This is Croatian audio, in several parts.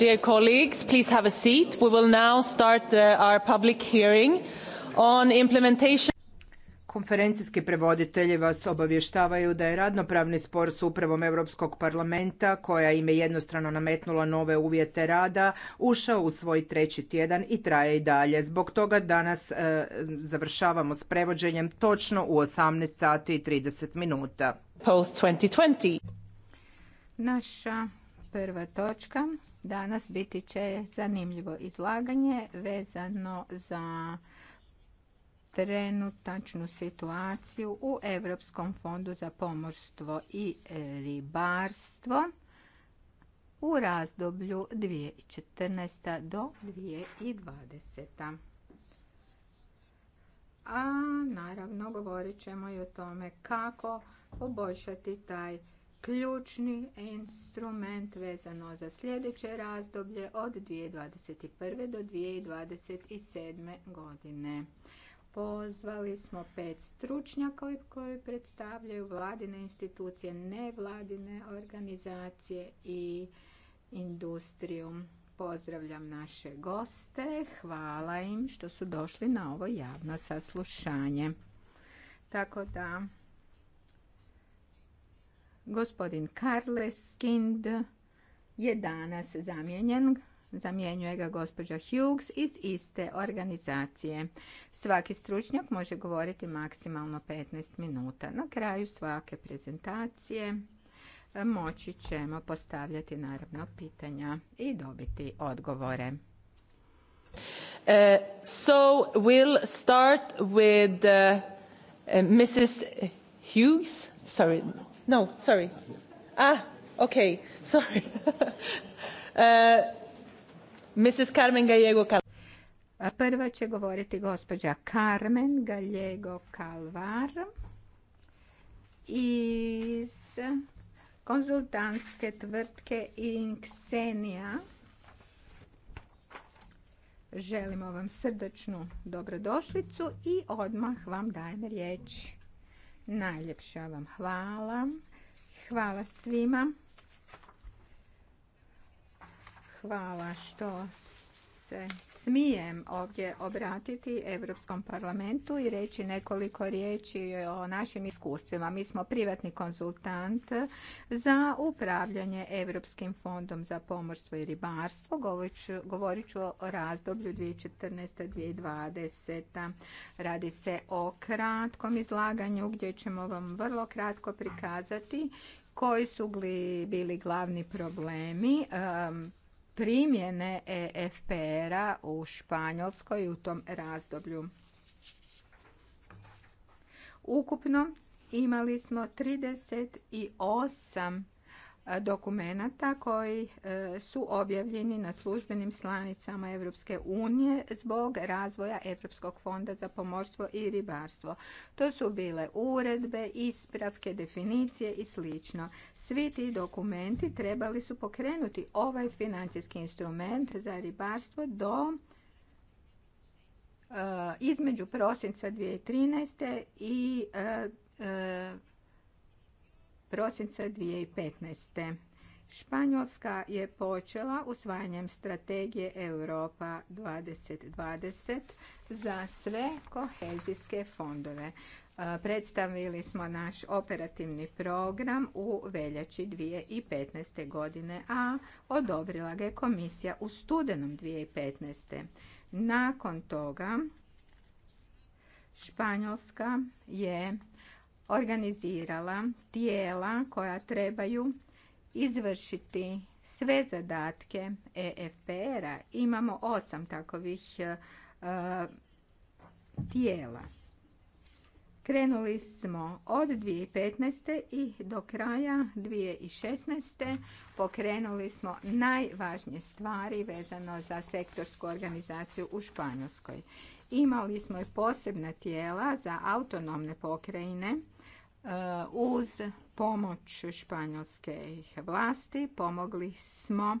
Dear colleagues, please have a seat. We will now start uh, our public hearing on implementation Konferencijski prevoditelji vas obavještavaju da je radnopravni spor s upravom Europskog parlamenta, koja im je jednostrano nametnula nove uvjete rada, ušao u svoj treći tjedan i traje i dalje. Zbog toga danas e, završavamo s prevođenjem točno u 18 sati i 30 minuta. Post 2020. Naša prva točka Danas biti će zanimljivo izlaganje vezano za trenutačnu situaciju u Europskom fondu za pomorstvo i ribarstvo u razdoblju 2014. do 2020. A naravno govorit ćemo i o tome kako poboljšati taj ključni instrument vezano za sljedeće razdoblje od 2021. do 2027. godine. Pozvali smo pet stručnjaka koji predstavljaju vladine institucije, nevladine organizacije i industriju. Pozdravljam naše goste, hvala im što su došli na ovo javno saslušanje. Tako da Gospodin Carles Kind je danas zamijenjen. Zamjenjuje ga gospođa Hughes iz iste organizacije. Svaki stručnjak može govoriti maksimalno 15 minuta. Na kraju svake prezentacije e, moći ćemo postavljati naravno pitanja i dobiti odgovore. Uh, so we'll start with uh, e, Mrs. Hughes. Sorry, no, sorry. Ah, okay, sorry. uh, Mrs. Carmen Gallego Calvar. Prva će govoriti gospođa Carmen Gallego Calvar iz konzultantske tvrtke Inksenija. Želimo vam srdečnu dobrodošlicu i odmah vam dajem riječ. Najljepša vam hvala. Hvala svima. Hvala što se smijem ovdje obratiti Europskom parlamentu i reći nekoliko riječi o našim iskustvima. Mi smo privatni konzultant za upravljanje Europskim fondom za pomorstvo i ribarstvo. Govorit ću o razdoblju 2014-2020. Radi se o kratkom izlaganju gdje ćemo vam vrlo kratko prikazati koji su bili glavni problemi primjene EFPR-a u Španjolskoj u tom razdoblju. Ukupno imali smo 38 E, dokumenata koji e, su objavljeni na službenim slanicama Europske unije zbog razvoja Europskog fonda za pomorstvo i ribarstvo. To su bile uredbe, ispravke, definicije i slično. Svi ti dokumenti trebali su pokrenuti ovaj financijski instrument za ribarstvo do e, između prosinca 2013. i prosinca 2015. Španjolska je počela usvajanjem strategije Europa 2020 za sve kohezijske fondove. E, predstavili smo naš operativni program u veljači 2015. godine, a odobrila ga je komisija u studenom 2015. Nakon toga Španjolska je organizirala tijela koja trebaju izvršiti sve zadatke EFPR-a. Imamo osam takovih e, tijela. Krenuli smo od 2015. i do kraja 2016. pokrenuli smo najvažnije stvari vezano za sektorsku organizaciju u Španjolskoj. Imali smo i posebna tijela za autonomne pokrajine Uh, uz pomoć španjolske vlasti pomogli smo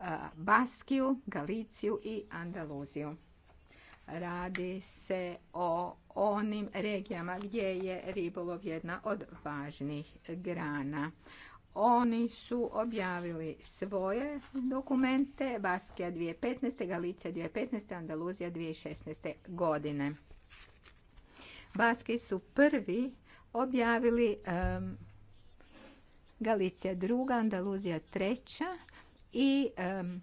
uh, Baskiju, Galiciju i Andaluziju. Radi se o onim regijama gdje je ribolov jedna od važnih grana. Oni su objavili svoje dokumente, Baskija 2015. Galicija 2015. Andaluzija 2016. godine. Baski su prvi objavili Galicija druga, Andaluzija treća i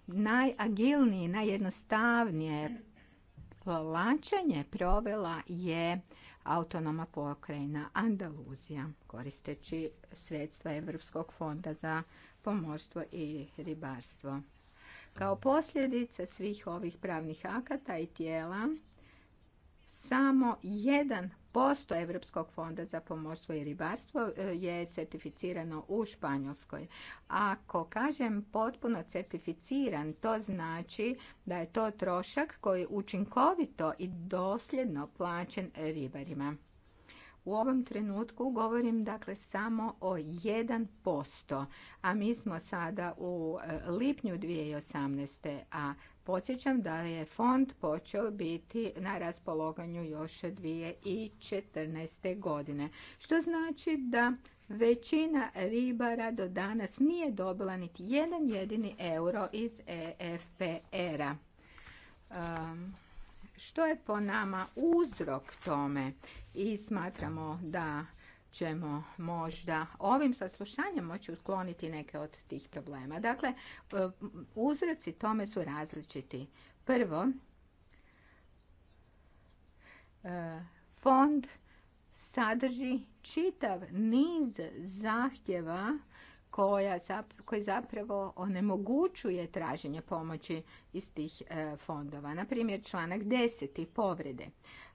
najagilnije, najjednostavnije povlačenje provela je autonoma pokrajina Andaluzija koristeći sredstva Europskog fonda za pomorstvo i ribarstvo. Kao posljedica svih ovih pravnih akata i tijela samo jedan Posto Europskog fonda za pomorstvo i ribarstvo e, je certificirano u Španjolskoj. Ako kažem potpuno certificiran, to znači da je to trošak koji je učinkovito i dosljedno plaćen ribarima. U ovom trenutku govorim dakle samo o 1%, a mi smo sada u e, lipnju 2018. a Podsjećam da je fond počeo biti na raspolaganju još 2014. godine, što znači da većina ribara do danas nije dobila niti jedan jedini euro iz EFPR-a. Ehm, što je po nama uzrok tome i smatramo da ćemo možda ovim saslušanjem moći ukloniti neke od tih problema. Dakle, e, uzroci tome su različiti. Prvo, e, fond sadrži čitav niz zahtjeva koji zapravo onemogućuje traženje pomoći iz tih e, fondova. Na primjer, članak 10. povrede.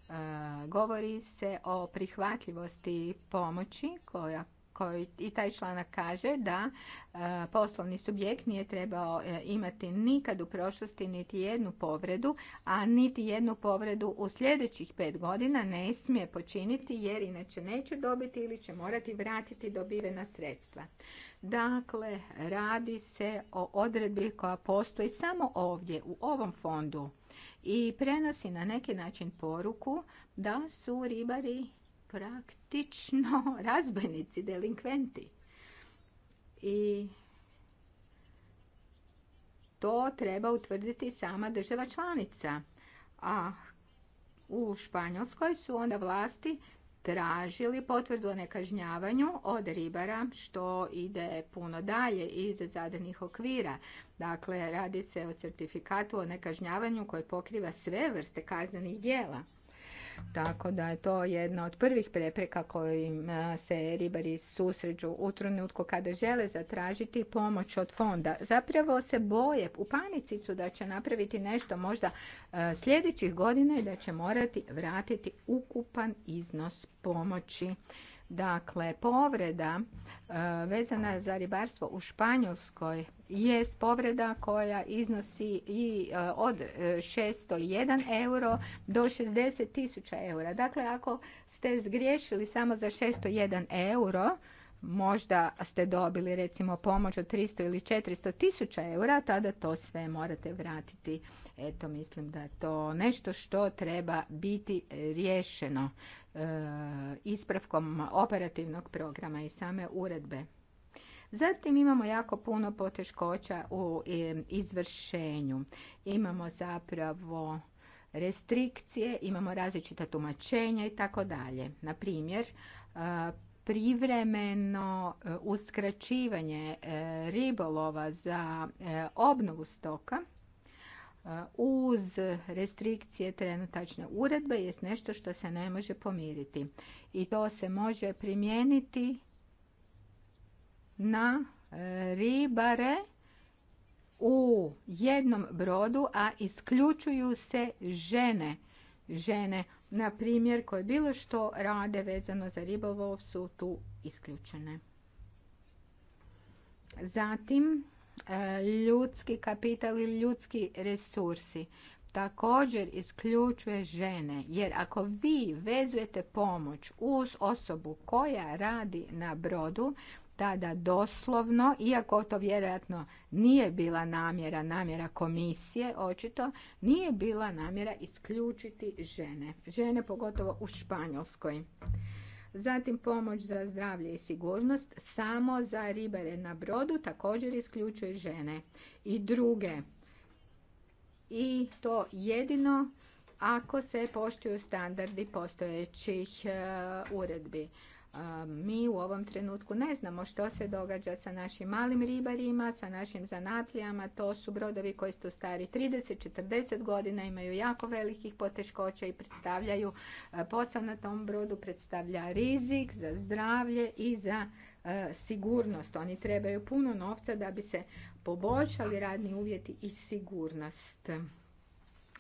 E, govori se o prihvatljivosti pomoći koja koji i taj članak kaže da e, poslovni subjekt nije trebao e, imati nikad u prošlosti niti jednu povredu, a niti jednu povredu u sljedećih pet godina ne smije počiniti jer inače neće dobiti ili će morati vratiti dobivena sredstva. Dakle, radi se o odredbi koja postoji samo ovdje u ovom fondu i prenosi na neki način poruku da su ribari praktično razbojnici, delinkventi. I to treba utvrditi sama država članica. A u Španjolskoj su onda vlasti tražili potvrdu o nekažnjavanju od ribara što ide puno dalje iz zadanih okvira. Dakle, radi se o certifikatu o nekažnjavanju koji pokriva sve vrste kaznenih dijela. Tako da je to jedna od prvih prepreka kojim se ribari susređu u trenutku kada žele zatražiti pomoć od fonda. Zapravo se boje, u panicicu da će napraviti nešto možda sljedećih godina i da će morati vratiti ukupan iznos pomoći Dakle, povreda e, vezana za ribarstvo u Španjolskoj jest povreda koja iznosi i e, od 601 e, euro do 60 tisuća eura. Dakle, ako ste zgriješili samo za 601 euro, možda ste dobili recimo pomoć od 300 ili 400 tisuća eura, tada to sve morate vratiti. Eto, mislim da je to nešto što treba biti riješeno eh, ispravkom operativnog programa i same uredbe. Zatim imamo jako puno poteškoća u izvršenju. Imamo zapravo restrikcije, imamo različita tumačenja i tako dalje. Na primjer, eh, privremeno e, uskraćivanje e, ribolova za e, obnovu stoka uz restrikcije trenutačne uredbe jest nešto što se ne može pomiriti. I to se može primijeniti na ribare u jednom brodu, a isključuju se žene. Žene na primjer, koje bilo što rade vezano za ribolov su tu isključene. Zatim, e, ljudski kapital ili ljudski resursi također isključuje žene. Jer ako vi vezujete pomoć uz osobu koja radi na brodu, tada doslovno, iako to vjerojatno nije bila namjera, namjera komisije, očito, nije bila namjera isključiti žene. Žene pogotovo u Španjolskoj. Zatim pomoć za zdravlje i sigurnost samo za ribare na brodu također isključuje žene i druge. I to jedino ako se poštuju standardi postojećih e, uredbi mi u ovom trenutku ne znamo što se događa sa našim malim ribarima, sa našim zanatlijama. To su brodovi koji su stari 30-40 godina, imaju jako velikih poteškoća i predstavljaju e, posao na tom brodu, predstavlja rizik za zdravlje i za e, sigurnost. Oni trebaju puno novca da bi se poboljšali radni uvjeti i sigurnost.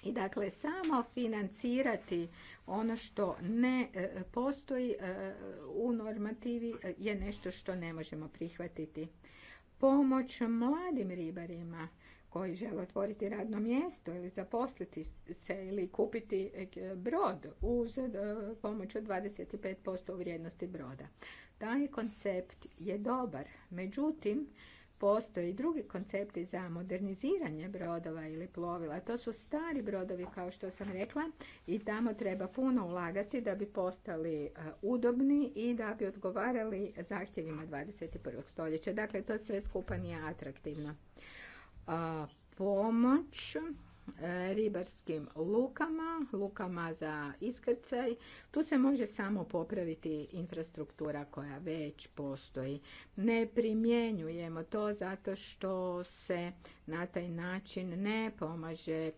I dakle, samo financirati ono što ne e, postoji e, u normativi e, je nešto što ne možemo prihvatiti. Pomoć mladim ribarima koji žele otvoriti radno mjesto ili zaposliti se ili kupiti brod uz pomoć od 25% vrijednosti broda. Taj koncept je dobar, međutim, Postoje i drugi koncepti za moderniziranje brodova ili plovila. To su stari brodovi, kao što sam rekla, i tamo treba puno ulagati da bi postali e, udobni i da bi odgovarali zahtjevima 21. stoljeća. Dakle, to sve skupa nije atraktivno. Pomoć E, ribarskim lukama, lukama za iskrcaj. Tu se može samo popraviti infrastruktura koja već postoji. Ne primjenjujemo to zato što se na taj način ne pomaže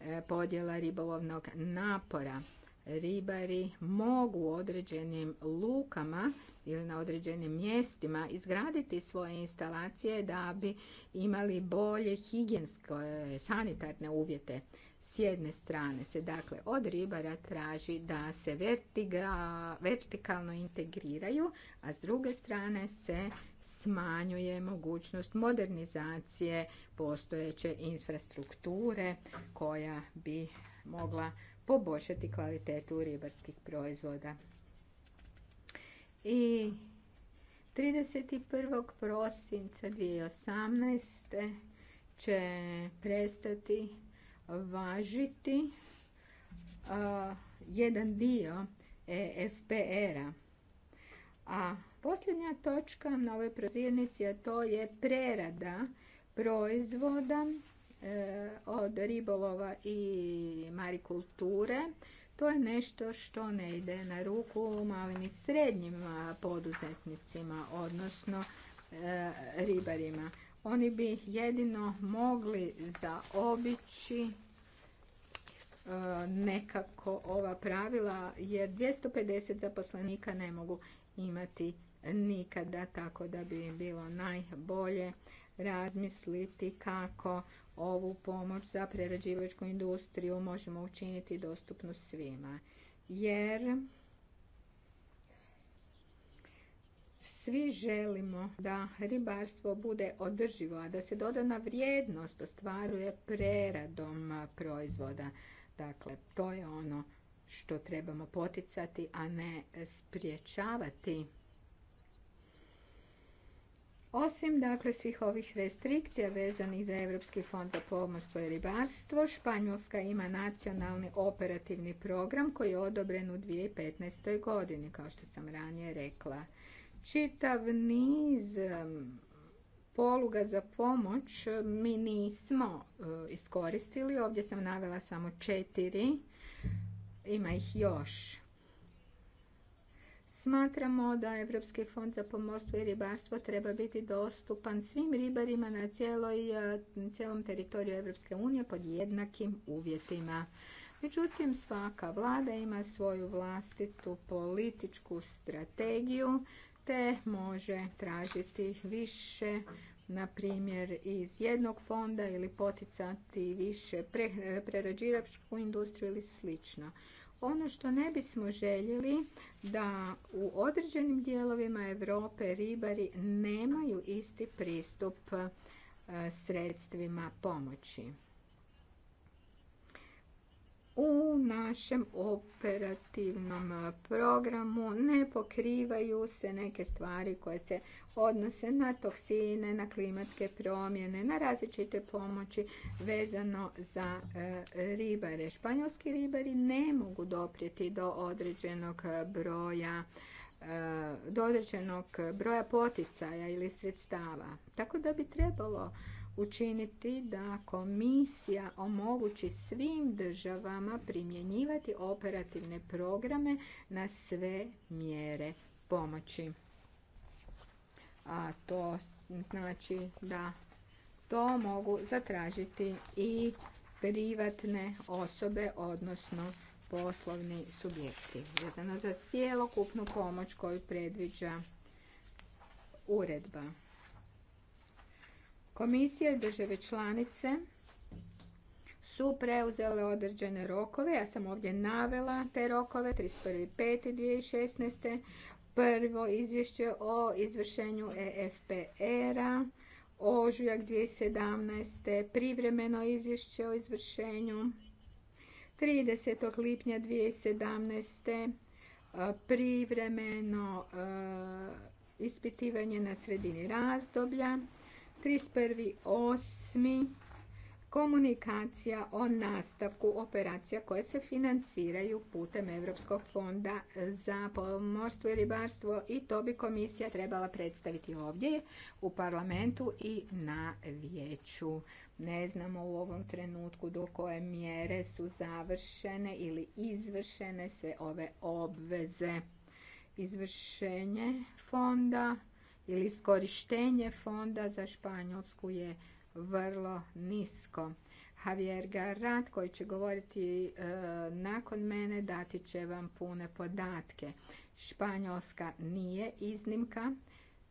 e, podjela ribolovnog napora. Ribari mogu određenim lukama ili na određenim mjestima izgraditi svoje instalacije da bi imali bolje higijenske sanitarne uvjete s jedne strane se dakle od ribara traži da se vertiga, vertikalno integriraju, a s druge strane se smanjuje mogućnost modernizacije postojeće infrastrukture koja bi mogla poboljšati kvalitetu ribarskih proizvoda. I 31. prosinca 2018. će prestati važiti jedan dio EFPR-a. A posljednja točka na ovoj prozirnici, a to je prerada proizvoda e, od ribolova i marikulture to je nešto što ne ide na ruku malim i srednjim poduzetnicima, odnosno e, ribarima. Oni bi jedino mogli zaobići e, nekako ova pravila jer 250 zaposlenika ne mogu imati nikada tako da bi im bilo najbolje razmisliti kako ovu pomoć za prerađivačku industriju možemo učiniti dostupnu svima. Jer svi želimo da ribarstvo bude održivo, a da se dodana vrijednost ostvaruje preradom proizvoda. Dakle, to je ono što trebamo poticati, a ne spriječavati. Osim dakle svih ovih restrikcija vezanih za Europski fond za pomorstvo i ribarstvo, Španjolska ima nacionalni operativni program koji je odobren u 2015. godini, kao što sam ranije rekla. Čitav niz poluga za pomoć mi nismo e, iskoristili. Ovdje sam navela samo četiri, ima ih još. Smatramo da Europski fond za pomorstvo i ribarstvo treba biti dostupan svim ribarima na e, cijelom teritoriju Europske unije pod jednakim uvjetima. Međutim, svaka vlada ima svoju vlastitu političku strategiju te može tražiti više na primjer iz jednog fonda ili poticati više prerađivačku industriju ili slično. Ono što ne bismo željeli da u određenim dijelovima Europe ribari nemaju isti pristup e, sredstvima pomoći u našem operativnom programu ne pokrivaju se neke stvari koje se odnose na toksine, na klimatske promjene, na različite pomoći vezano za e, ribare. Španjolski ribari ne mogu doprijeti do određenog broja e, do određenog broja poticaja ili sredstava. Tako da bi trebalo učiniti da komisija omogući svim državama primjenjivati operativne programe na sve mjere pomoći. A to znači da to mogu zatražiti i privatne osobe, odnosno poslovni subjekti. Vezano za cjelokupnu pomoć koju predviđa uredba. Komisija i države članice su preuzele određene rokove. Ja sam ovdje navela te rokove 31.5.2016. Prvo izvješće o izvršenju EFPR-a, ožujak 2017. privremeno izvješće o izvršenju, 30. lipnja 2017. E, privremeno e, ispitivanje na sredini razdoblja, 31.8. Komunikacija o nastavku operacija koje se financiraju putem Europskog fonda za pomorstvo i ribarstvo i to bi komisija trebala predstaviti ovdje u parlamentu i na vijeću. Ne znamo u ovom trenutku do koje mjere su završene ili izvršene sve ove obveze. Izvršenje fonda ili iskorištenje fonda za Španjolsku je vrlo nisko. Javier Garat koji će govoriti e, nakon mene dati će vam pune podatke. Španjolska nije iznimka.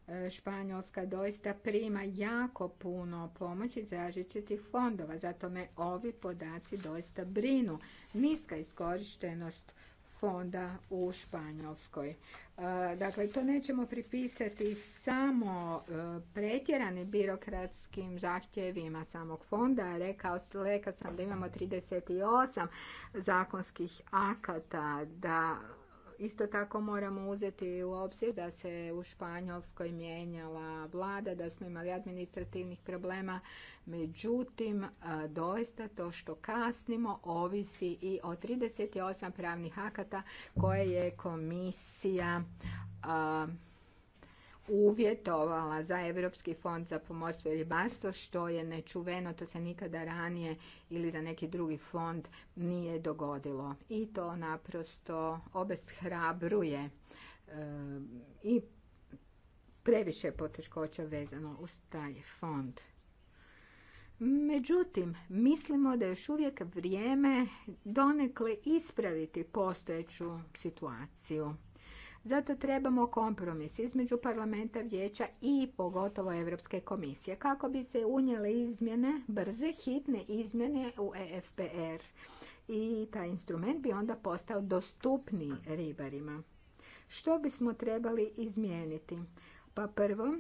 E, Španjolska doista prima jako puno pomoći iz različitih fondova, zato me ovi podaci doista brinu. Niska iskorištenost fonda u Španjolskoj. E, dakle, to nećemo pripisati samo e, pretjeranim birokratskim zahtjevima samog fonda. Rekao, rekao sam da imamo 38 zakonskih akata, da Isto tako moramo uzeti u obzir da se u Španjolskoj mijenjala vlada, da smo imali administrativnih problema. Međutim, doista to što kasnimo ovisi i o 38 pravnih akata koje je komisija uvjetovala za Europski fond za pomorstvo i ribarstvo, što je nečuveno, to se nikada ranije ili za neki drugi fond nije dogodilo. I to naprosto obeshrabruje eh, i previše poteškoća vezano uz taj fond. Međutim, mislimo da je još uvijek vrijeme donekle ispraviti postojeću situaciju. Zato trebamo kompromis između parlamenta, vijeća i pogotovo Europske komisije kako bi se unijele izmjene, brze, hitne izmjene u EFPR i taj instrument bi onda postao dostupni ribarima. Što bismo trebali izmijeniti? Pa prvo,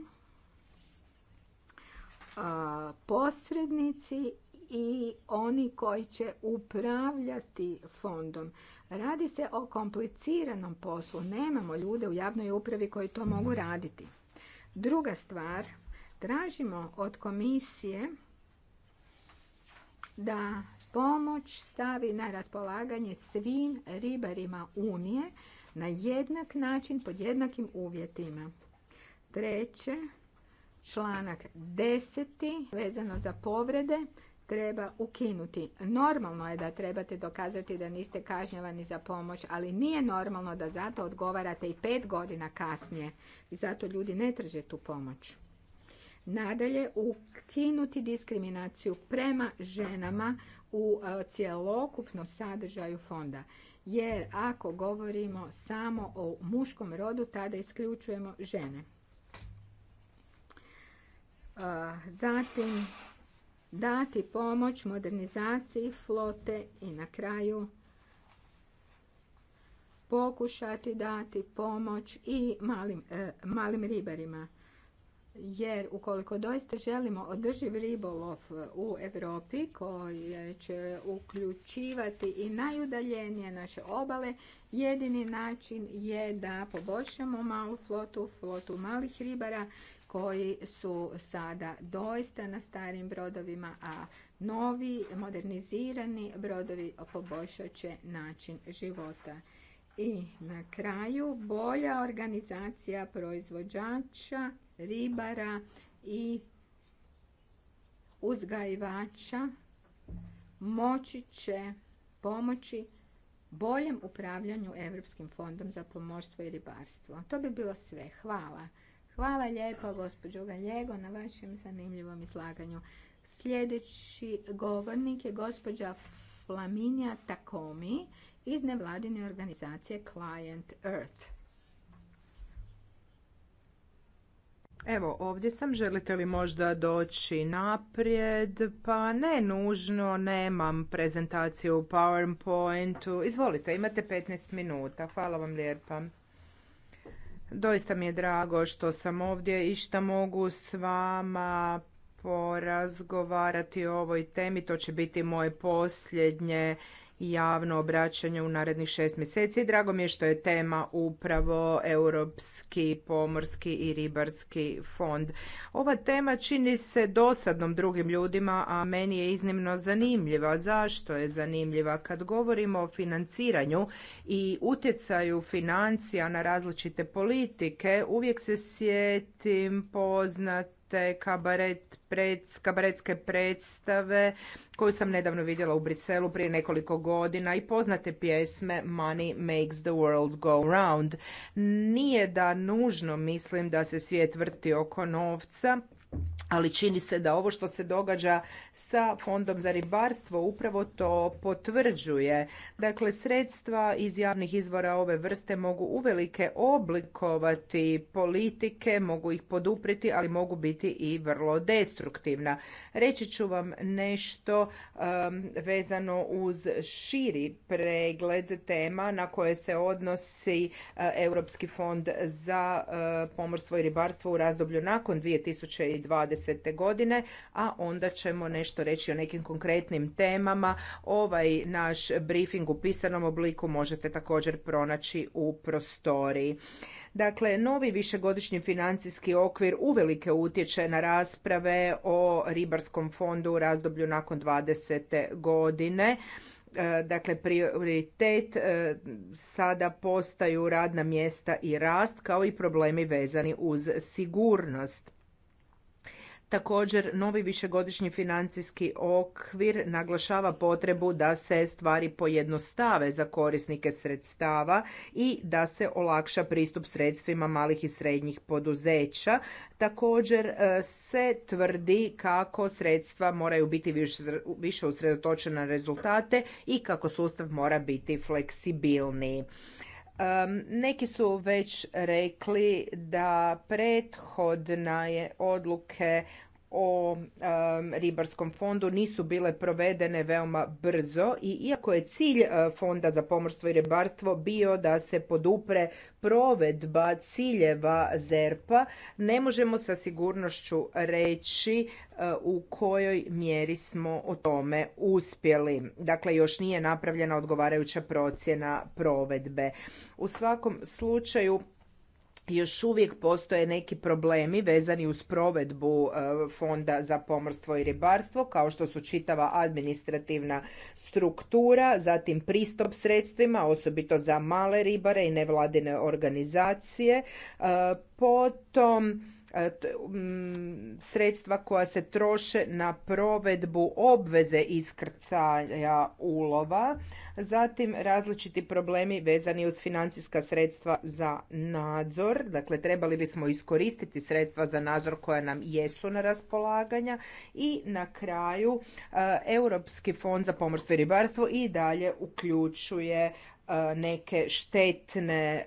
posrednici i oni koji će upravljati fondom. Radi se o kompliciranom poslu. Nemamo ljude u javnoj upravi koji to mogu raditi. Druga stvar, tražimo od komisije da pomoć stavi na raspolaganje svim ribarima Unije na jednak način, pod jednakim uvjetima. Treće, članak deseti, vezano za povrede treba ukinuti. Normalno je da trebate dokazati da niste kažnjavani za pomoć, ali nije normalno da zato odgovarate i pet godina kasnije i zato ljudi ne trže tu pomoć. Nadalje, ukinuti diskriminaciju prema ženama u e, cjelokupnom sadržaju fonda. Jer ako govorimo samo o muškom rodu, tada isključujemo žene. E, zatim, dati pomoć modernizaciji flote i na kraju pokušati dati pomoć i malim, e, malim ribarima. Jer ukoliko doista želimo održiv ribolov e, u Europi koji će uključivati i najudaljenije naše obale, jedini način je da poboljšamo malu flotu, flotu malih ribara koji su sada doista na starim brodovima, a novi modernizirani brodovi poboljšat će način života. I na kraju bolja organizacija proizvođača, ribara i uzgajivača moći će pomoći boljem upravljanju Europskim fondom za pomorstvo i ribarstvo. To bi bilo sve. Hvala. Hvala lijepo gospođo Galjego na vašem zanimljivom izlaganju. Sljedeći govornik je gospođa Flaminja Takomi iz nevladine organizacije Client Earth. Evo, ovdje sam. Želite li možda doći naprijed? Pa ne nužno, nemam prezentaciju u PowerPointu. Izvolite, imate 15 minuta. Hvala vam lijepa. Doista mi je drago što sam ovdje i što mogu s vama porazgovarati o ovoj temi. To će biti moje posljednje javno obraćanje u narednih šest mjeseci. Drago mi je što je tema upravo Europski pomorski i ribarski fond. Ova tema čini se dosadnom drugim ljudima, a meni je iznimno zanimljiva. Zašto je zanimljiva? Kad govorimo o financiranju i utjecaju financija na različite politike, uvijek se sjetim poznate kabaret, kabaretske predstave koju sam nedavno vidjela u Briselu prije nekoliko godina i poznate pjesme Money makes the world go round. Nije da nužno mislim da se svijet vrti oko novca, ali čini se da ovo što se događa sa fondom za ribarstvo upravo to potvrđuje. Dakle, sredstva iz javnih izvora ove vrste mogu uvelike oblikovati politike, mogu ih poduprijeti, ali mogu biti i vrlo destruktivna. Reći ću vam nešto um, vezano uz širi pregled tema na koje se odnosi uh, Europski fond za uh, pomorstvo i ribarstvo u razdoblju nakon 2020 2020. godine, a onda ćemo nešto reći o nekim konkretnim temama. Ovaj naš briefing u pisanom obliku možete također pronaći u prostoriji. Dakle, novi višegodišnji financijski okvir uvelike utječe na rasprave o ribarskom fondu u razdoblju nakon 20. godine e, dakle prioritet e, sada postaju radna mjesta i rast kao i problemi vezani uz sigurnost Također, novi višegodišnji financijski okvir naglašava potrebu da se stvari pojednostave za korisnike sredstava i da se olakša pristup sredstvima malih i srednjih poduzeća. Također e, se tvrdi kako sredstva moraju biti više usredotočena na rezultate i kako sustav mora biti fleksibilniji. Neki su već rekli da prethodna je odluke o ribarskom fondu nisu bile provedene veoma brzo i iako je cilj e, fonda za pomorstvo i ribarstvo bio da se podupre provedba ciljeva ZERPA, ne možemo sa sigurnošću reći e, u kojoj mjeri smo o tome uspjeli. Dakle, još nije napravljena odgovarajuća procjena provedbe. U svakom slučaju još uvijek postoje neki problemi vezani uz provedbu e, Fonda za pomorstvo i ribarstvo, kao što su čitava administrativna struktura, zatim pristup sredstvima, osobito za male ribare i nevladine organizacije, e, potom e, sredstva koja se troše na provedbu obveze iskrcaja ulova, Zatim različiti problemi vezani uz financijska sredstva za nadzor. Dakle, trebali bismo iskoristiti sredstva za nadzor koja nam jesu na raspolaganja. I na kraju, e, Europski fond za pomorstvo i ribarstvo i dalje uključuje E, neke štetne e,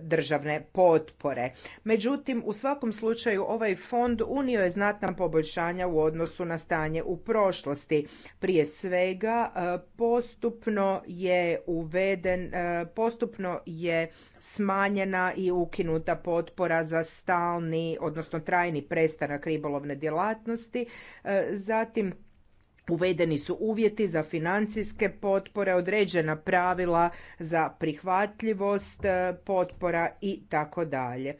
državne potpore. Međutim, u svakom slučaju ovaj fond unio je znatna poboljšanja u odnosu na stanje u prošlosti. Prije svega, e, postupno je uveden, postupno je smanjena i ukinuta potpora za stalni, odnosno trajni prestanak ribolovne djelatnosti. Zatim, Uvedeni su uvjeti za financijske potpore, određena pravila za prihvatljivost e, potpora i tako dalje.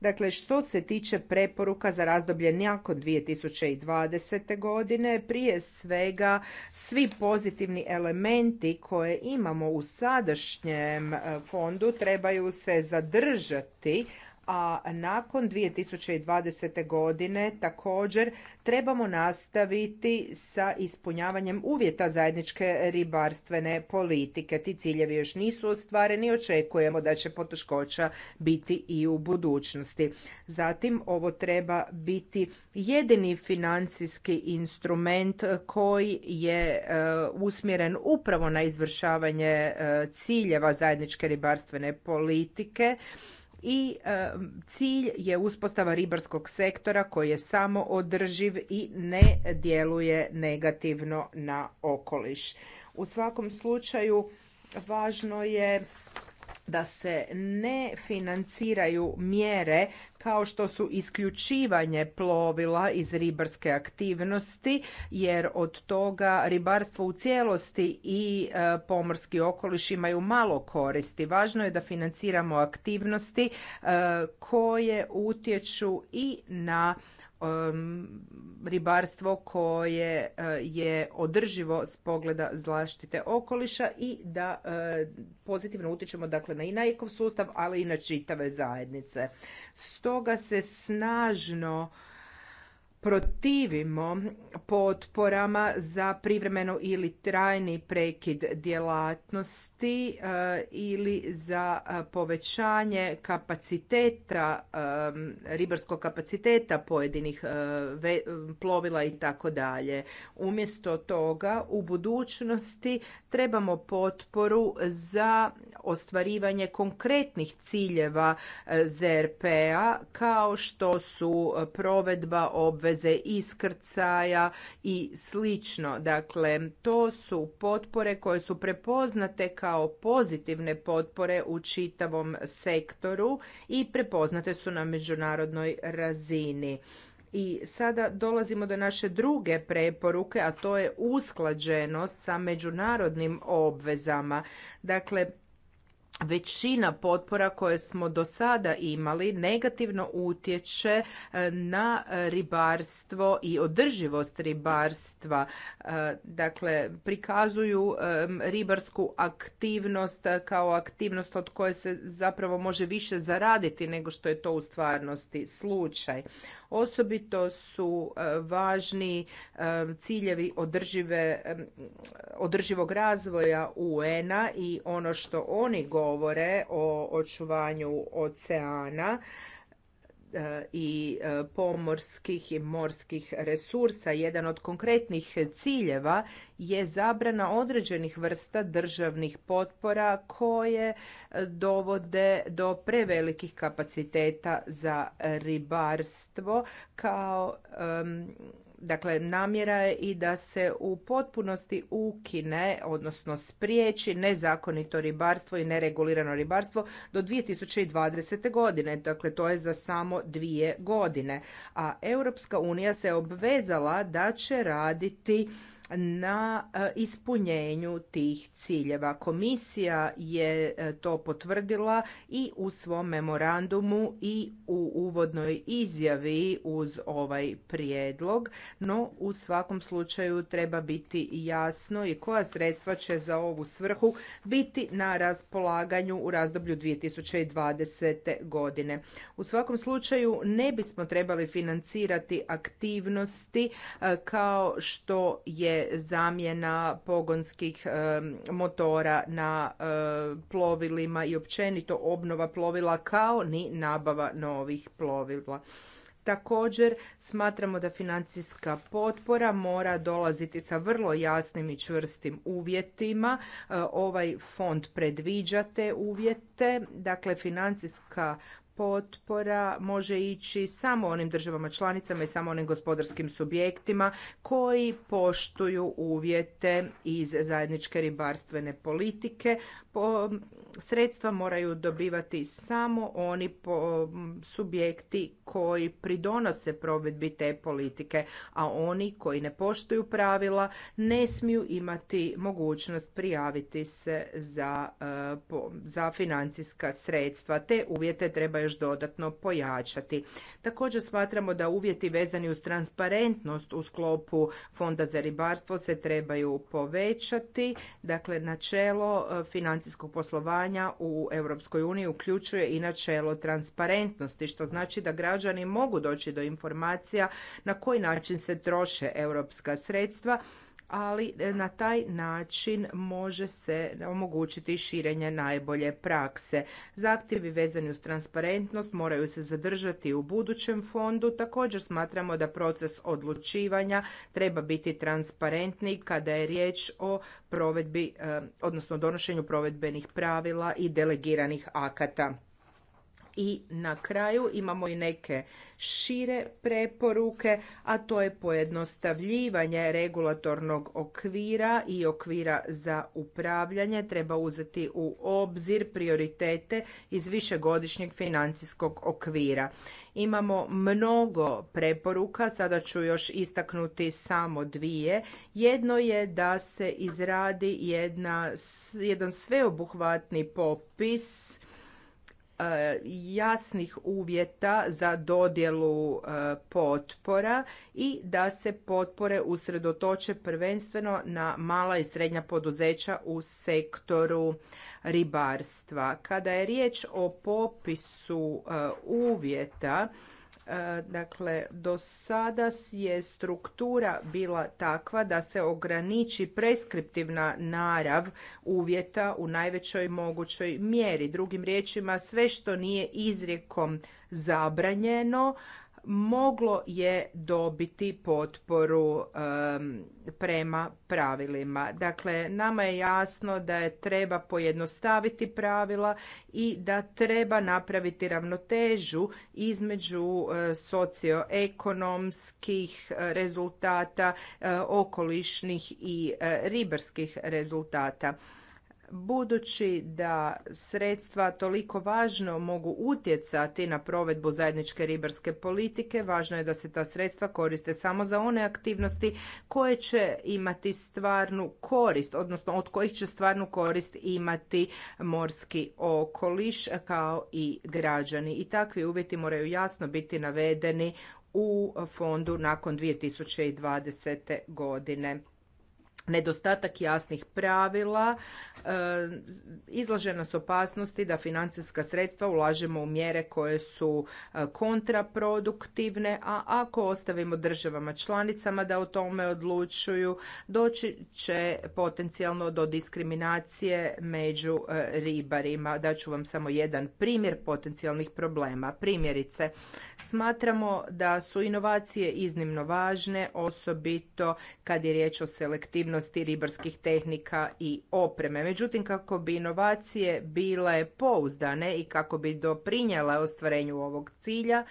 Dakle, što se tiče preporuka za razdoblje nakon 2020. godine, prije svega svi pozitivni elementi koje imamo u sadašnjem e, fondu trebaju se zadržati, a nakon 2020. godine također trebamo nastaviti sa ispunjavanjem uvjeta zajedničke ribarstvene politike. Ti ciljevi još nisu ostvareni i očekujemo da će poteškoća biti i u budućnosti. Zatim ovo treba biti jedini financijski instrument koji je e, usmjeren upravo na izvršavanje e, ciljeva zajedničke ribarstvene politike i e, cilj je uspostava ribarskog sektora koji je samo održiv i ne djeluje negativno na okoliš. U svakom slučaju važno je da se ne financiraju mjere kao što su isključivanje plovila iz ribarske aktivnosti jer od toga ribarstvo u cijelosti i e, pomorski okoliš imaju malo koristi. Važno je da financiramo aktivnosti e, koje utječu i na ribarstvo koje e, je održivo s pogleda zaštite okoliša i da e, pozitivno utječemo dakle na i na ekosustav, sustav, ali i na čitave zajednice. Stoga se snažno protivimo potporama za privremeno ili trajni prekid djelatnosti e, ili za e, povećanje kapaciteta e, ribarskog kapaciteta pojedinih plovila i tako dalje. Umjesto toga u budućnosti trebamo potporu za ostvarivanje konkretnih ciljeva ZRP-a kao što su provedba obveza obveze iskrcaja i slično. Dakle, to su potpore koje su prepoznate kao pozitivne potpore u čitavom sektoru i prepoznate su na međunarodnoj razini. I sada dolazimo do naše druge preporuke, a to je usklađenost sa međunarodnim obvezama. Dakle, većina potpora koje smo do sada imali negativno utječe e, na ribarstvo i održivost ribarstva. E, dakle, prikazuju e, ribarsku aktivnost kao aktivnost od koje se zapravo može više zaraditi nego što je to u stvarnosti slučaj. Osobito su e, važni e, ciljevi održive, održivog razvoja UN-a i ono što oni govore o očuvanju oceana Eh, i eh, pomorskih i morskih resursa. Jedan od konkretnih ciljeva je zabrana određenih vrsta državnih potpora koje eh, dovode do prevelikih kapaciteta za ribarstvo kao Dakle, namjera je i da se u potpunosti ukine, odnosno spriječi nezakonito ribarstvo i neregulirano ribarstvo do 2020. godine. Dakle, to je za samo dvije godine. A Europska unija se obvezala da će raditi na e, ispunjenju tih ciljeva. Komisija je e, to potvrdila i u svom memorandumu i u uvodnoj izjavi uz ovaj prijedlog, no u svakom slučaju treba biti jasno i koja sredstva će za ovu svrhu biti na raspolaganju u razdoblju 2020. godine. U svakom slučaju ne bismo trebali financirati aktivnosti e, kao što je zamjena pogonskih motora na plovilima i općenito obnova plovila kao ni nabava novih plovila. Također smatramo da financijska potpora mora dolaziti sa vrlo jasnim i čvrstim uvjetima. Ovaj fond predviđa te uvjete, dakle financijska potpora može ići samo onim državama članicama i samo onim gospodarskim subjektima koji poštuju uvjete iz zajedničke ribarstvene politike sredstva moraju dobivati samo oni subjekti koji pridonose provedbi te politike, a oni koji ne poštuju pravila ne smiju imati mogućnost prijaviti se za, e, za financijska sredstva. Te uvjete treba još dodatno pojačati. Također smatramo da uvjeti vezani uz transparentnost u sklopu Fonda za ribarstvo se trebaju povećati. Dakle, načelo e, financijskog poslovanja poslovanja u Europskoj uniji uključuje i načelo transparentnosti, što znači da građani mogu doći do informacija na koji način se troše europska sredstva ali e, na taj način može se omogućiti širenje najbolje prakse. Zahtjevi vezani uz transparentnost moraju se zadržati u budućem fondu. Također smatramo da proces odlučivanja treba biti transparentni kada je riječ o provedbi, e, odnosno donošenju provedbenih pravila i delegiranih akata i na kraju imamo i neke šire preporuke, a to je pojednostavljivanje regulatornog okvira i okvira za upravljanje. Treba uzeti u obzir prioritete iz višegodišnjeg financijskog okvira. Imamo mnogo preporuka, sada ću još istaknuti samo dvije. Jedno je da se izradi jedan sveobuhvatni popis E, jasnih uvjeta za dodjelu e, potpora i da se potpore usredotoče prvenstveno na mala i srednja poduzeća u sektoru ribarstva. Kada je riječ o popisu e, uvjeta E, dakle, do sada je struktura bila takva da se ograniči preskriptivna narav uvjeta u najvećoj mogućoj mjeri. Drugim riječima, sve što nije izrijekom zabranjeno, moglo je dobiti potporu prema pravilima. Dakle, nama je jasno da je treba pojednostaviti pravila i da treba napraviti ravnotežu između e, socioekonomskih e, rezultata, e, okolišnih i ribarskih rezultata Budući da sredstva toliko važno mogu utjecati na provedbu zajedničke ribarske politike, važno je da se ta sredstva koriste samo za one aktivnosti koje će imati stvarnu korist, odnosno od kojih će stvarnu korist imati morski okoliš kao i građani. I takvi uvjeti moraju jasno biti navedeni u fondu nakon 2020. godine nedostatak jasnih pravila, e, s opasnosti da financijska sredstva ulažemo u mjere koje su e, kontraproduktivne, a ako ostavimo državama članicama da o tome odlučuju, doći će potencijalno do diskriminacije među e, ribarima. Daću vam samo jedan primjer potencijalnih problema. Primjerice, smatramo da su inovacije iznimno važne, osobito kad je riječ o selektivnosti posebnosti ribarskih tehnika i opreme. Međutim, kako bi inovacije bile pouzdane i kako bi doprinijele ostvarenju ovog cilja,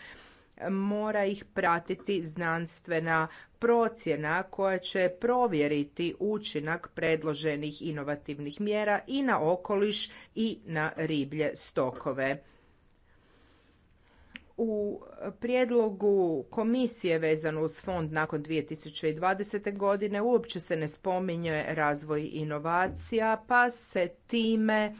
mora ih pratiti znanstvena procjena koja će provjeriti učinak predloženih inovativnih mjera i na okoliš i na riblje stokove. U prijedlogu komisije vezano uz fond nakon 2020. godine uopće se ne spominje razvoj inovacija, pa se time e,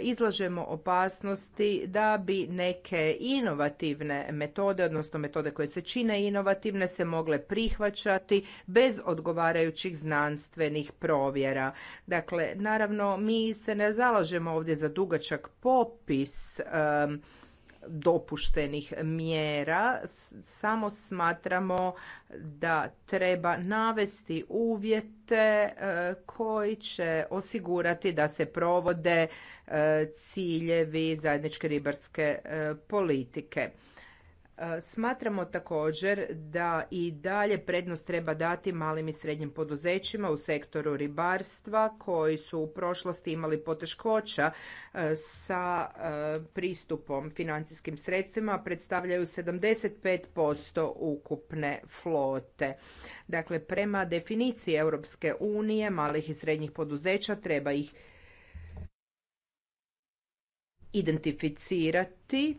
izlažemo opasnosti da bi neke inovativne metode, odnosno metode koje se čine inovativne, se mogle prihvaćati bez odgovarajućih znanstvenih provjera. Dakle, naravno, mi se ne zalažemo ovdje za dugačak popis e, dopuštenih mjera samo smatramo da treba navesti uvjete e, koji će osigurati da se provode e, ciljevi zajedničke ribarske e, politike E, smatramo također da i dalje prednost treba dati malim i srednjim poduzećima u sektoru ribarstva koji su u prošlosti imali poteškoća e, sa e, pristupom financijskim sredstvima, predstavljaju 75% ukupne flote. Dakle, prema definiciji Europske unije malih i srednjih poduzeća treba ih identificirati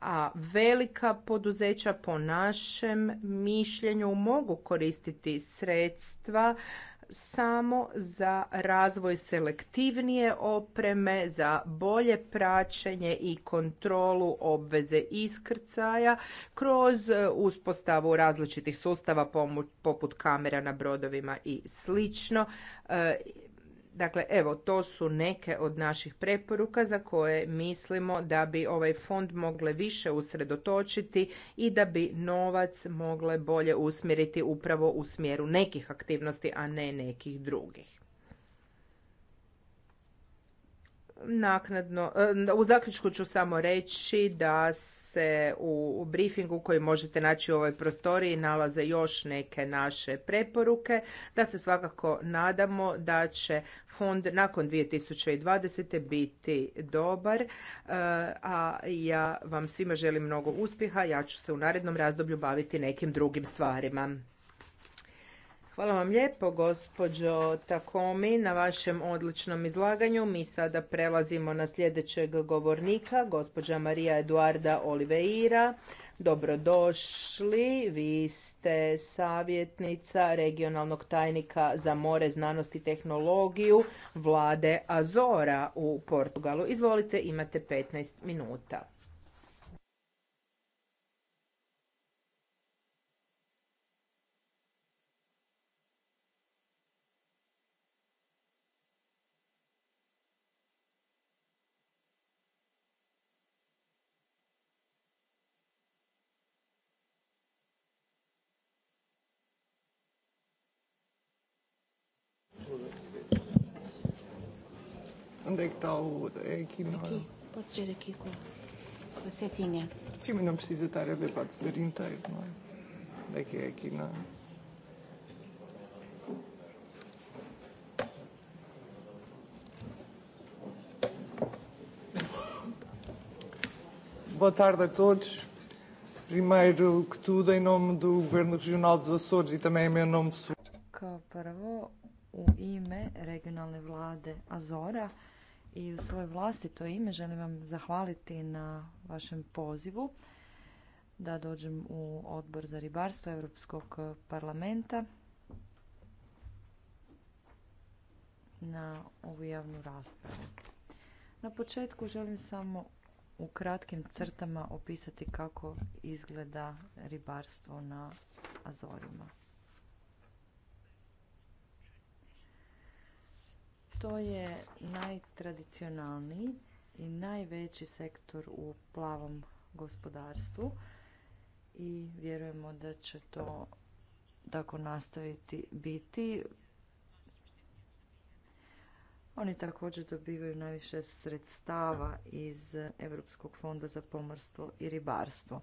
a velika poduzeća po našem mišljenju mogu koristiti sredstva samo za razvoj selektivnije opreme, za bolje praćenje i kontrolu obveze iskrcaja kroz uspostavu različitih sustava poput kamera na brodovima i slično e, Dakle, evo, to su neke od naših preporuka za koje mislimo da bi ovaj fond mogle više usredotočiti i da bi novac mogle bolje usmjeriti upravo u smjeru nekih aktivnosti, a ne nekih drugih. Naknadno, e, u zaključku ću samo reći da se u, briefingu koji možete naći u ovoj prostoriji nalaze još neke naše preporuke, da se svakako nadamo da će fond nakon 2020. biti dobar, e, a ja vam svima želim mnogo uspjeha, ja ću se u narednom razdoblju baviti nekim drugim stvarima. Hvala vam lijepo, gospođo Takomi, na vašem odličnom izlaganju. Mi sada prelazimo na sljedećeg govornika, gospođa Marija Eduarda Oliveira. Dobrodošli, vi ste savjetnica regionalnog tajnika za more, znanost i tehnologiju vlade Azora u Portugalu. Izvolite, imate 15 minuta. Onde é que está o... É aqui, não ono. aqui. Pode ser aqui com a setinha. Sim, mas não precisa estar a ver, pode ser inteiro, não é? Onde é que é aqui, não Boa tarde a todos. Primeiro que tudo, em nome do Governo Regional dos Açores e também em meu nome pessoal. Kao prvo, u ime regionalne vlade Azora, i u svoje vlastito ime želim vam zahvaliti na vašem pozivu da dođem u odbor za ribarstvo Europskog parlamenta na ovu javnu raspravu. Na početku želim samo u kratkim crtama opisati kako izgleda ribarstvo na Azorima. To je najtradicionalniji i najveći sektor u plavom gospodarstvu i vjerujemo da će to tako nastaviti biti. Oni također dobivaju najviše sredstava iz Europskog fonda za pomorstvo i ribarstvo.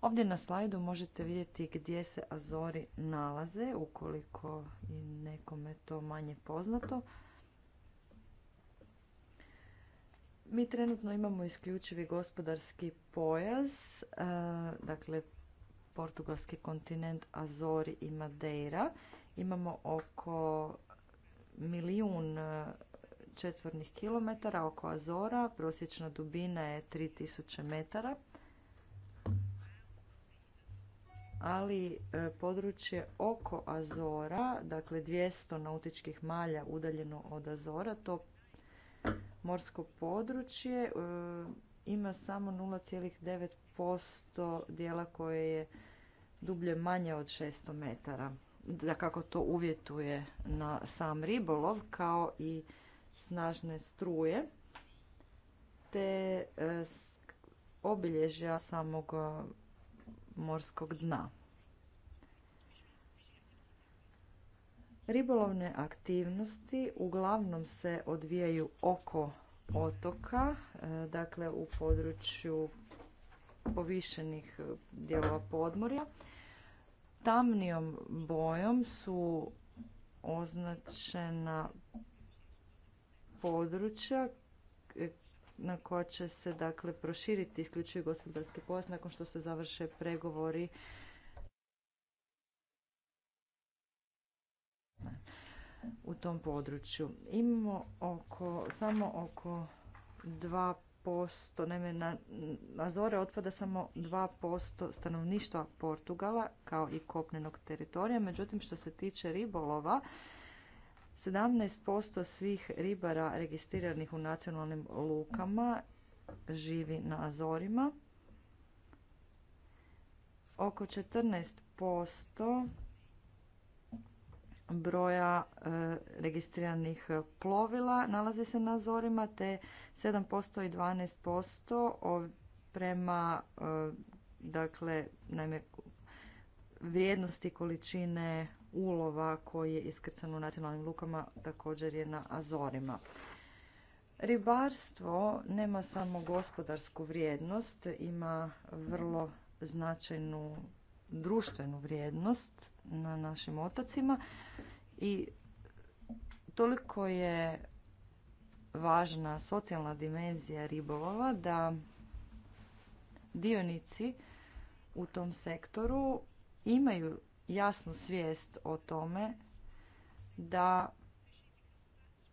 Ovdje na slajdu možete vidjeti gdje se Azori nalaze, ukoliko je nekome to manje poznato. Mi trenutno imamo isključivi gospodarski pojas, dakle portugalski kontinent Azori i Madeira. Imamo oko milijun četvornih kilometara oko Azora, prosječna dubina je 3000 metara. Ali e, područje oko Azora, dakle 200 nautičkih malja udaljeno od Azora, to morsko područje e, ima samo 0,9% dijela koje je dublje manje od 600 metara. Da kako to uvjetuje na sam ribolov kao i snažne struje te e, obilježja samog e, morskog dna. Ribolovne aktivnosti uglavnom se odvijaju oko otoka, e, dakle u području povišenih e, dijelova podmorja. Tamnijom bojom su označena područja e, na koja će se dakle proširiti isključivi gospodarski pojas nakon što se završe pregovori u tom području. Imamo oko, samo oko 2%, naime na Azore otpada samo 2% stanovništva Portugala kao i kopnenog teritorija. Međutim, što se tiče ribolova, 17% svih ribara registriranih u nacionalnim lukama živi na Azorima. Oko 14% broja e, registriranih plovila nalazi se na Azorima, te 7% i 12% prema e, dakle, naime, vrijednosti količine ulova koji je iskrcan u nacionalnim lukama također je na Azorima. Ribarstvo nema samo gospodarsku vrijednost, ima vrlo značajnu društvenu vrijednost na našim otocima i toliko je važna socijalna dimenzija ribolova da dionici u tom sektoru imaju jasnu svijest o tome da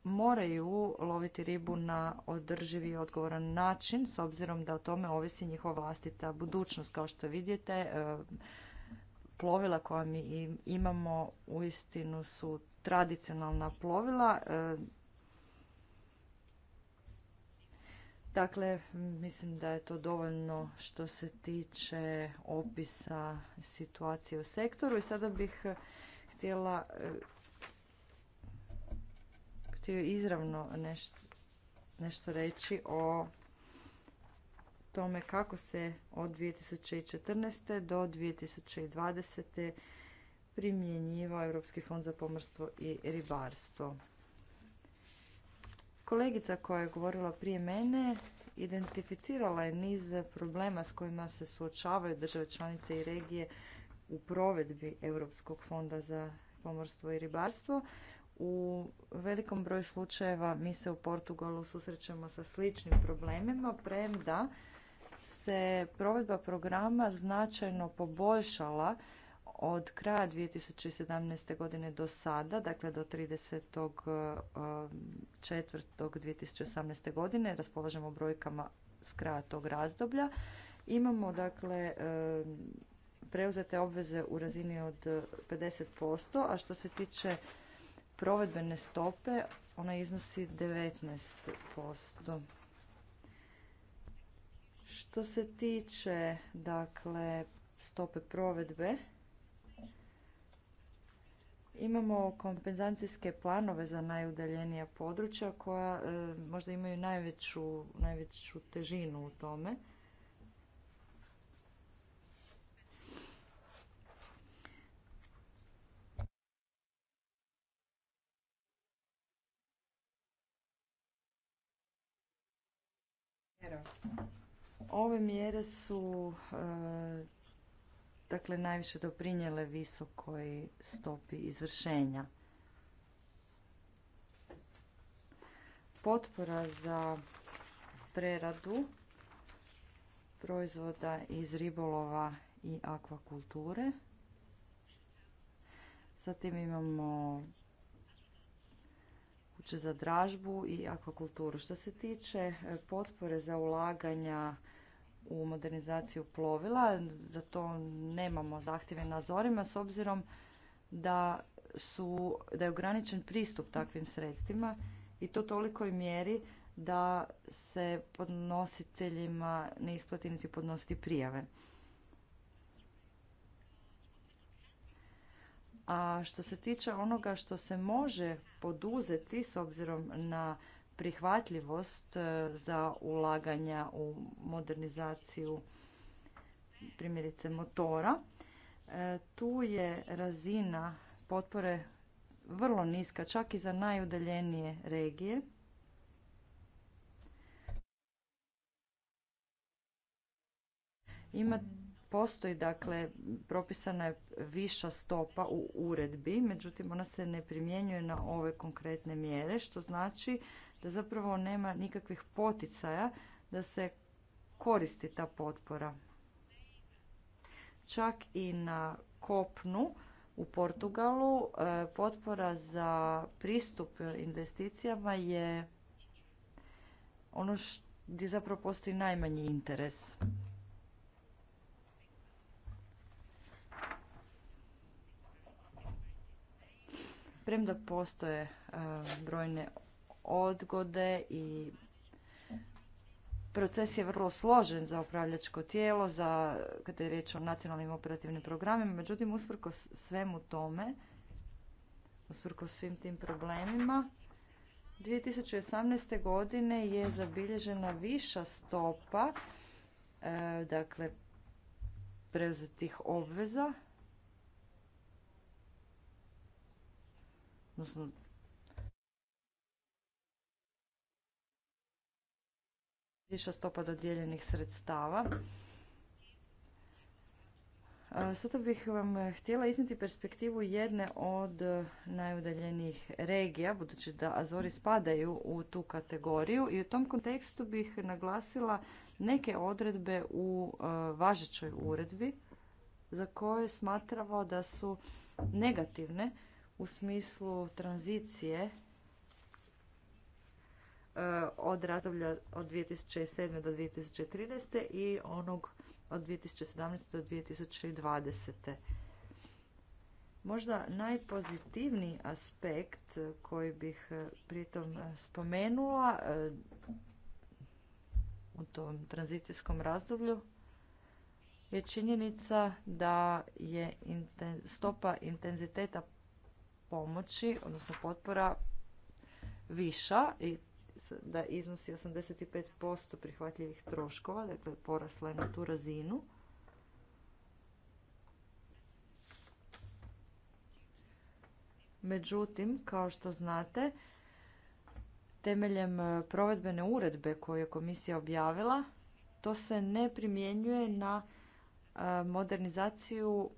moraju loviti ribu na održivi i odgovoran način s obzirom da o tome ovisi njihova vlastita budućnost. Kao što vidite, plovila koja mi imamo uistinu su tradicionalna plovila. E, dakle, mislim da je to dovoljno što se tiče opisa situacije u sektoru i sada bih e, htjela e, htio izravno nešto, nešto reći o tome kako se od 2014. do 2020. primjenjivao Europski fond za pomorstvo i ribarstvo. Kolegica koja je govorila prije mene identificirala je niz problema s kojima se suočavaju države članice i regije u provedbi Europskog fonda za pomorstvo i ribarstvo. U velikom broju slučajeva mi se u Portugalu susrećemo sa sličnim problemima, premda se provedba programa značajno poboljšala od kraja 2017. godine do sada, dakle do 2018. godine, raspolažemo brojkama s kraja tog razdoblja. Imamo dakle preuzete obveze u razini od 50%, a što se tiče provedbene stope, ona iznosi 19%. Što se tiče dakle stope provedbe imamo kompenzacijske planove za najudaljenija područja koja e, možda imaju najveću, najveću težinu u tome. Ove mjere su e, dakle najviše doprinjele visokoj stopi izvršenja. Potpora za preradu proizvoda iz ribolova i akvakulture. Zatim imamo kuće za dražbu i akvakulturu. Što se tiče e, potpore za ulaganja u modernizaciju plovila, za to nemamo zahtjeve na zorima s obzirom da, su, da je ograničen pristup takvim sredstvima i to tolikoj mjeri da se podnositeljima ne isplati niti podnositi prijave. A što se tiče onoga što se može poduzeti s obzirom na prihvatljivost e, za ulaganja u modernizaciju primjerice motora. E, tu je razina potpore vrlo niska, čak i za najudaljenije regije. Ima, postoji, dakle, propisana je viša stopa u uredbi, međutim ona se ne primjenjuje na ove konkretne mjere, što znači da zapravo nema nikakvih poticaja da se koristi ta potpora. Čak i na kopnu u Portugalu e, potpora za pristup investicijama je ono gdje zapravo postoji najmanji interes. Premda postoje e, brojne odgode i proces je vrlo složen za upravljačko tijelo, za, kada je riječ o nacionalnim operativnim programima, međutim, usprkos svemu tome, usprkos svim tim problemima, 2018. godine je zabilježena viša stopa e, dakle preuzetih obveza odnosno viša stopa dodijeljenih sredstava. Sada bih vam htjela izniti perspektivu jedne od najudaljenijih regija, budući da Azori spadaju u tu kategoriju i u tom kontekstu bih naglasila neke odredbe u važećoj uredbi za koje smatramo da su negativne u smislu tranzicije Eh, od razdoblja od 2007. do 2013. i onog od 2017. do 2020. Možda najpozitivniji aspekt koji bih eh, pritom eh, spomenula u tom tranzicijskom razdoblju je činjenica da je stopa intenziteta pomoći, odnosno potpora, viša i da iznosi 85% prihvatljivih troškova, dakle porasla je na tu razinu. Međutim, kao što znate, temeljem e, provedbene uredbe koju je komisija objavila, to se ne primjenjuje na e, modernizaciju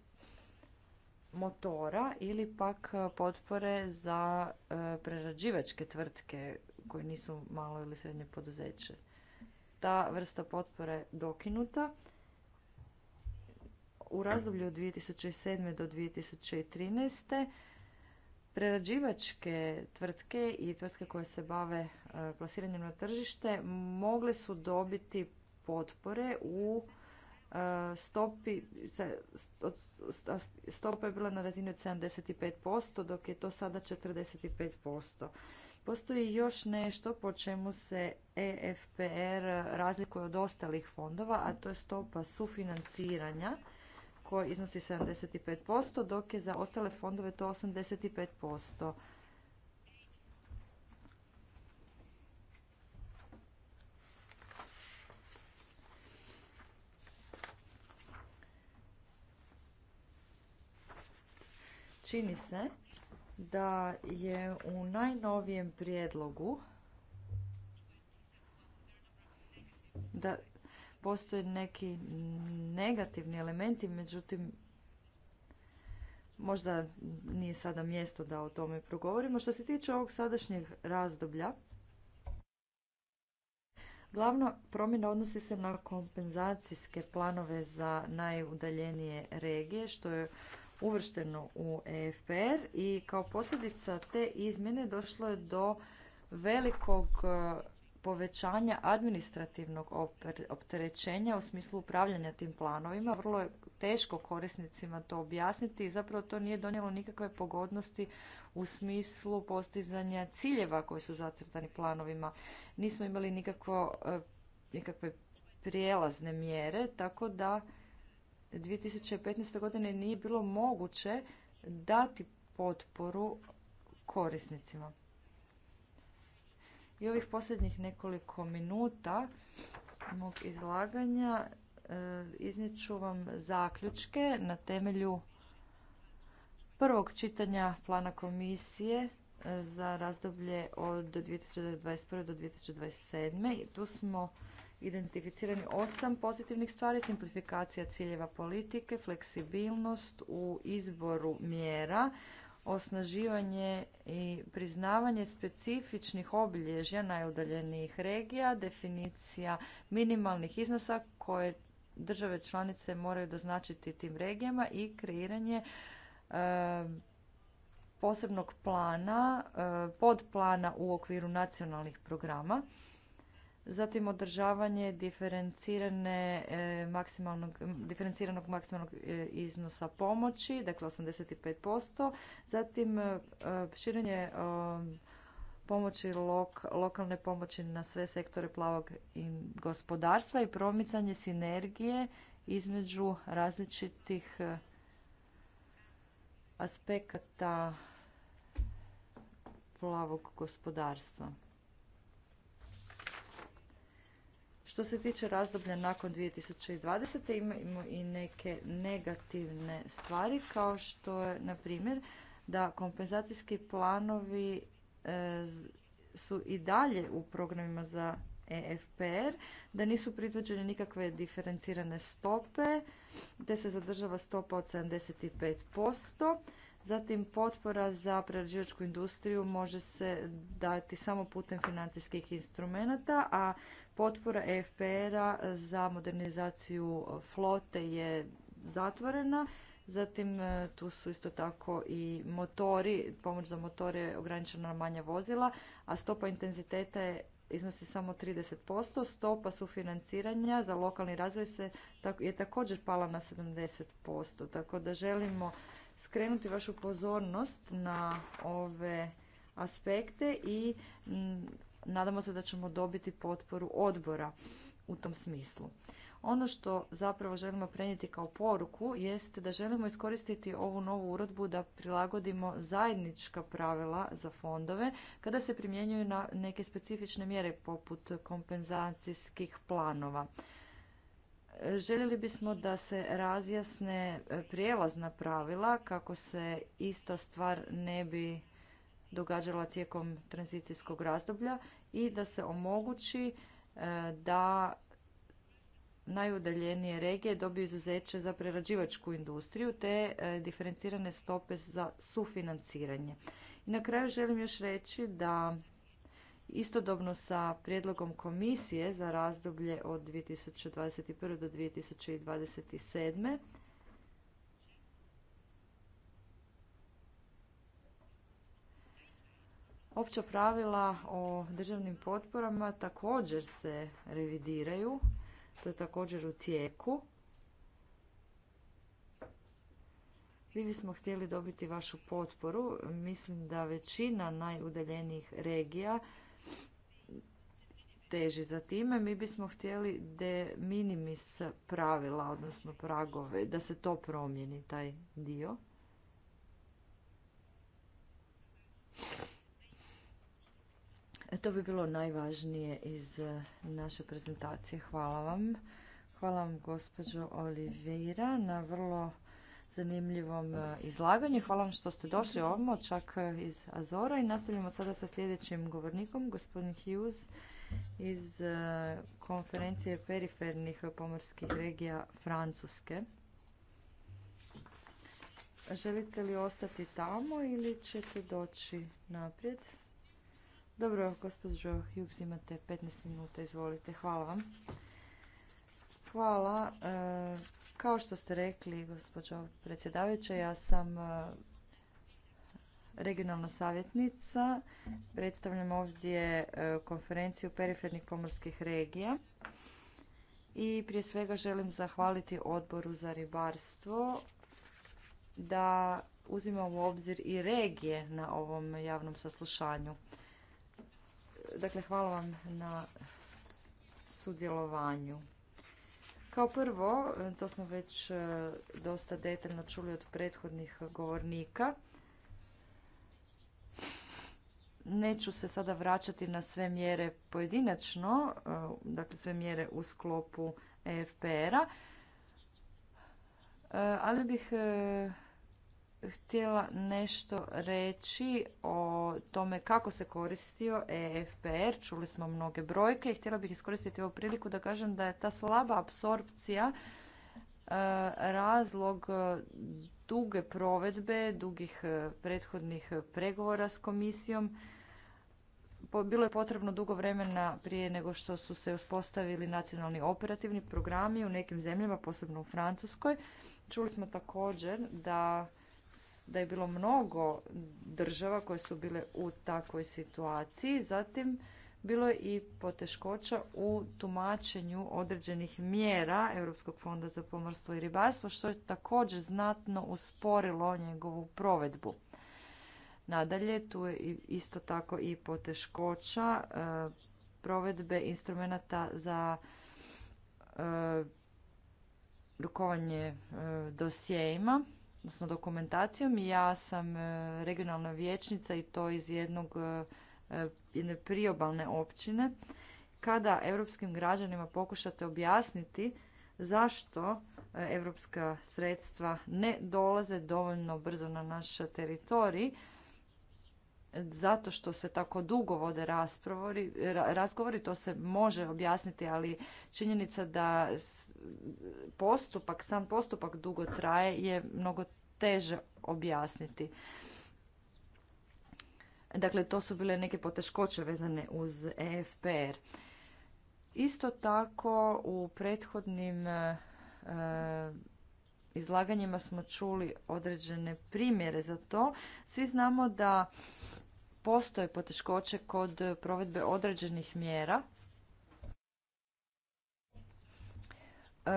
motora ili pak e, potpore za prerađivačke tvrtke koji nisu malo ili srednje poduzeće. Ta vrsta potpore dokinuta. U razdoblju od 2007. do 2013. prerađivačke tvrtke i tvrtke koje se bave e, plasiranjem na tržište mogle su dobiti potpore u e, stopi, stopa je bila na razini od 75%, dok je to sada 45%. Postoji još nešto po čemu se EFPR razlikuje od ostalih fondova, a to je stopa sufinanciranja koja iznosi 75%, dok je za ostale fondove to 85%. Čini se da je u najnovijem prijedlogu da postoje neki negativni elementi, međutim možda nije sada mjesto da o tome progovorimo. Što se tiče ovog sadašnjeg razdoblja, Glavna promjena odnosi se na kompenzacijske planove za najudaljenije regije, što je uvršteno u EFPR i kao posljedica te izmjene došlo je do velikog e, povećanja administrativnog opterećenja u smislu upravljanja tim planovima. Vrlo je teško korisnicima to objasniti i zapravo to nije donijelo nikakve pogodnosti u smislu postizanja ciljeva koji su zacrtani planovima. Nismo imali nikakvo, e, nikakve prijelazne mjere, tako da 2015. godine nije bilo moguće dati potporu korisnicima. I ovih posljednjih nekoliko minuta mog izlaganja e, iznijet vam zaključke na temelju prvog čitanja plana komisije e, za razdoblje od 2021. do 2027. I tu smo identificirani osam pozitivnih stvari, simplifikacija ciljeva politike, fleksibilnost u izboru mjera, osnaživanje i priznavanje specifičnih obilježja najudaljenijih regija, definicija minimalnih iznosa koje države članice moraju doznačiti tim regijama i kreiranje eh, posebnog plana, eh, podplana u okviru nacionalnih programa zatim održavanje e, diferenciranog maksimalnog e, iznosa pomoći, dakle 85%, zatim e, širenje pomoći lokalne pomoći na sve sektore plavog gospodarstva i promicanje sinergije između različitih aspekata plavog gospodarstva. Što se tiče razdoblja nakon 2020. imamo i neke negativne stvari kao što je na primjer da kompenzacijski planovi e, su i dalje u programima za EFPR, da nisu pritvrđene nikakve diferencirane stope, te se zadržava stopa od 75%. Zatim potpora za prerađivačku industriju može se dati samo putem financijskih instrumenata, a Potpora EFPR-a za modernizaciju flote je zatvorena. Zatim e, tu su isto tako i motori, pomoć za motore je ograničena na manja vozila, a stopa intenziteta je iznosi samo 30%, stopa sufinanciranja za lokalni razvoj se, je također pala na 70%. Tako da želimo skrenuti vašu pozornost na ove aspekte i nadamo se da ćemo dobiti potporu odbora u tom smislu. Ono što zapravo želimo prenijeti kao poruku jest da želimo iskoristiti ovu novu uredbu da prilagodimo zajednička pravila za fondove kada se primjenjuju na neke specifične mjere poput kompenzacijskih planova. Željeli bismo da se razjasne prijelazna pravila kako se ista stvar ne bi događala tijekom tranzicijskog razdoblja i da se omogući e, da najudaljenije regije dobiju izuzeće za prerađivačku industriju te e, diferencirane stope za sufinanciranje. I na kraju želim još reći da istodobno sa prijedlogom komisije za razdoblje od 2021. do 2027 Opća pravila o državnim potporama također se revidiraju, to je također u tijeku. Mi bismo htjeli dobiti vašu potporu. Mislim da većina najudaljenijih regija teži za time. Mi bismo htjeli de minimis pravila, odnosno pragove, da se to promijeni, taj dio. To bi bilo najvažnije iz e, naše prezentacije. Hvala vam. Hvala vam gospođo Oliveira na vrlo zanimljivom e, izlaganju. Hvala vam što ste došli ovamo, čak e, iz Azora. I nastavljamo sada sa sljedećim govornikom, gospodin Hughes iz konferencije perifernih pomorskih regija Francuske. Želite li ostati tamo ili ćete doći naprijed? Dobro, gospođo Hughes, imate 15 minuta, izvolite. Hvala vam. Hvala. E, kao što ste rekli, gospođo predsjedavajuća, ja sam e, regionalna savjetnica. Predstavljam ovdje e, konferenciju perifernih pomorskih regija. I prije svega želim zahvaliti odboru za ribarstvo da uzima u obzir i regije na ovom javnom saslušanju dakle hvala vam na sudjelovanju. Kao prvo, to smo već e, dosta detaljno čuli od prethodnih govornika. Neću se sada vraćati na sve mjere pojedinačno, e, dakle sve mjere u sklopu EFPR-a, e, ali bih htjela nešto reći o tome kako se koristio EFPR. Čuli smo mnoge brojke i htjela bih iskoristiti ovu priliku da kažem da je ta slaba apsorpcija e, razlog e, duge provedbe, dugih e, prethodnih pregovora s komisijom. Bilo je potrebno dugo vremena prije nego što su se uspostavili nacionalni operativni programi u nekim zemljama, posebno u Francuskoj. Čuli smo također da da je bilo mnogo država koje su bile u takvoj situaciji. Zatim bilo je i poteškoća u tumačenju određenih mjera Europskog fonda za pomorstvo i ribarstvo što je također znatno usporilo njegovu provedbu. Nadalje, tu je isto tako i poteškoća e, provedbe instrumenta za e, rukovanje e, dosjejima odnosno dokumentacijom. Ja sam e, regionalna vijećnica i to iz jednog, e, e, jedne priobalne općine. Kada europskim građanima pokušate objasniti zašto europska sredstva ne dolaze dovoljno brzo na naš teritorij, zato što se tako dugo vode razgovori, to se može objasniti, ali činjenica da postupak, sam postupak dugo traje je mnogo teže objasniti. Dakle, to su bile neke poteškoće vezane uz EFPR. Isto tako u prethodnim e, izlaganjima smo čuli određene primjere za to. Svi znamo da postoje poteškoće kod provedbe određenih mjera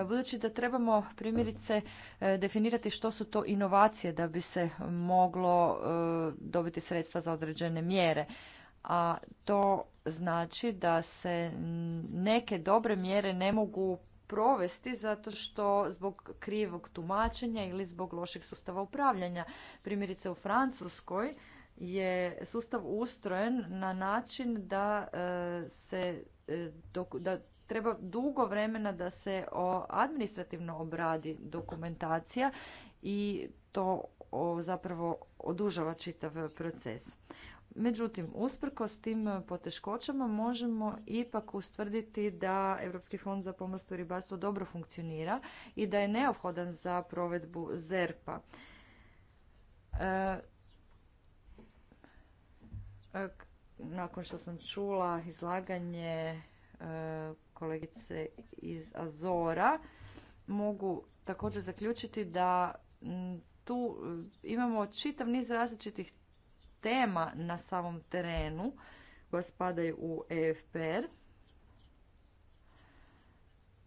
Budući da trebamo primjerice e, definirati što su to inovacije da bi se moglo e, dobiti sredstva za određene mjere. A to znači da se neke dobre mjere ne mogu provesti zato što zbog krivog tumačenja ili zbog lošeg sustava upravljanja. Primjerice u Francuskoj je sustav ustrojen na način da e, se da treba dugo vremena da se administrativno obradi dokumentacija i to zapravo odužava čitav proces. Međutim, usprkos tim poteškoćama možemo ipak ustvrditi da Europski fond za pomorstvo i ribarstvo dobro funkcionira i da je neophodan za provedbu ZERPA. E, e nakon što sam čula izlaganje e, kolegice iz Azora, mogu također zaključiti da tu e, imamo čitav niz različitih tema na samom terenu koje spadaju u EFPR.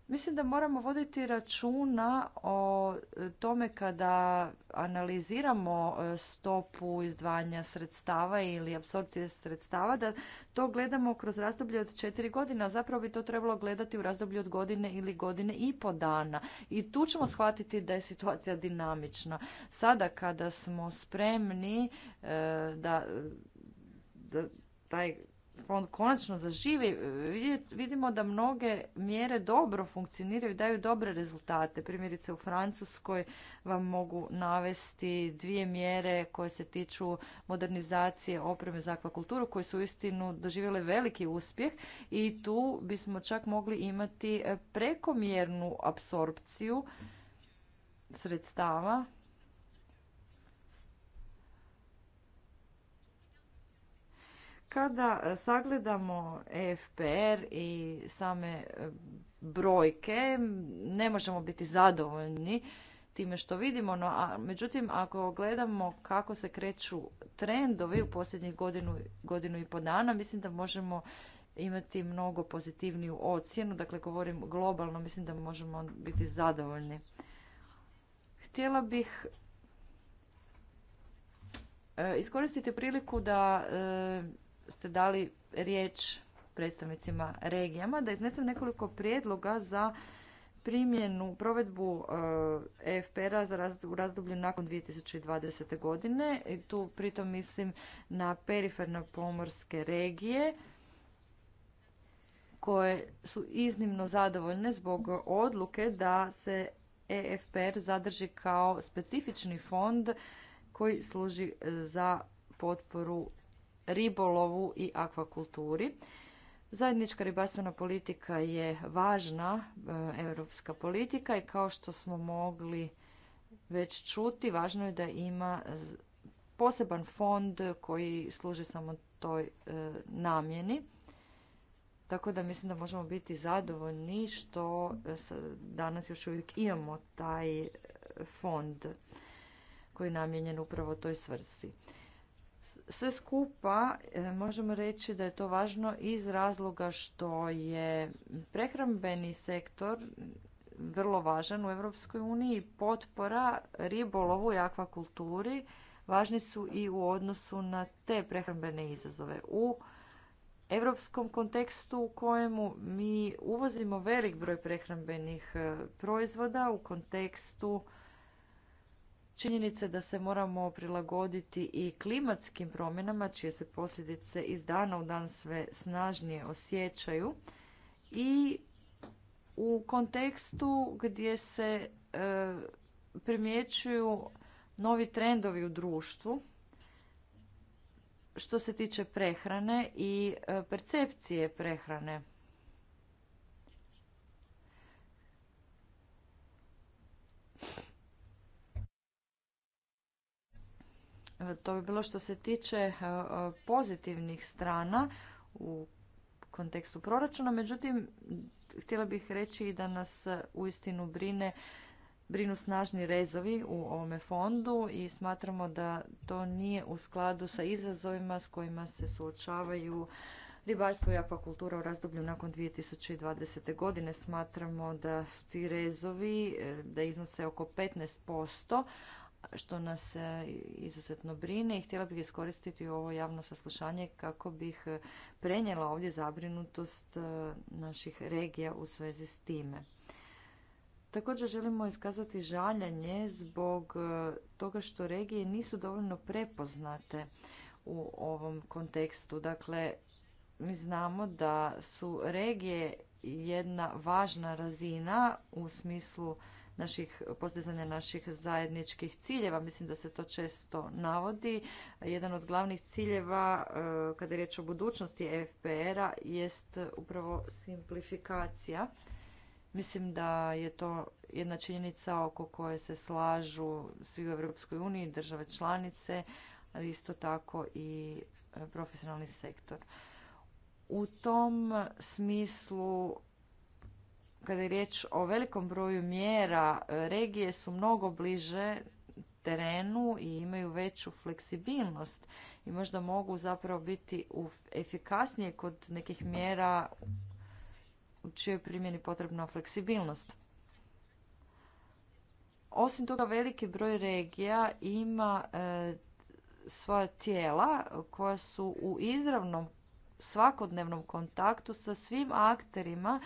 Mislim da moramo voditi računa o e, tome kada analiziramo e, stopu izdvajanja sredstava ili apsorpcije sredstava, da to gledamo kroz razdoblje od četiri godine, a zapravo bi to trebalo gledati u razdoblju od godine ili godine i po dana. I tu ćemo shvatiti da je situacija dinamična. Sada kada smo spremni e, da, da taj fond konačno zaživi, e, vidimo da mnoge mjere dobro funkcioniraju, i daju dobre rezultate. Primjerice u Francuskoj vam mogu navesti dvije mjere koje se tiču modernizacije opreme za akvakulturu koje su istinu doživjele veliki uspjeh i tu bismo čak mogli imati prekomjernu apsorpciju sredstava Kada e, sagledamo EFPR i same e, brojke, ne možemo biti zadovoljni time što vidimo, no a, međutim ako gledamo kako se kreću trendovi u posljednjih godinu, godinu i po dana, mislim da možemo imati mnogo pozitivniju ocjenu, dakle govorim globalno, mislim da možemo biti zadovoljni. Htjela bih e, iskoristiti priliku da ste dali riječ predstavnicima regijama da iznesem nekoliko prijedloga za primjenu, provedbu EFPR-a eh, u razdoblju nakon 2020. godine. tu pritom mislim na periferno pomorske regije koje su iznimno zadovoljne zbog odluke da se EFPR zadrži kao specifični fond koji služi za potporu ribolovu i akvakulturi. Zajednička ribarstvena politika je važna e, europska politika i kao što smo mogli već čuti, važno je da ima poseban fond koji služi samo toj e, namjeni. Tako da mislim da možemo biti zadovoljni što e, danas još uvijek imamo taj fond koji je namijenjen upravo toj svrsi. Sve skupa e, možemo reći da je to važno iz razloga što je prehrambeni sektor vrlo važan u Europskoj uniji. Potpora ribolovu i akvakulturi važni su i u odnosu na te prehrambene izazove. U europskom kontekstu u kojemu mi uvozimo velik broj prehrambenih e, proizvoda u kontekstu činjenica da se moramo prilagoditi i klimatskim promjenama čije se posljedice iz dana u dan sve snažnije osjećaju i u kontekstu gdje se e, primjećuju novi trendovi u društvu što se tiče prehrane i e, percepcije prehrane. E, to bi bilo što se tiče e, e, pozitivnih strana u kontekstu proračuna, međutim, htjela bih reći da nas uistinu brine brinu snažni rezovi u ovome fondu i smatramo da to nije u skladu sa izazovima s kojima se suočavaju ribarstvo i akvakultura u razdoblju nakon 2020. godine. Smatramo da su ti rezovi, da iznose oko 15%, što nas e, izuzetno brine i htjela bih iskoristiti ovo javno saslušanje kako bih e, prenijela ovdje zabrinutost e, naših regija u svezi s time. Također želimo iskazati žaljanje zbog toga što regije nisu dovoljno prepoznate u ovom kontekstu. Dakle, mi znamo da su regije jedna važna razina u smislu naših, postizanja naših zajedničkih ciljeva. Mislim da se to često navodi. Jedan od glavnih ciljeva e, kada je riječ o budućnosti e FPR-a jest upravo simplifikacija. Mislim da je to jedna činjenica oko koje se slažu svi u Europskoj uniji, države članice, ali isto tako i e, profesionalni sektor. U tom smislu kada je riječ o velikom broju mjera, e, regije su mnogo bliže terenu i imaju veću fleksibilnost i možda mogu zapravo biti efikasnije kod nekih mjera u čijoj primjeni potrebna fleksibilnost. Osim toga, veliki broj regija ima e, svoja tijela koja su u izravnom svakodnevnom kontaktu sa svim akterima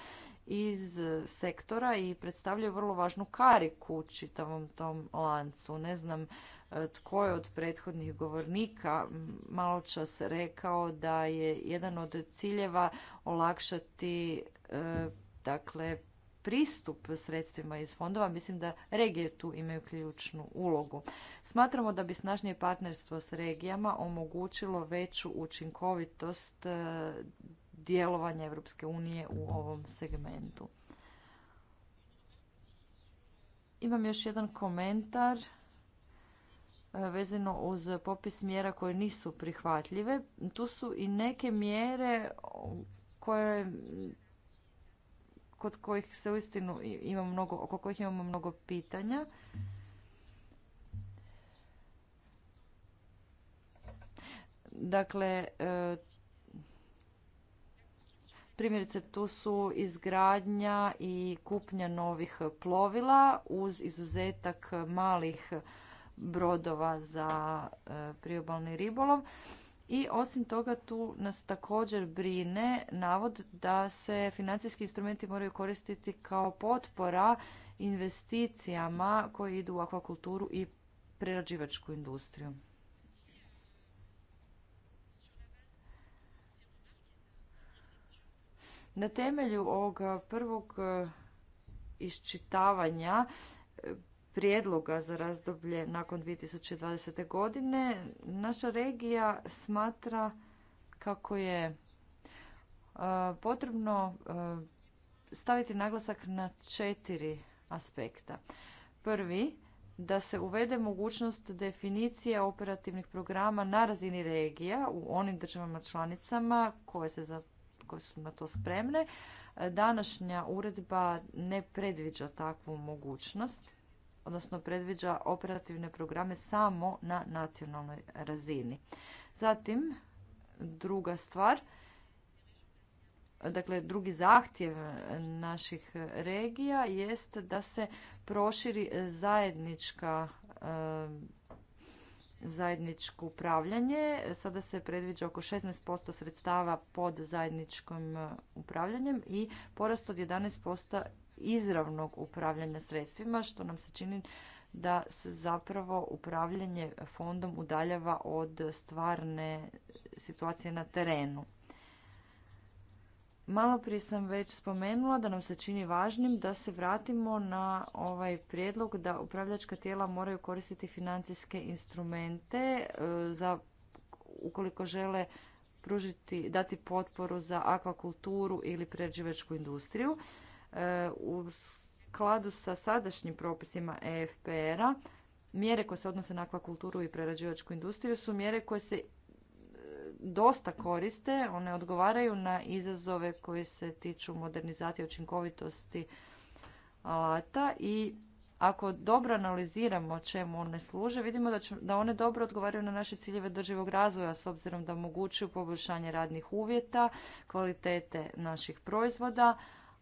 iz e, sektora i predstavljaju vrlo važnu kariku u čitavom tom lancu. Ne znam e, tko je od prethodnih govornika malo čas rekao da je jedan od ciljeva olakšati e, dakle pristup sredstvima iz fondova, mislim da regije tu imaju ključnu ulogu. Smatramo da bi snažnije partnerstvo s regijama omogućilo veću učinkovitost djelovanja Europske unije u ovom segmentu. Imam još jedan komentar e, vezano uz popis mjera koje nisu prihvatljive. Tu su i neke mjere koje kod kojih se uistinu ima mnogo, oko kojih imamo mnogo pitanja. Dakle, e, Primjerice tu su izgradnja i kupnja novih plovila uz izuzetak malih brodova za e, priobalni ribolov. I osim toga tu nas također brine navod da se financijski instrumenti moraju koristiti kao potpora investicijama koje idu u akvakulturu i prerađivačku industriju. Na temelju ovog eh, prvog eh, iščitavanja eh, prijedloga za razdoblje nakon 2020. godine, naša regija smatra kako je potrebno staviti naglasak na četiri aspekta. Prvi, da se uvede mogućnost definicije operativnih programa na razini regija u onim državama članicama koje se za koje su na to spremne. Današnja uredba ne predviđa takvu mogućnost, odnosno predviđa operativne programe samo na nacionalnoj razini. Zatim, druga stvar, dakle drugi zahtjev naših regija jest da se proširi zajednička zajedničko upravljanje. Sada se predviđa oko 16% sredstava pod zajedničkom e, upravljanjem i porast od 11% izravnog upravljanja sredstvima, što nam se čini da se zapravo upravljanje fondom udaljava od stvarne situacije na terenu. Malo prije sam već spomenula da nam se čini važnim da se vratimo na ovaj prijedlog da upravljačka tijela moraju koristiti financijske instrumente e, za ukoliko žele pružiti, dati potporu za akvakulturu ili prerađivačku industriju. E, u skladu sa sadašnjim propisima EFPR-a, mjere koje se odnose na akvakulturu i prerađivačku industriju su mjere koje se dosta koriste, one odgovaraju na izazove koji se tiču modernizacije učinkovitosti alata i ako dobro analiziramo čemu one služe, vidimo da, da one dobro odgovaraju na naše ciljeve drživog razvoja s obzirom da omogućuju poboljšanje radnih uvjeta, kvalitete naših proizvoda,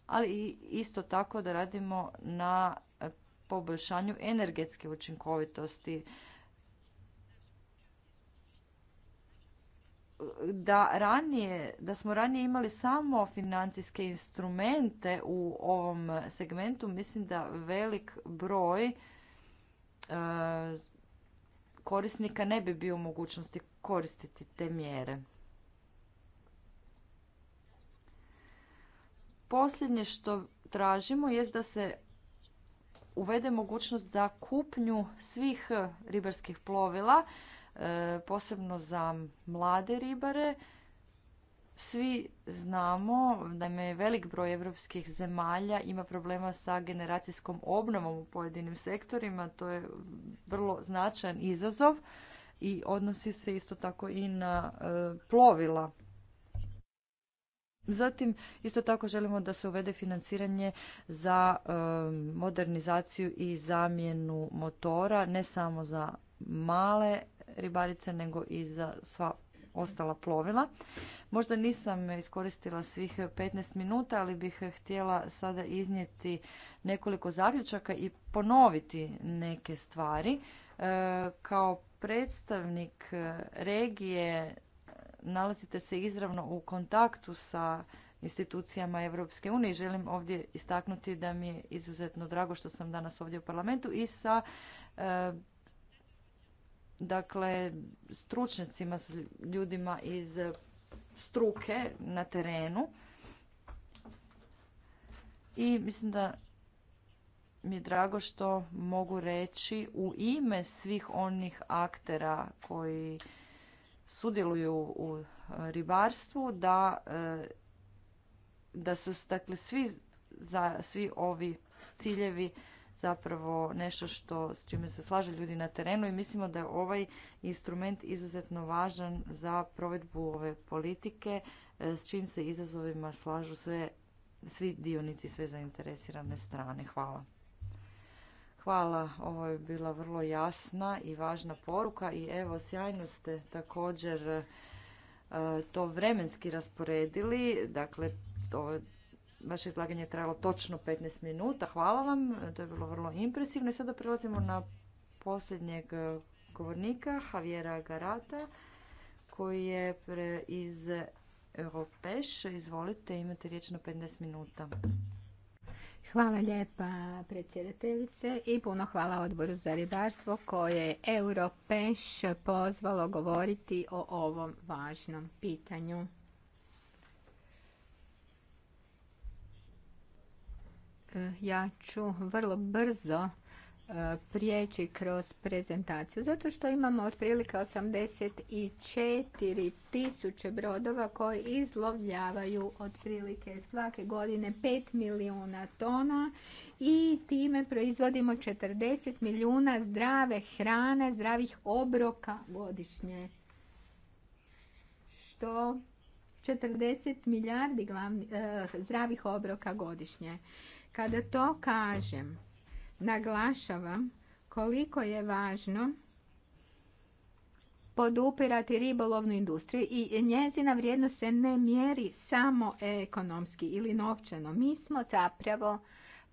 ali i isto tako da radimo na poboljšanju energetske učinkovitosti da ranije, da smo ranije imali samo financijske instrumente u ovom segmentu, mislim da velik broj e, korisnika ne bi bio u mogućnosti koristiti te mjere. Posljednje što tražimo je da se uvede mogućnost za kupnju svih ribarskih plovila E, posebno za mlade ribare. Svi znamo da je velik broj evropskih zemalja ima problema sa generacijskom obnovom u pojedinim sektorima. To je vrlo značajan izazov i odnosi se isto tako i na e, plovila. Zatim, isto tako želimo da se uvede financiranje za e, modernizaciju i zamjenu motora, ne samo za male ribarice nego i za sva ostala plovila. Možda nisam iskoristila svih 15 minuta, ali bih htjela sada iznijeti nekoliko zaključaka i ponoviti neke stvari. E, kao predstavnik regije e, nalazite se izravno u kontaktu sa institucijama Europske unije. Želim ovdje istaknuti da mi je izuzetno drago što sam danas ovdje u parlamentu i sa e, dakle stručnjacima, ljudima iz struke na terenu. I mislim da mi je drago što mogu reći u ime svih onih aktera koji sudjeluju u e, ribarstvu da e, da su dakle svi za svi ovi ciljevi zapravo nešto što, s čime se slažu ljudi na terenu i mislimo da je ovaj instrument izuzetno važan za provedbu ove politike e, s čim se izazovima slažu sve, svi dionici, sve zainteresirane strane. Hvala. Hvala, ovo je bila vrlo jasna i važna poruka i evo sjajno ste također e, to vremenski rasporedili, dakle Vaše izlaganje je trajalo točno 15 minuta. Hvala vam, to je bilo vrlo impresivno. I sada prelazimo na posljednjeg govornika, Javiera Garata, koji je iz Europeš. Izvolite, imate riječ na 15 minuta. Hvala lijepa predsjedateljice i puno hvala odboru za ribarstvo koje je Europeš pozvalo govoriti o ovom važnom pitanju. E, ja ću vrlo brzo e, prijeći kroz prezentaciju zato što imamo otprilike 84 tisuće brodova koji izlovljavaju otprilike svake godine 5 milijuna tona i time proizvodimo 40 milijuna zdrave hrane, zdravih obroka godišnje. Što 40 milijardi e, zdravih obroka godišnje. Kada to kažem, naglašavam koliko je važno podupirati ribolovnu industriju i njezina vrijednost se ne mjeri samo ekonomski ili novčano. Mi smo zapravo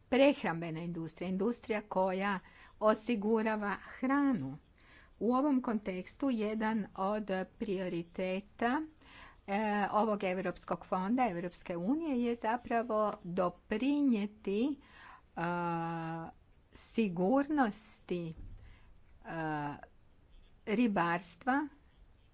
prehrambena industrija, industrija koja osigurava hranu. U ovom kontekstu jedan od prioriteta E, ovog Europskog fonda Europske unije je zapravo doprinjeti e, sigurnosti e, ribarstva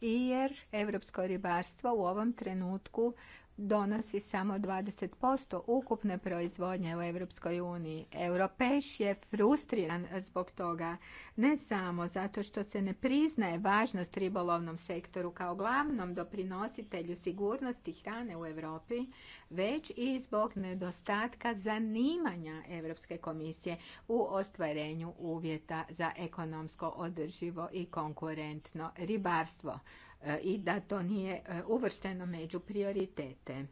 jer europsko ribarstvo u ovom trenutku donosi samo 20% ukupne proizvodnje u Europskoj uniji. Europeš je frustriran zbog toga, ne samo zato što se ne priznaje važnost ribolovnom sektoru kao glavnom doprinositelju sigurnosti hrane u Europi, već i zbog nedostatka zanimanja Europske komisije u ostvarenju uvjeta za ekonomsko održivo i konkurentno ribarstvo i da to nije e, uvršteno među prioritete. E,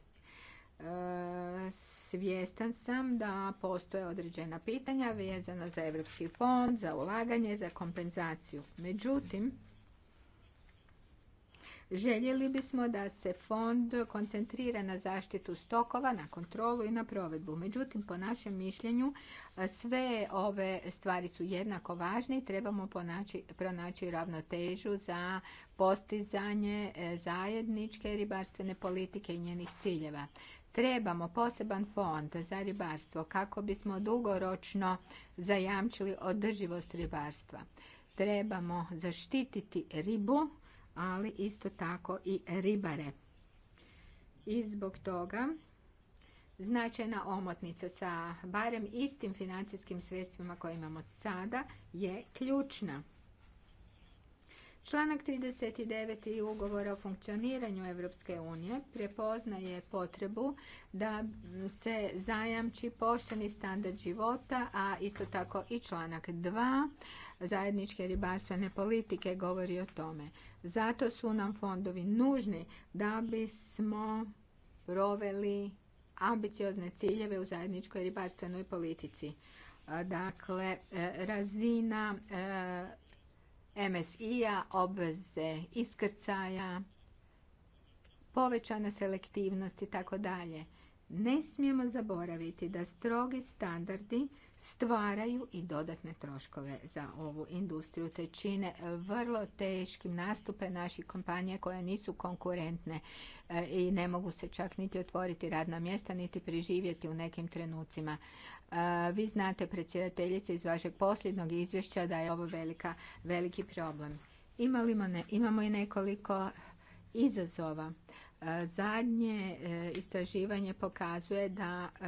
svjestan sam da postoje određena pitanja vezana za Europski fond, za ulaganje, za kompenzaciju. Međutim, Željeli bismo da se fond koncentrira na zaštitu stokova, na kontrolu i na provedbu. Međutim, po našem mišljenju, sve ove stvari su jednako važne i trebamo ponaći, pronaći ravnotežu za postizanje e, zajedničke ribarstvene politike i njenih ciljeva. Trebamo poseban fond za ribarstvo kako bismo dugoročno zajamčili održivost ribarstva. Trebamo zaštititi ribu ali isto tako i ribare. I zbog toga značajna omotnica sa barem istim financijskim sredstvima koje imamo sada je ključna. Članak 39. i ugovora o funkcioniranju Europske unije prepoznaje potrebu da se zajamči pošteni standard života, a isto tako i članak 2. zajedničke ribarstvene politike govori o tome. Zato su nam fondovi nužni da bismo proveli ambiciozne ciljeve u zajedničkoj ribarstvenoj politici. Dakle, e, razina e, MSI-a, obveze iskrcaja, povećana selektivnost i tako dalje. Ne smijemo zaboraviti da strogi standardi stvaraju i dodatne troškove za ovu industriju te čine vrlo teškim nastupe naših kompanija koje nisu konkurentne eh, i ne mogu se čak niti otvoriti radna mjesta niti preživjeti u nekim trenucima. Eh, vi znate predsjedateljice iz vašeg posljednog izvješća da je ovo velika, veliki problem. Imamo i nekoliko izazova Zadnje e, istraživanje pokazuje da e,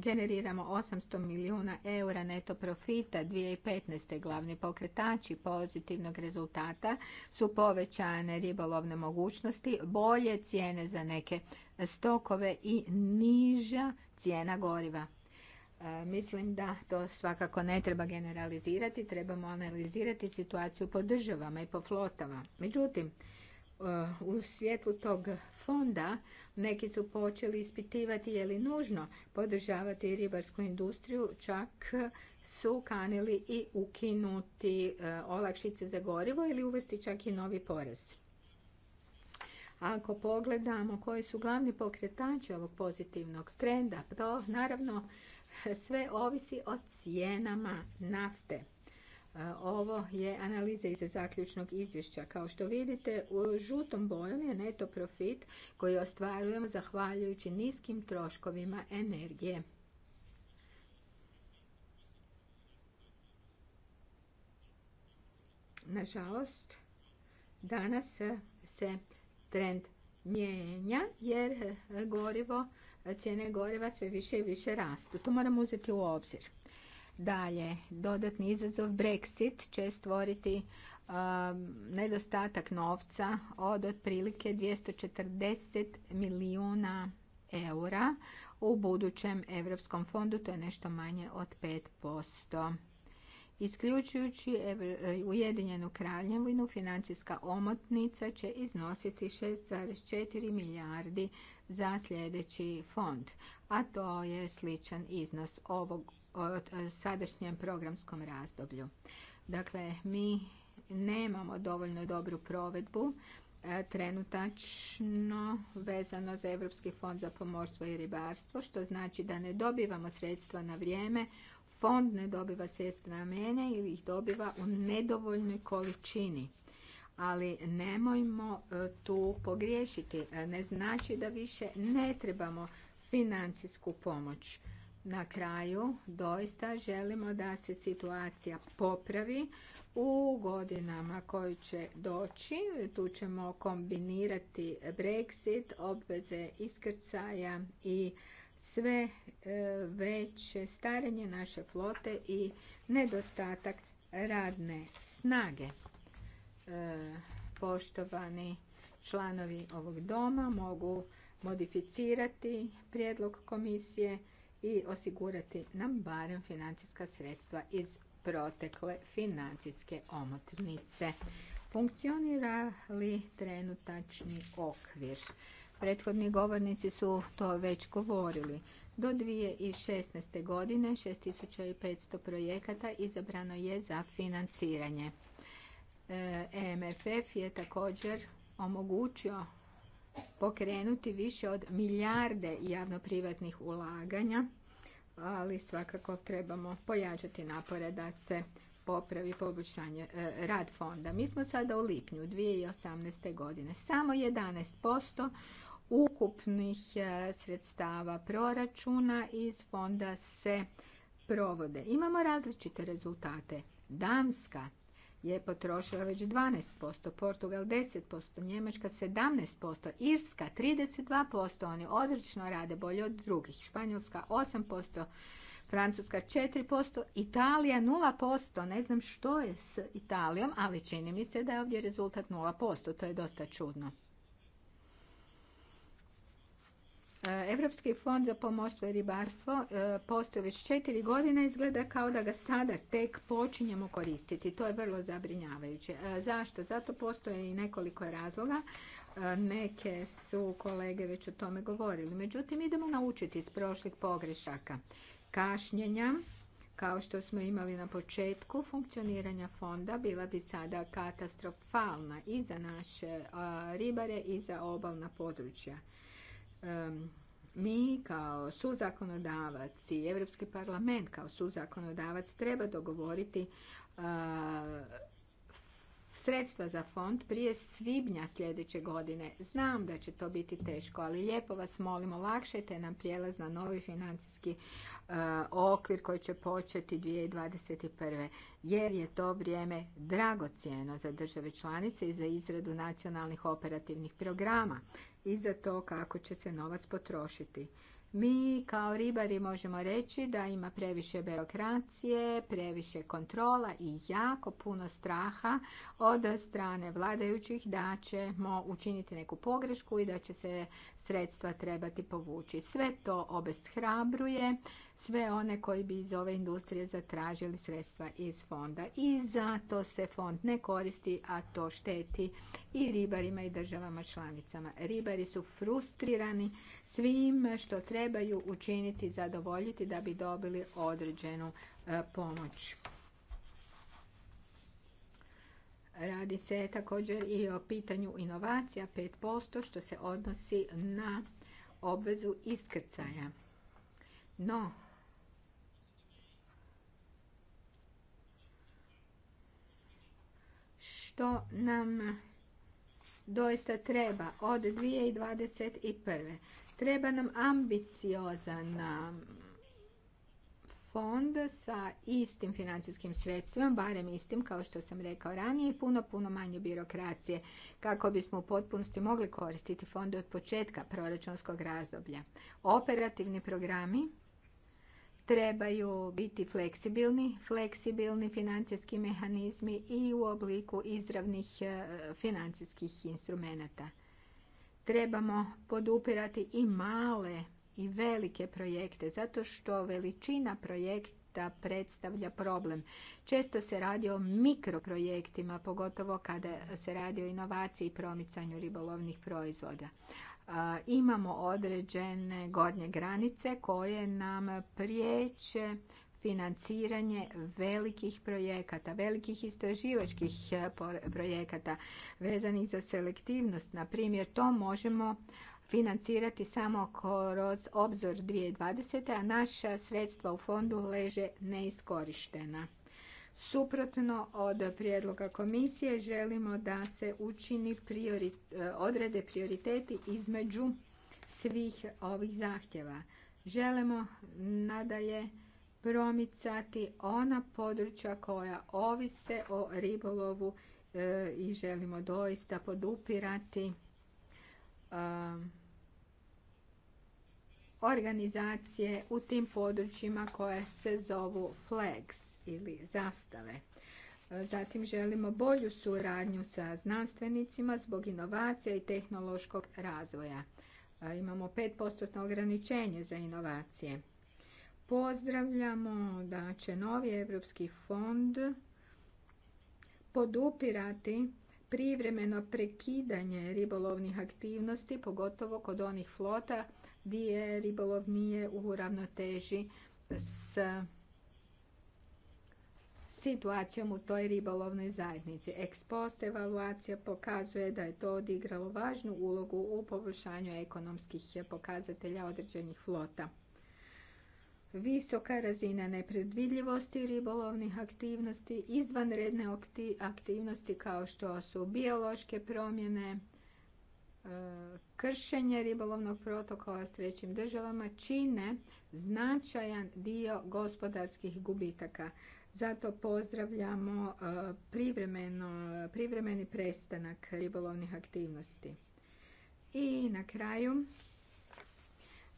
generiramo 800 milijuna eura neto profita 2015. Glavni pokretači pozitivnog rezultata su povećane ribolovne mogućnosti, bolje cijene za neke stokove i niža cijena goriva. E, mislim da to svakako ne treba generalizirati, trebamo analizirati situaciju po državama i po flotama. Međutim, Eh, u svjetlu tog fonda neki su počeli ispitivati je li nužno podržavati ribarsku industriju, čak su kanili i ukinuti eh, olakšice za gorivo ili uvesti čak i novi porez. Ako pogledamo koji su glavni pokretači ovog pozitivnog trenda, to naravno eh, sve ovisi o cijenama nafte. Ovo je analiza iz zaključnog izvješća. Kao što vidite, u žutom bojom je neto profit koji ostvarujemo zahvaljujući niskim troškovima energije. Nažalost, danas se trend mijenja jer cijene goriva sve više i više rastu. To moramo uzeti u obzir. Dalje, dodatni izazov Brexit će stvoriti nedostatak novca od otprilike 240 milijuna eura u budućem Europskom fondu, to je nešto manje od 5%. Isključujući e, Ujedinjenu kraljevinu, financijska omotnica će iznositi 6,4 milijardi za sljedeći fond, a to je sličan iznos ovog o e, sadašnjem programskom razdoblju. Dakle, mi nemamo dovoljno dobru provedbu e, trenutačno vezano za Europski fond za pomorstvo i ribarstvo, što znači da ne dobivamo sredstva na vrijeme, fond ne dobiva sredstva na mene ili ih dobiva u nedovoljnoj količini. Ali nemojmo e, tu pogriješiti. Ne znači da više ne trebamo financijsku pomoć na kraju doista želimo da se situacija popravi u godinama koji će doći. Tu ćemo kombinirati Brexit, obveze iskrcaja i sve e, veće starenje naše flote i nedostatak radne snage. E, poštovani članovi ovog doma mogu modificirati prijedlog komisije i osigurati nam barem financijska sredstva iz protekle financijske omotnice. Funkcionira li trenutačni okvir? Prethodni govornici su to već govorili. Do 2016. godine 6500 projekata izabrano je za financiranje. EMFF e je također omogućio pokrenuti više od milijarde javno-privatnih ulaganja, ali svakako trebamo pojačati napore da se popravi poboljšanje e, rad fonda. Mi smo sada u lipnju 2018. godine samo 11% ukupnih e, sredstava proračuna iz fonda se provode. Imamo različite rezultate. Danska je potrošila već 12%, Portugal 10%, Njemačka 17%, Irska 32%, oni odlično rade bolje od drugih, Španjolska 8%, Francuska 4%, Italija 0%, ne znam što je s Italijom, ali čini mi se da je ovdje rezultat 0%, to je dosta čudno. Europski fond za pomorstvo i ribarstvo e, postoji već četiri godine, izgleda kao da ga sada tek počinjemo koristiti. To je vrlo zabrinjavajuće. E, zašto? Zato postoje i nekoliko razloga. E, neke su kolege već o tome govorili. Međutim, idemo naučiti iz prošlih pogrešaka. Kašnjenja, kao što smo imali na početku funkcioniranja fonda, bila bi sada katastrofalna i za naše ribare i za obalna područja mi kao suzakonodavac i Europski parlament kao suzakonodavac treba dogovoriti sredstva za fond prije svibnja sljedeće godine. Znam da će to biti teško, ali lijepo vas molimo, lakšajte nam prijelaz na novi financijski e, okvir koji će početi 2021. jer je to vrijeme dragocijeno za države članice i za izradu nacionalnih operativnih programa i za to kako će se novac potrošiti. Mi kao ribari možemo reći da ima previše birokracije, previše kontrola i jako puno straha od strane vladajućih da ćemo učiniti neku pogrešku i da će se sredstva trebati povući. Sve to obeshrabruje sve one koji bi iz ove industrije zatražili sredstva iz fonda. I zato se fond ne koristi, a to šteti i ribarima i državama članicama. Ribari su frustrirani svim što trebaju učiniti zadovoljiti da bi dobili određenu e, pomoć. Radi se također i o pitanju inovacija 5% što se odnosi na obvezu iskrcaja. No, što nam doista treba od 2021. Treba nam ambiciozan fond sa istim financijskim sredstvima, barem istim kao što sam rekao ranije i puno, puno manje birokracije kako bismo u potpunosti mogli koristiti fond od početka proračunskog razdoblja. Operativni programi trebaju biti fleksibilni, fleksibilni financijski mehanizmi i u obliku izravnih e, financijskih instrumenata trebamo podupirati i male i velike projekte zato što veličina projekta predstavlja problem. Često se radi o mikroprojektima, pogotovo kada se radi o inovaciji i promicanju ribolovnih proizvoda. Imamo određene gornje granice koje nam priječe financiranje velikih projekata, velikih istraživačkih e, projekata vezanih za selektivnost. Na primjer, to možemo financirati samo kroz obzor 2020. a naša sredstva u fondu leže neiskorištena. Suprotno od prijedloga komisije želimo da se učini odrede prioriteti između svih ovih zahtjeva. Želimo nadalje promicati ona područja koja ovise o ribolovu e, i želimo doista podupirati organizacije u tim područjima koje se zovu flags ili zastave. Zatim želimo bolju suradnju sa znanstvenicima zbog inovacija i tehnološkog razvoja. Imamo 5% ograničenje za inovacije. Pozdravljamo da će novi Europski fond podupirati privremeno prekidanje ribolovnih aktivnosti, pogotovo kod onih flota gdje ribolov nije u ravnoteži s situacijom u toj ribolovnoj zajednici. Ex evaluacija pokazuje da je to odigralo važnu ulogu u poboljšanju ekonomskih pokazatelja određenih flota visoka razina nepredvidljivosti ribolovnih aktivnosti, izvanredne aktivnosti kao što su biološke promjene, e, kršenje ribolovnog protokola s trećim državama čine značajan dio gospodarskih gubitaka. Zato pozdravljamo e, privremeni prestanak ribolovnih aktivnosti. I na kraju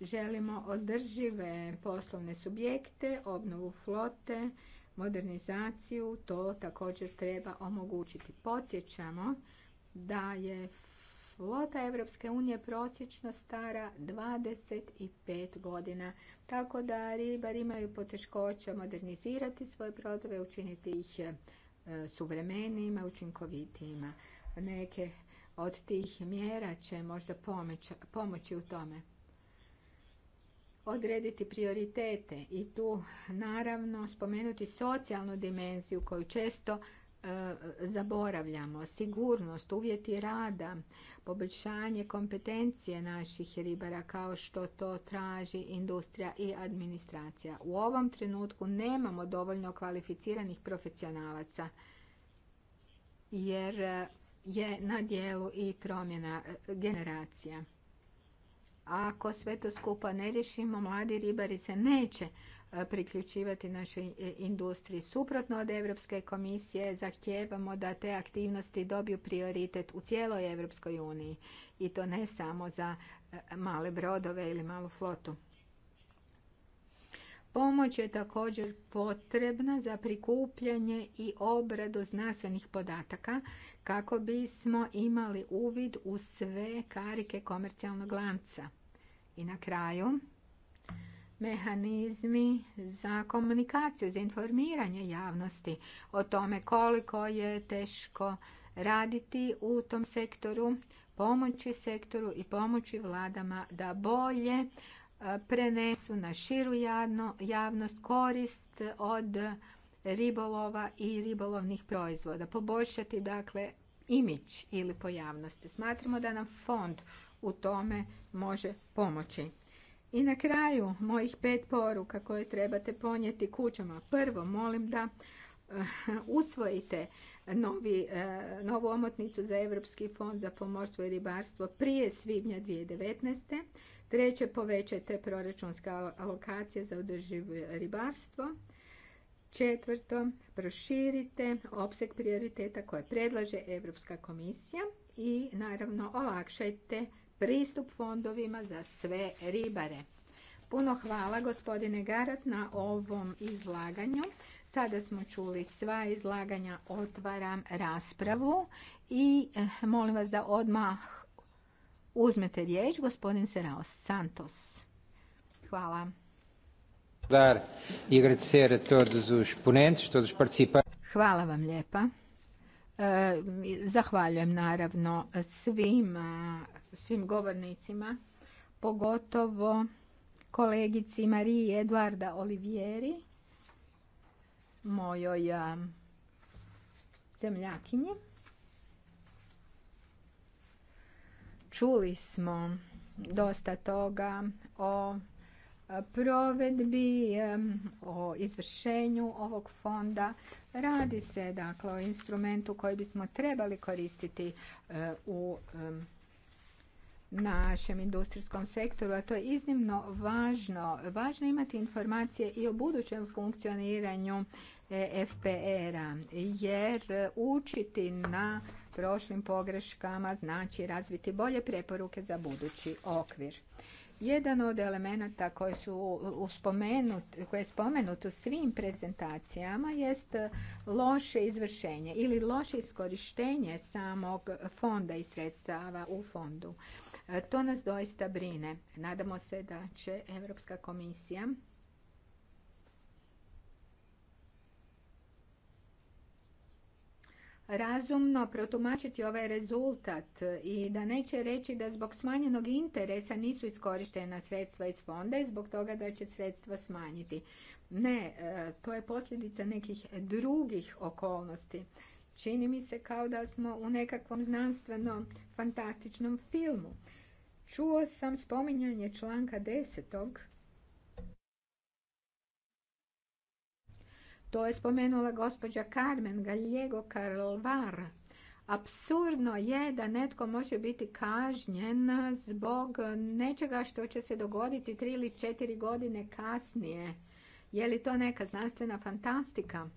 Želimo održive poslovne subjekte, obnovu flote, modernizaciju, to također treba omogućiti. Podsjećamo da je flota Europske unije prosječno stara 25 godina, tako da ribari imaju poteškoća modernizirati svoje brodove, učiniti ih e, suvremenijima, učinkovitijima. Neke od tih mjera će možda pomoći u tome odrediti prioritete i tu naravno spomenuti socijalnu dimenziju koju često e, zaboravljamo, sigurnost, uvjeti rada, poboljšanje kompetencije naših ribara kao što to traži industrija i administracija. U ovom trenutku nemamo dovoljno kvalificiranih profesionalaca jer e, je na dijelu i promjena e, generacija. Ako sve to skupa ne riješimo, mladi ribari se neće e, priključivati našoj e, industriji. Suprotno od Europske komisije zahtijevamo da te aktivnosti dobiju prioritet u cijeloj Evropskoj uniji i to ne samo za e, male brodove ili malu flotu. Pomoć je također potrebna za prikupljanje i obradu znanstvenih podataka kako bismo imali uvid u sve karike komercijalnog lanca. I na kraju, mehanizmi za komunikaciju, za informiranje javnosti o tome koliko je teško raditi u tom sektoru, pomoći sektoru i pomoći vladama da bolje prenesu na širu javnost korist od ribolova i ribolovnih proizvoda. Poboljšati dakle imidž ili pojavnosti. Smatramo da nam fond u tome može pomoći. I na kraju mojih pet poruka koje trebate ponijeti kućama. Prvo, molim da usvojite e, novu omotnicu za Europski fond za pomorstvo i ribarstvo prije svibnja 2019. Treće, povećajte proračunska alokacija za održivo ribarstvo. Četvrto, proširite opseg prioriteta koje predlaže Europska komisija i naravno olakšajte pristup fondovima za sve ribare. Puno hvala gospodine Garat na ovom izlaganju. Sada smo čuli sva izlaganja, otvaram raspravu i eh, molim vas da odmah uzmete riječ, gospodin Serao Santos. Hvala. Hvala vam lijepa. Eh, zahvaljujem naravno svim, eh, svim govornicima, pogotovo kolegici Mariji Eduarda Olivieri mojoj zemljakinji. Čuli smo dosta toga o provedbi, o izvršenju ovog fonda. Radi se dakle o instrumentu koji bismo trebali koristiti u našem industrijskom sektoru, a to je iznimno važno. Važno imati informacije i o budućem funkcioniranju E FPR-a jer učiti na prošlim pogreškama znači razviti bolje preporuke za budući okvir. Jedan od elemenata koji su koje je spomenut u svim prezentacijama jest loše izvršenje ili loše iskorištenje samog fonda i sredstava u fondu. E, to nas doista brine. Nadamo se da će Europska komisija razumno protumačiti ovaj rezultat i da neće reći da zbog smanjenog interesa nisu iskorištena sredstva iz fonda i zbog toga da će sredstva smanjiti. Ne, e, to je posljedica nekih drugih okolnosti. Čini mi se kao da smo u nekakvom znanstvenom fantastičnom filmu. Čuo sam spominjanje članka desetog To je spomenula gospođa Carmen Gallego Carlvar. Absurdno je da netko može biti kažnjen zbog nečega što će se dogoditi tri ili četiri godine kasnije. Je li to neka znanstvena fantastika?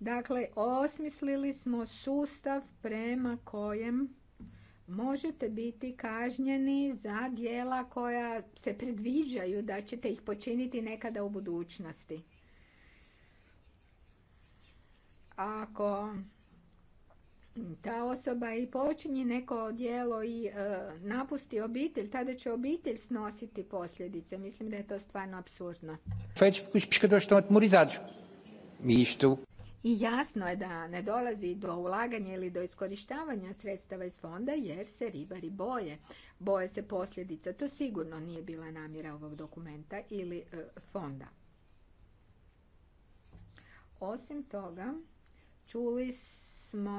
Dakle, osmislili smo sustav prema kojem možete biti kažnjeni za dijela koja se predviđaju da ćete ih počiniti nekada u budućnosti. Ako ta osoba i počinji neko djelo i e, napusti obitelj, tada će obitelj snositi posljedice. Mislim da je to stvarno absurdno. što i jasno je da ne dolazi do ulaganja ili do iskorištavanja sredstava iz fonda jer se ribari boje. Boje se posljedica. To sigurno nije bila namjera ovog dokumenta ili e, fonda. Osim toga, čuli smo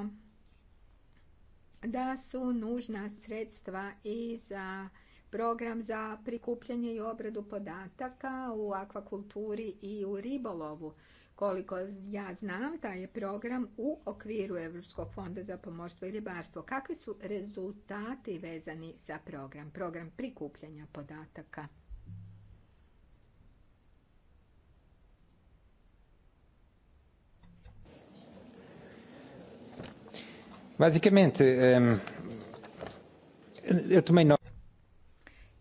da su nužna sredstva i za program za prikupljanje i obradu podataka u akvakulturi i u ribolovu. Koliko ja znam, taj je program u okviru Europskog fonda za pomorstvo i ribarstvo. Kakvi su rezultati vezani za program? Program prikupljanja podataka. Ehm,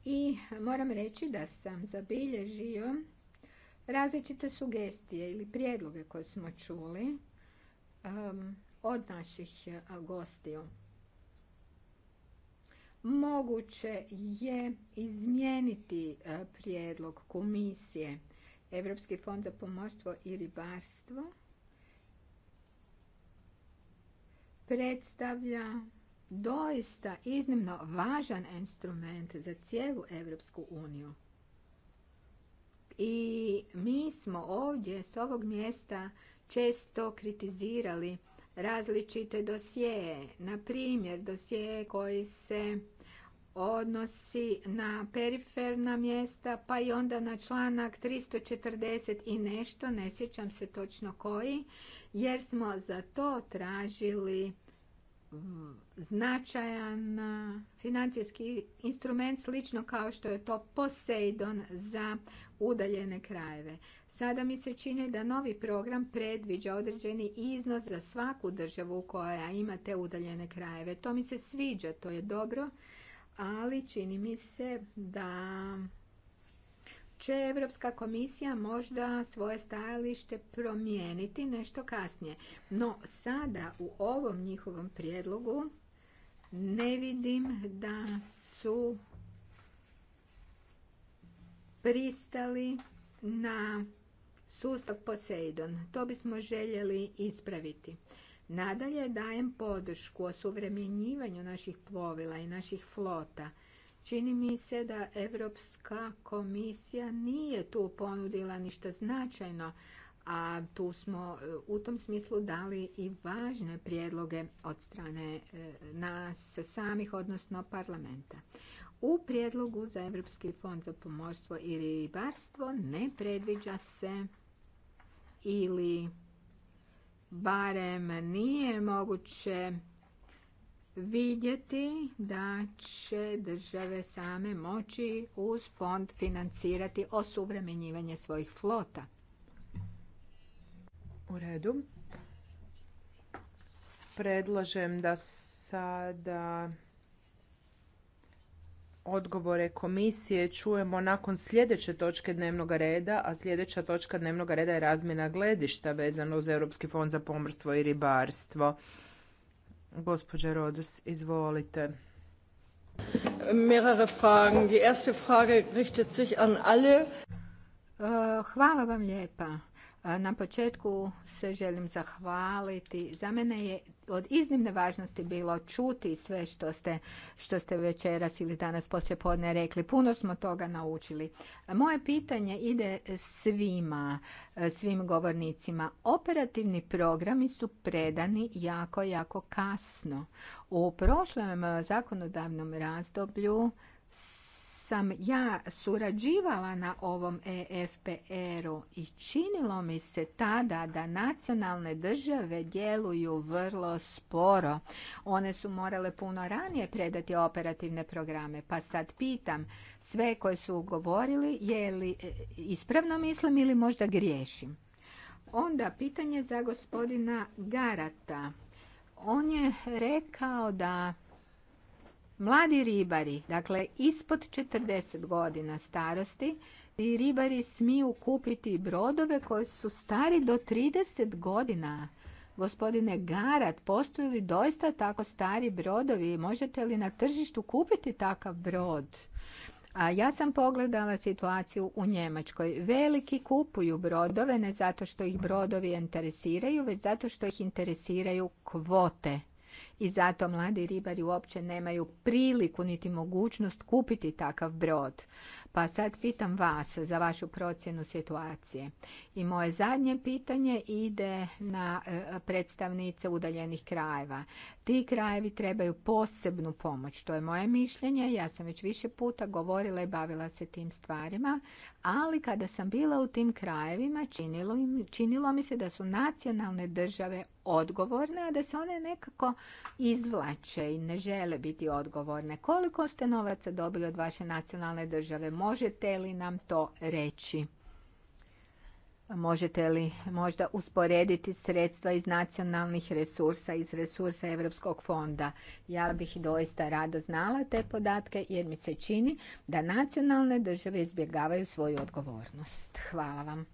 I moram reći da sam zabilježio različite sugestije ili prijedloge koje smo čuli od naših e, gostiju. Moguće je izmijeniti e, prijedlog komisije Europski fond za pomorstvo i ribarstvo predstavlja doista iznimno važan instrument za cijelu Europsku uniju. I mi smo ovdje s ovog mjesta često kritizirali različite dosjeje, na primjer dosjeje koji se odnosi na periferna mjesta, pa i onda na članak 340 i nešto, ne sjećam se točno koji, jer smo za to tražili značajan financijski instrument, slično kao što je to Poseidon za udaljene krajeve. Sada mi se čini da novi program predviđa određeni iznos za svaku državu koja ima te udaljene krajeve. To mi se sviđa, to je dobro, ali čini mi se da će Europska komisija možda svoje stajalište promijeniti nešto kasnije. No sada u ovom njihovom prijedlogu ne vidim da su pristali na sustav Poseidon. To bismo željeli ispraviti. Nadalje dajem podršku o suvremenjivanju naših plovila i naših flota. Čini mi se da Europska komisija nije tu ponudila ništa značajno, a tu smo e, u tom smislu dali i važne prijedloge od strane e, nas samih, odnosno parlamenta. U prijedlogu za Evropski fond za pomorstvo i ribarstvo ne predviđa se ili barem nije moguće vidjeti da će države same moći uz fond financirati osuvremenjivanje svojih flota. U redu. Predlažem da sada odgovore komisije čujemo nakon sljedeće točke dnevnog reda, a sljedeća točka dnevnog reda je razmjena gledišta vezano uz Europski fond za pomorstvo i ribarstvo. Gospođa Rodus, izvolite. Eh, hvala vam lijepa. Na početku se želim zahvaliti. Za mene je od iznimne važnosti bilo čuti sve što ste, što ste večeras ili danas poslje podne rekli. Puno smo toga naučili. Moje pitanje ide svima, svim govornicima. Operativni programi su predani jako, jako kasno. U prošlom zakonodavnom razdoblju sam ja surađivala na ovom EFPR-u i činilo mi se tada da nacionalne države djeluju vrlo sporo. One su morale puno ranije predati operativne programe, pa sad pitam sve koje su ugovorili je li e, ispravno mislim ili možda griješim. Onda pitanje za gospodina Garata. On je rekao da Mladi ribari, dakle ispod 40 godina starosti, i ribari smiju kupiti brodove koji su stari do 30 godina. Gospodine Garat, postoji li doista tako stari brodovi? Možete li na tržištu kupiti takav brod? A ja sam pogledala situaciju u Njemačkoj. Veliki kupuju brodove ne zato što ih brodovi interesiraju, već zato što ih interesiraju kvote i zato mladi ribari uopće nemaju priliku niti mogućnost kupiti takav brod. Pa sad pitam vas za vašu procjenu situacije. I moje zadnje pitanje ide na e, predstavnice udaljenih krajeva. Ti krajevi trebaju posebnu pomoć, to je moje mišljenje. Ja sam već više puta govorila i bavila se tim stvarima, ali kada sam bila u tim krajevima činilo, činilo mi se da su nacionalne države odgovorne, a da se one nekako izvlače i ne žele biti odgovorne. Koliko ste novaca dobili od vaše nacionalne države? Možete li nam to reći? Možete li možda usporediti sredstva iz nacionalnih resursa, iz resursa Europskog fonda? Ja bih doista rado znala te podatke jer mi se čini da nacionalne države izbjegavaju svoju odgovornost. Hvala vam.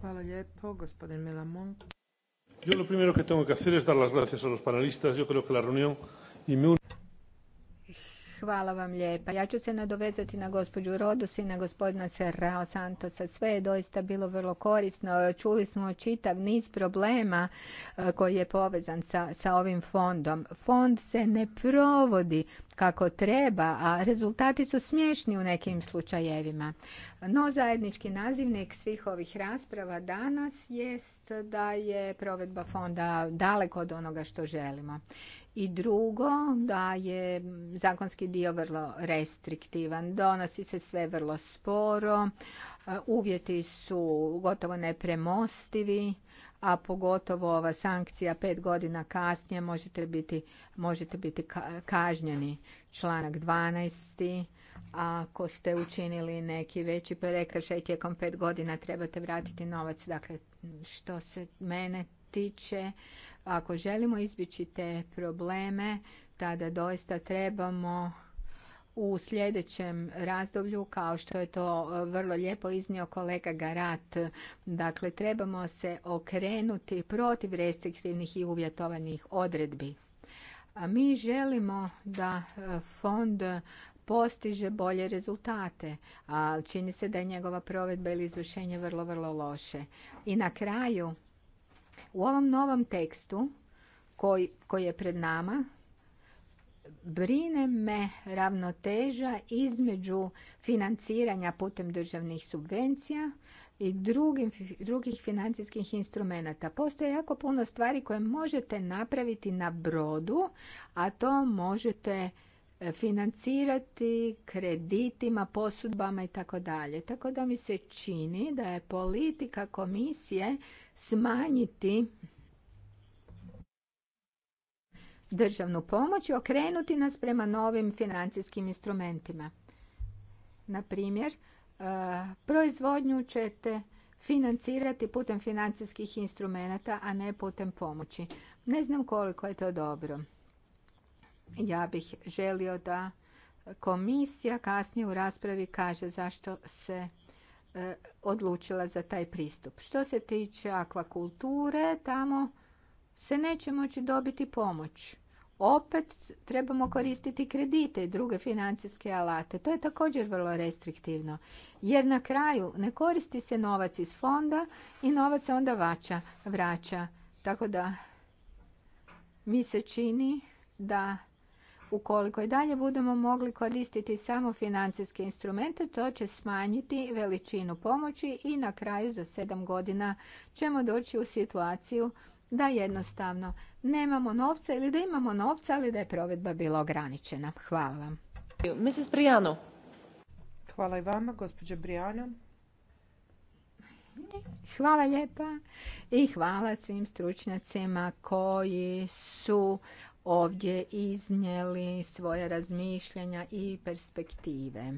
Hvala lijepo, gospodin Milamon. Yo lo primero que tengo que hacer es dar las gracias a los panelistas. Yo creo que la reunión y Hvala vam lijepa. Ja ću se nadovezati na gospođu Rodos i na gospodina Serrao Santosa. Sve je doista bilo vrlo korisno. Čuli smo čitav niz problema e, koji je povezan sa, sa ovim fondom. Fond se ne provodi kako treba, a rezultati su smiješni u nekim slučajevima. No zajednički nazivnik svih ovih rasprava danas jest da je provedba fonda daleko od onoga što želimo. I drugo, da je zakonski dio vrlo restriktivan. Donosi se sve vrlo sporo, e, uvjeti su gotovo nepremostivi, a pogotovo ova sankcija pet godina kasnije možete biti, možete biti kažnjeni. Članak 12. Ako ste učinili neki veći prekršaj tijekom pet godina trebate vratiti novac. Dakle, što se mene tiče ako želimo izbjeći te probleme, tada doista trebamo u sljedećem razdoblju, kao što je to e, vrlo lijepo iznio kolega Garat, dakle trebamo se okrenuti protiv restriktivnih i uvjetovanih odredbi. A mi želimo da e, fond postiže bolje rezultate, a čini se da je njegova provedba ili izvršenje vrlo, vrlo loše. I na kraju, u ovom novom tekstu koji, koji je pred nama brine me ravnoteža između financiranja putem državnih subvencija i drugim, drugih financijskih instrumenata. Postoje jako puno stvari koje možete napraviti na brodu, a to možete financirati kreditima, posudbama i tako dalje. Tako da mi se čini da je politika komisije smanjiti državnu pomoć i okrenuti nas prema novim financijskim instrumentima. Na primjer, e, proizvodnju ćete financirati putem financijskih instrumenata, a ne putem pomoći. Ne znam koliko je to dobro. Ja bih želio da komisija kasnije u raspravi kaže zašto se e, odlučila za taj pristup. Što se tiče akvakulture, tamo se neće moći dobiti pomoć. Opet trebamo koristiti kredite i druge financijske alate. To je također vrlo restriktivno. Jer na kraju ne koristi se novac iz fonda i novac se onda vaća, vraća. Tako da mi se čini da Ukoliko i dalje budemo mogli koristiti samo financijske instrumente, to će smanjiti veličinu pomoći i na kraju za sedam godina ćemo doći u situaciju da jednostavno nemamo novca ili da imamo novca, ali da je provedba bila ograničena. Hvala vam. Mrs. Hvala i vama, gospođo Brijano. Hvala lijepa i hvala svim stručnjacima koji su ovdje iznijeli svoje razmišljanja i perspektive.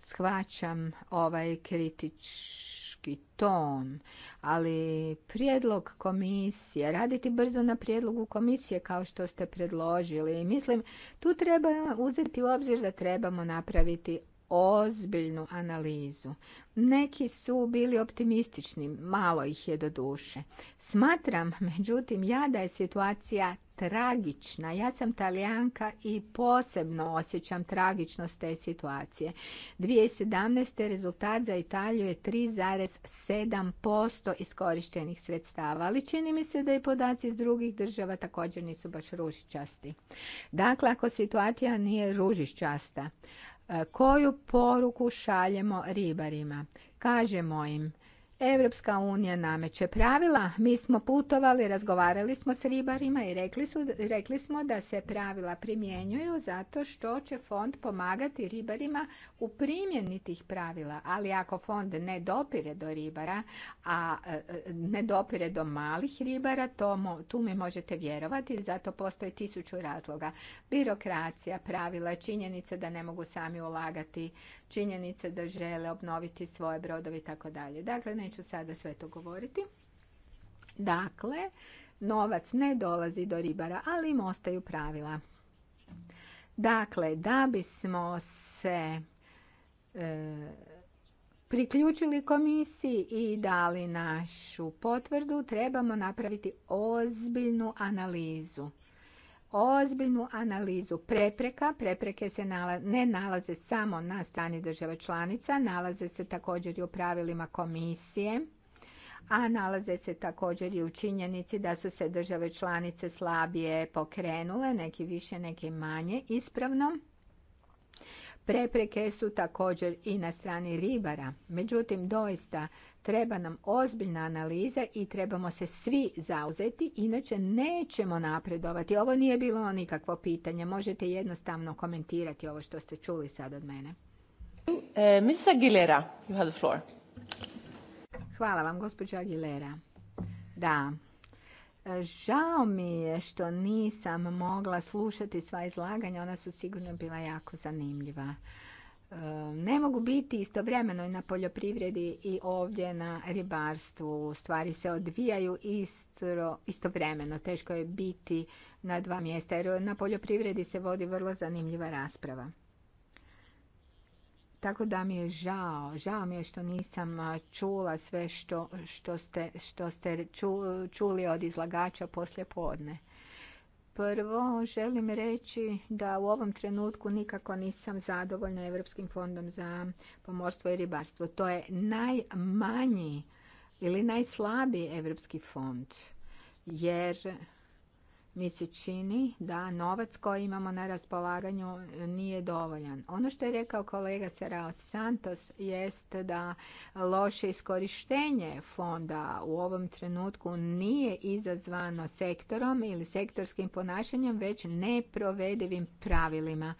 Shvaćam ovaj kritički ton, ali prijedlog komisije, raditi brzo na prijedlogu komisije kao što ste predložili, mislim tu treba uzeti u obzir da trebamo napraviti ozbiljnu analizu. Neki su bili optimistični, malo ih je do duše. Smatram, međutim, ja da je situacija tragična. Ja sam talijanka i posebno osjećam tragičnost te situacije. 2017. rezultat za Italiju je 3,7% iskorištenih sredstava, ali čini mi se da i podaci iz drugih država također nisu baš ružičasti. Dakle, ako situacija nije ružičasta, e, koju poruku šaljemo ribarima? Kažemo im, Evropska unija nameće pravila. Mi smo putovali, razgovarali smo s ribarima i rekli, su, rekli smo da se pravila primjenjuju zato što će fond pomagati ribarima u primjeni tih pravila. Ali ako fond ne dopire do ribara, a e, ne dopire do malih ribara, to, tu mi možete vjerovati, zato postoji tisuću razloga. Birokracija, pravila, činjenica da ne mogu sami ulagati činjenice da žele obnoviti svoje brodove i tako dalje. Dakle, neću sada sve to govoriti. Dakle, novac ne dolazi do ribara, ali im ostaju pravila. Dakle, da bismo se e, priključili komisiji i dali našu potvrdu, trebamo napraviti ozbiljnu analizu ozbiljnu analizu prepreka. Prepreke se ne nalaze samo na strani država članica, nalaze se također i u pravilima komisije a nalaze se također i u činjenici da su se države članice slabije pokrenule, neki više, neki manje ispravno. Prepreke su također i na strani ribara. Međutim, doista treba nam ozbiljna analiza i trebamo se svi zauzeti, inače nećemo napredovati. Ovo nije bilo nikakvo pitanje. Možete jednostavno komentirati ovo što ste čuli sad od mene. E, Hvala vam, gospođo Aguilera. Da, Žao mi je što nisam mogla slušati sva izlaganja, ona su sigurno bila jako zanimljiva. E, ne mogu biti istovremeno i na poljoprivredi i ovdje na ribarstvu. Stvari se odvijaju istro, istovremeno. Teško je biti na dva mjesta jer na poljoprivredi se vodi vrlo zanimljiva rasprava. Tako da mi je žao, žao mi je što nisam čula sve što, što ste, što ste čuli od izlagača poslje podne. Prvo želim reći da u ovom trenutku nikako nisam zadovoljna Europskim fondom za pomorstvo i ribarstvo. To je najmanji ili najslabiji Europski fond jer mi se čini da novac koji imamo na raspolaganju nije dovoljan. Ono što je rekao kolega Serao Santos jest da loše iskorištenje fonda u ovom trenutku nije izazvano sektorom ili sektorskim ponašanjem, već neprovedivim pravilima.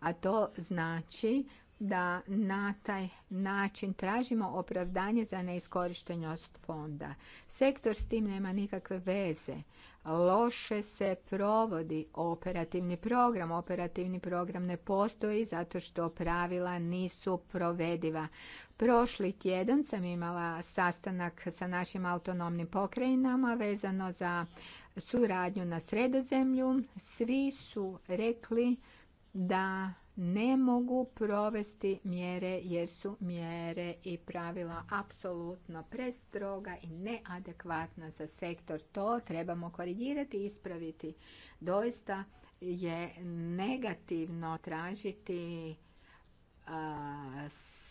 A to znači da na taj način tražimo opravdanje za neiskorištenost fonda. Sektor s tim nema nikakve veze loše se provodi operativni program. Operativni program ne postoji zato što pravila nisu provediva. Prošli tjedan sam imala sastanak sa našim autonomnim pokrajinama vezano za suradnju na sredozemlju. Svi su rekli da ne mogu provesti mjere jer su mjere i pravila apsolutno prestroga i neadekvatna za sektor. To trebamo korigirati i ispraviti. Doista je negativno tražiti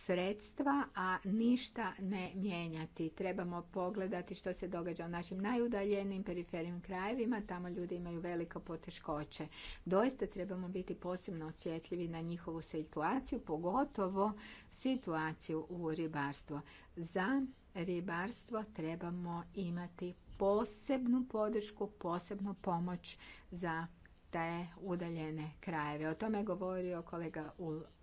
sredstva, a ništa ne mijenjati. Trebamo pogledati što se događa u našim najudaljenim perifernim krajevima, tamo ljudi imaju veliko poteškoće. Doista trebamo biti posebno osjetljivi na njihovu situaciju, pogotovo situaciju u ribarstvu. Za ribarstvo trebamo imati posebnu podršku, posebnu pomoć za te udaljene krajeve. O tome je govorio kolega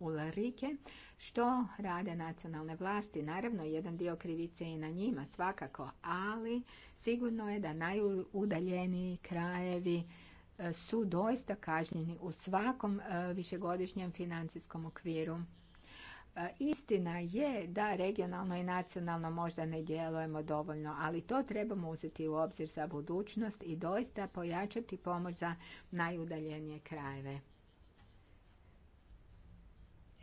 Ulrike. Što rade nacionalne vlasti? Naravno, jedan dio krivice je i na njima, svakako, ali sigurno je da najudaljeniji krajevi e, su doista kažnjeni u svakom e, višegodišnjem financijskom okviru. Istina je da regionalno i nacionalno možda ne djelujemo dovoljno, ali to trebamo uzeti u obzir za budućnost i doista pojačati pomoć za najudaljenije krajeve.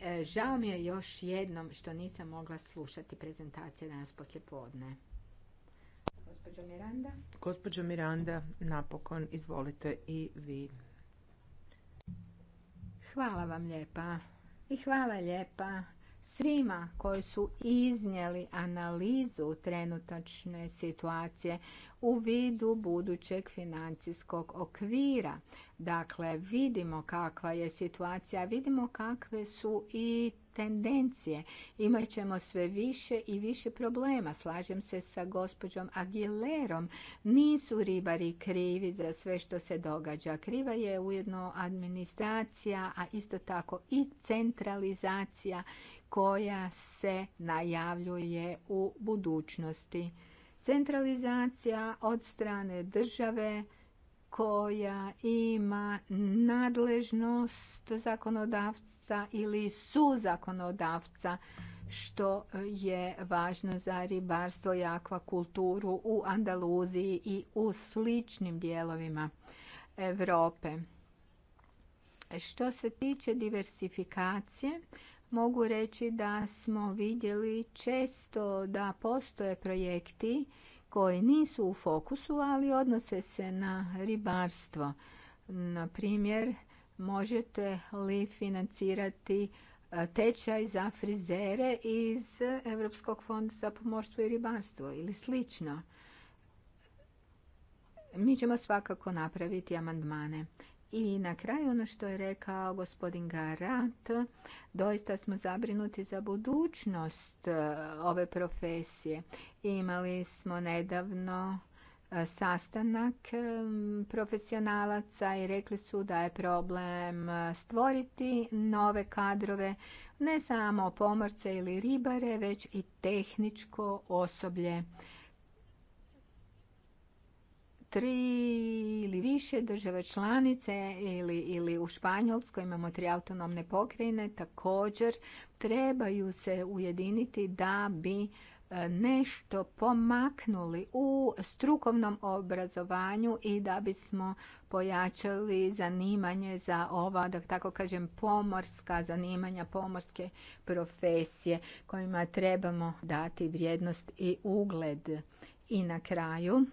E, žao mi je još jednom što nisam mogla slušati prezentacije danas poslje podne. Gospođo Miranda. Gospođo Miranda, napokon izvolite i vi. Hvala vam lijepa. I hvala lijepa svima koji su iznijeli analizu trenutačne situacije u vidu budućeg financijskog okvira. Dakle, vidimo kakva je situacija, vidimo kakve su i tendencije. Imaćemo sve više i više problema. Slažem se sa gospođom Aguilerom. Nisu ribari krivi za sve što se događa. Kriva je ujedno administracija, a isto tako i centralizacija koja se najavljuje u budućnosti. Centralizacija od strane države koja ima nadležnost zakonodavca ili su zakonodavca što je važno za ribarstvo i akvakulturu u Andaluziji i u sličnim dijelovima Europe. Što se tiče diversifikacije, mogu reći da smo vidjeli često da postoje projekti koji nisu u fokusu, ali odnose se na ribarstvo. Na primjer, možete li financirati e, tečaj za frizere iz Europskog fonda za pomorstvo i ribarstvo ili slično. Mi ćemo svakako napraviti amandmane. I na kraju ono što je rekao gospodin Garat, doista smo zabrinuti za budućnost e, ove profesije. Imali smo nedavno e, sastanak e, profesionalaca i rekli su da je problem stvoriti nove kadrove, ne samo pomorce ili ribare, već i tehničko osoblje tri ili više države članice ili, ili u Španjolskoj imamo tri autonomne pokrajine također trebaju se ujediniti da bi e, nešto pomaknuli u strukovnom obrazovanju i da bismo pojačali zanimanje za ova, da tako kažem, pomorska zanimanja, pomorske profesije kojima trebamo dati vrijednost i ugled. I na kraju,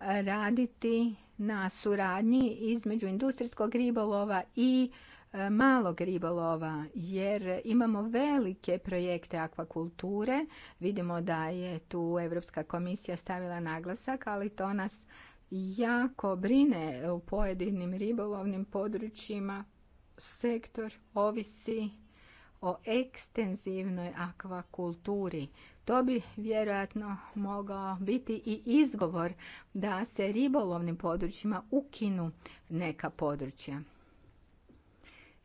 raditi na suradnji između industrijskog ribolova i e, malog ribolova jer imamo velike projekte akvakulture. Vidimo da je tu Europska komisija stavila naglasak, ali to nas jako brine u pojedinim ribolovnim područjima. Sektor ovisi o ekstenzivnoj akvakulturi to bi vjerojatno mogao biti i izgovor da se ribolovnim područjima ukinu neka područja.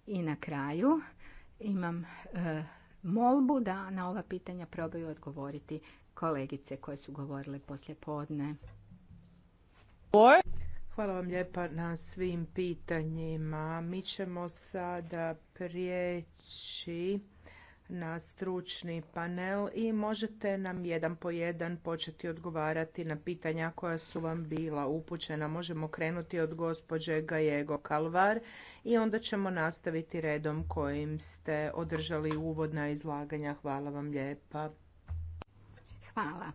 I na kraju imam e, molbu da na ova pitanja probaju odgovoriti kolegice koje su govorile poslje podne. Hvala vam lijepa na svim pitanjima. Mi ćemo sada prijeći na stručni panel i možete nam jedan po jedan početi odgovarati na pitanja koja su vam bila upućena. Možemo krenuti od gospođe Gajego Kalvar i onda ćemo nastaviti redom kojim ste održali uvodna izlaganja. Hvala vam lijepa. Hvala.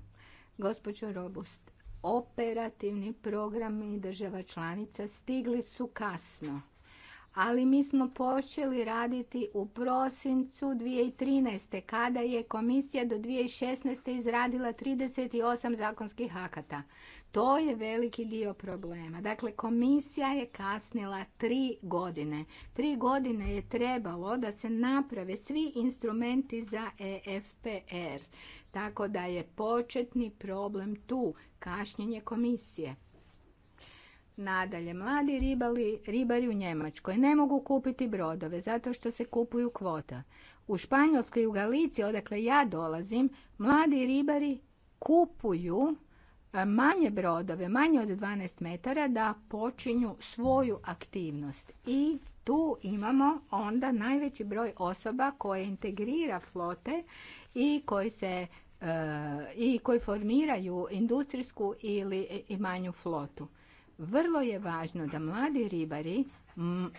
Gospođo Robust, operativni programi država članica stigli su kasno ali mi smo počeli raditi u prosincu 2013. kada je komisija do 2016. izradila 38 zakonskih akata. To je veliki dio problema. Dakle, komisija je kasnila tri godine. Tri godine je trebalo da se naprave svi instrumenti za EFPR. Tako da je početni problem tu, kašnjenje komisije. Nadalje, mladi ribali, ribari u Njemačkoj ne mogu kupiti brodove zato što se kupuju kvota. U Španjolskoj i u Galiciji, odakle ja dolazim, mladi ribari kupuju manje brodove, manje od 12 metara da počinju svoju aktivnost. I tu imamo onda najveći broj osoba koje integrira flote i koji se i koji formiraju industrijsku ili manju flotu. Vrlo je važno da mladi ribari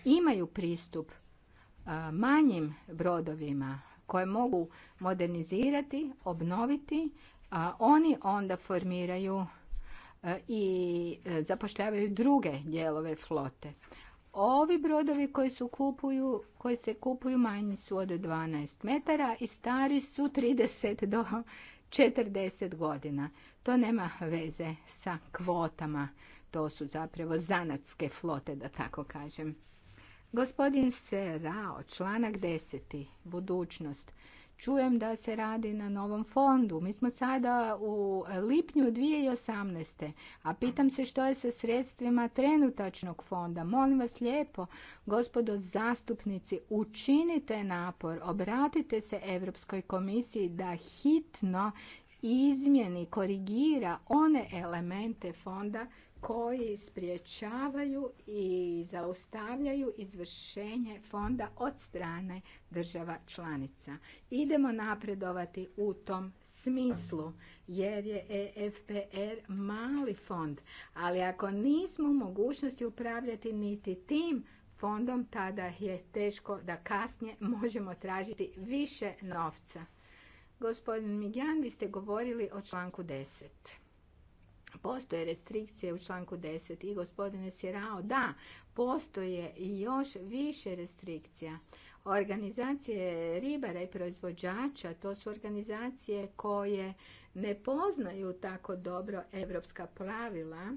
imaju pristup manjim brodovima koje mogu modernizirati, obnoviti, a oni onda formiraju i e, zapošljavaju druge dijelove flote. Ovi brodovi koji, su kupuju, koji se kupuju manji su od 12 metara i stari su 30 do 40 godina. To nema veze sa kvotama to su zapravo zanatske flote, da tako kažem. Gospodin Serao, članak 10. Budućnost. Čujem da se radi na novom fondu. Mi smo sada u lipnju 2018. A pitam se što je sa sredstvima trenutačnog fonda. Molim vas lijepo, gospodo zastupnici, učinite napor, obratite se Europskoj komisiji da hitno izmjeni, korigira one elemente fonda koji spriječavaju i zaustavljaju izvršenje fonda od strane država članica. Idemo napredovati u tom smislu jer je EFPR mali fond, ali ako nismo u mogućnosti upravljati niti tim fondom, tada je teško da kasnije možemo tražiti više novca. Gospodin Migjan, vi ste govorili o članku 10. Postoje restrikcije u članku 10 i gospodine Sirao, da, postoje i još više restrikcija. Organizacije ribara i proizvođača, to su organizacije koje ne poznaju tako dobro evropska pravila, e,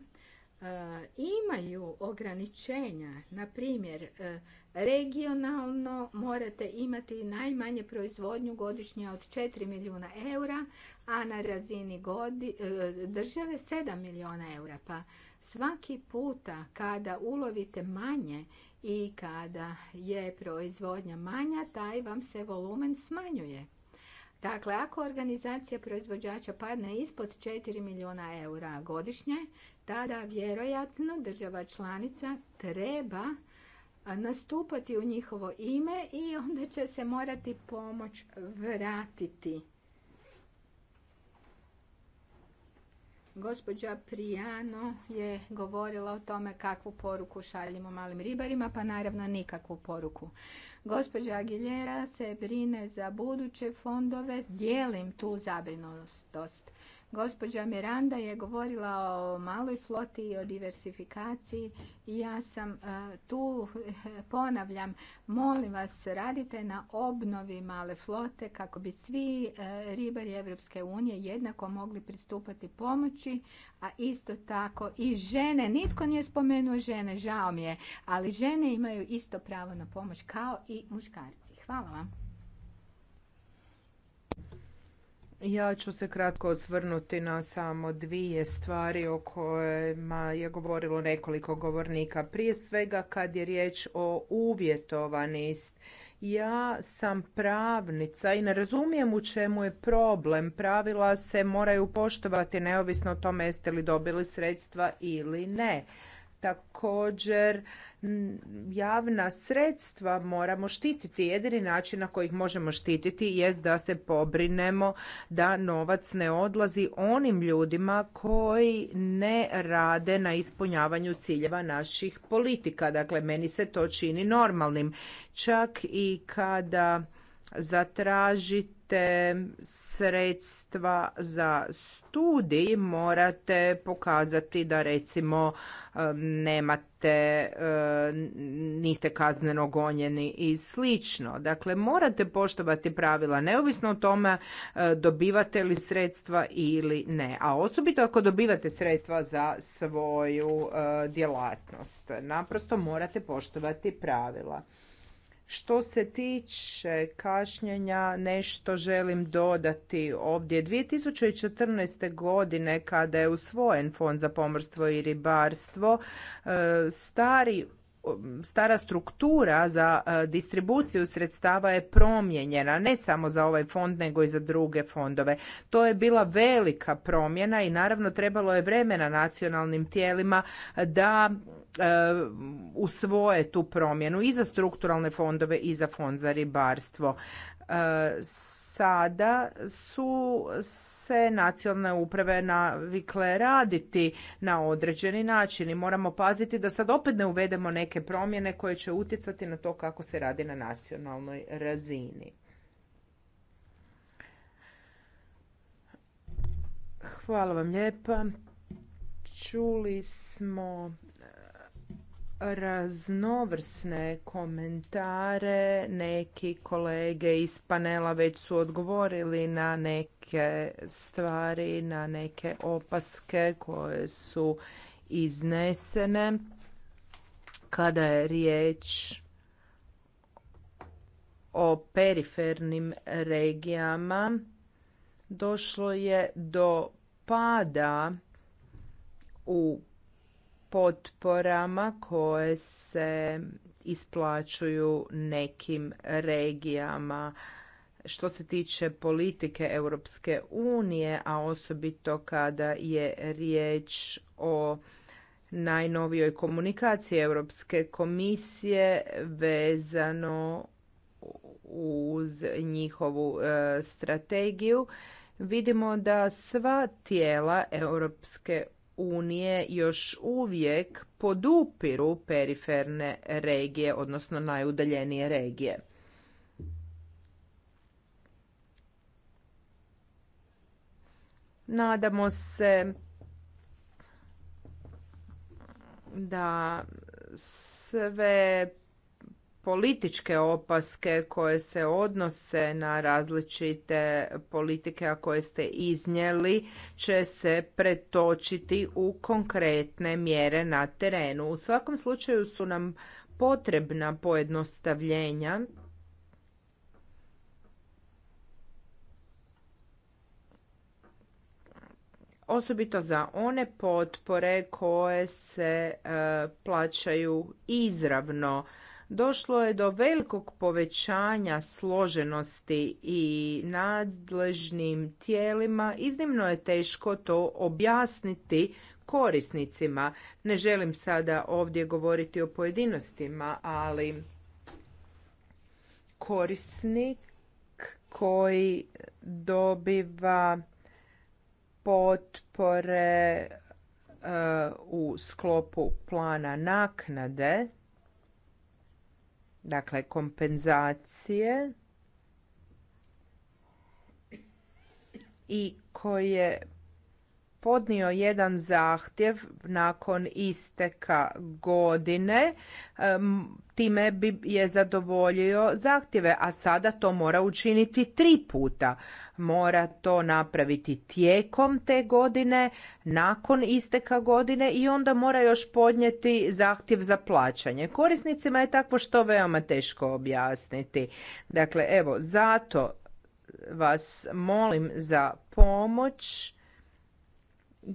imaju ograničenja. Na primjer, e, regionalno morate imati najmanje proizvodnju godišnje od 4 milijuna eura, a na razini godi, e, države 7 milijuna eura. Pa svaki puta kada ulovite manje i kada je proizvodnja manja, taj vam se volumen smanjuje. Dakle, ako organizacija proizvođača padne ispod 4 milijuna eura godišnje, tada vjerojatno država članica treba nastupati u njihovo ime i onda će se morati pomoć vratiti. Gospođa Prijano je govorila o tome kakvu poruku šaljimo malim ribarima, pa naravno nikakvu poruku. Gospođa Aguilera se brine za buduće fondove, dijelim tu zabrinutost. Gospođa Miranda je govorila o maloj floti i o diversifikaciji i ja sam e, tu, e, ponavljam, molim vas radite na obnovi male flote kako bi svi e, ribari Evropske unije jednako mogli pristupati pomoći, a isto tako i žene, nitko nije spomenuo žene, žao mi je, ali žene imaju isto pravo na pomoć kao i muškarci. Hvala vam. Ja ću se kratko osvrnuti na samo dvije stvari o kojima je govorilo nekoliko govornika. Prije svega kad je riječ o uvjetovanosti, Ja sam pravnica i ne razumijem u čemu je problem. Pravila se moraju poštovati neovisno o tome jeste li dobili sredstva ili ne također javna sredstva moramo štititi. Jedini način na koji ih možemo štititi jest da se pobrinemo da novac ne odlazi onim ljudima koji ne rade na ispunjavanju ciljeva naših politika. Dakle, meni se to čini normalnim. Čak i kada zatražite sredstva za studij morate pokazati da recimo nemate, niste kazneno gonjeni i slično. Dakle, morate poštovati pravila neovisno o tome dobivate li sredstva ili ne. A osobito ako dobivate sredstva za svoju djelatnost. Naprosto morate poštovati pravila. Što se tiče kašnjenja, nešto želim dodati ovdje. 2014. godine kada je usvojen Fond za pomorstvo i ribarstvo, e, stari stara struktura za e, distribuciju sredstava je promijenjena, ne samo za ovaj fond nego i za druge fondove. To je bila velika promjena i naravno trebalo je vremena nacionalnim tijelima da E, usvoje tu promjenu i za strukturalne fondove i za fond za ribarstvo. E, sada su se nacionalne uprave navikle raditi na određeni način i moramo paziti da sad opet ne uvedemo neke promjene koje će utjecati na to kako se radi na nacionalnoj razini. Hvala vam lijepa. Čuli smo raznovrsne komentare. Neki kolege iz panela već su odgovorili na neke stvari, na neke opaske koje su iznesene. Kada je riječ o perifernim regijama, došlo je do pada u potporama koje se isplaćuju nekim regijama što se tiče politike Europske unije, a osobito kada je riječ o najnovijoj komunikaciji Europske komisije vezano uz njihovu e, strategiju, vidimo da sva tijela Europske unije još uvijek podupiru periferne regije, odnosno najudaljenije regije. Nadamo se da sve političke opaske koje se odnose na različite politike a koje ste iznijeli će se pretočiti u konkretne mjere na terenu. U svakom slučaju su nam potrebna pojednostavljenja osobito za one potpore koje se e, plaćaju izravno došlo je do velikog povećanja složenosti i nadležnim tijelima iznimno je teško to objasniti korisnicima. Ne želim sada ovdje govoriti o pojedinostima, ali korisnik koji dobiva potpore e, u sklopu plana naknade Dakle, kompenzacije i koje podnio jedan zahtjev nakon isteka godine, time bi je zadovoljio zahtjeve, a sada to mora učiniti tri puta. Mora to napraviti tijekom te godine, nakon isteka godine i onda mora još podnijeti zahtjev za plaćanje. Korisnicima je tako što veoma teško objasniti. Dakle, evo, zato vas molim za pomoć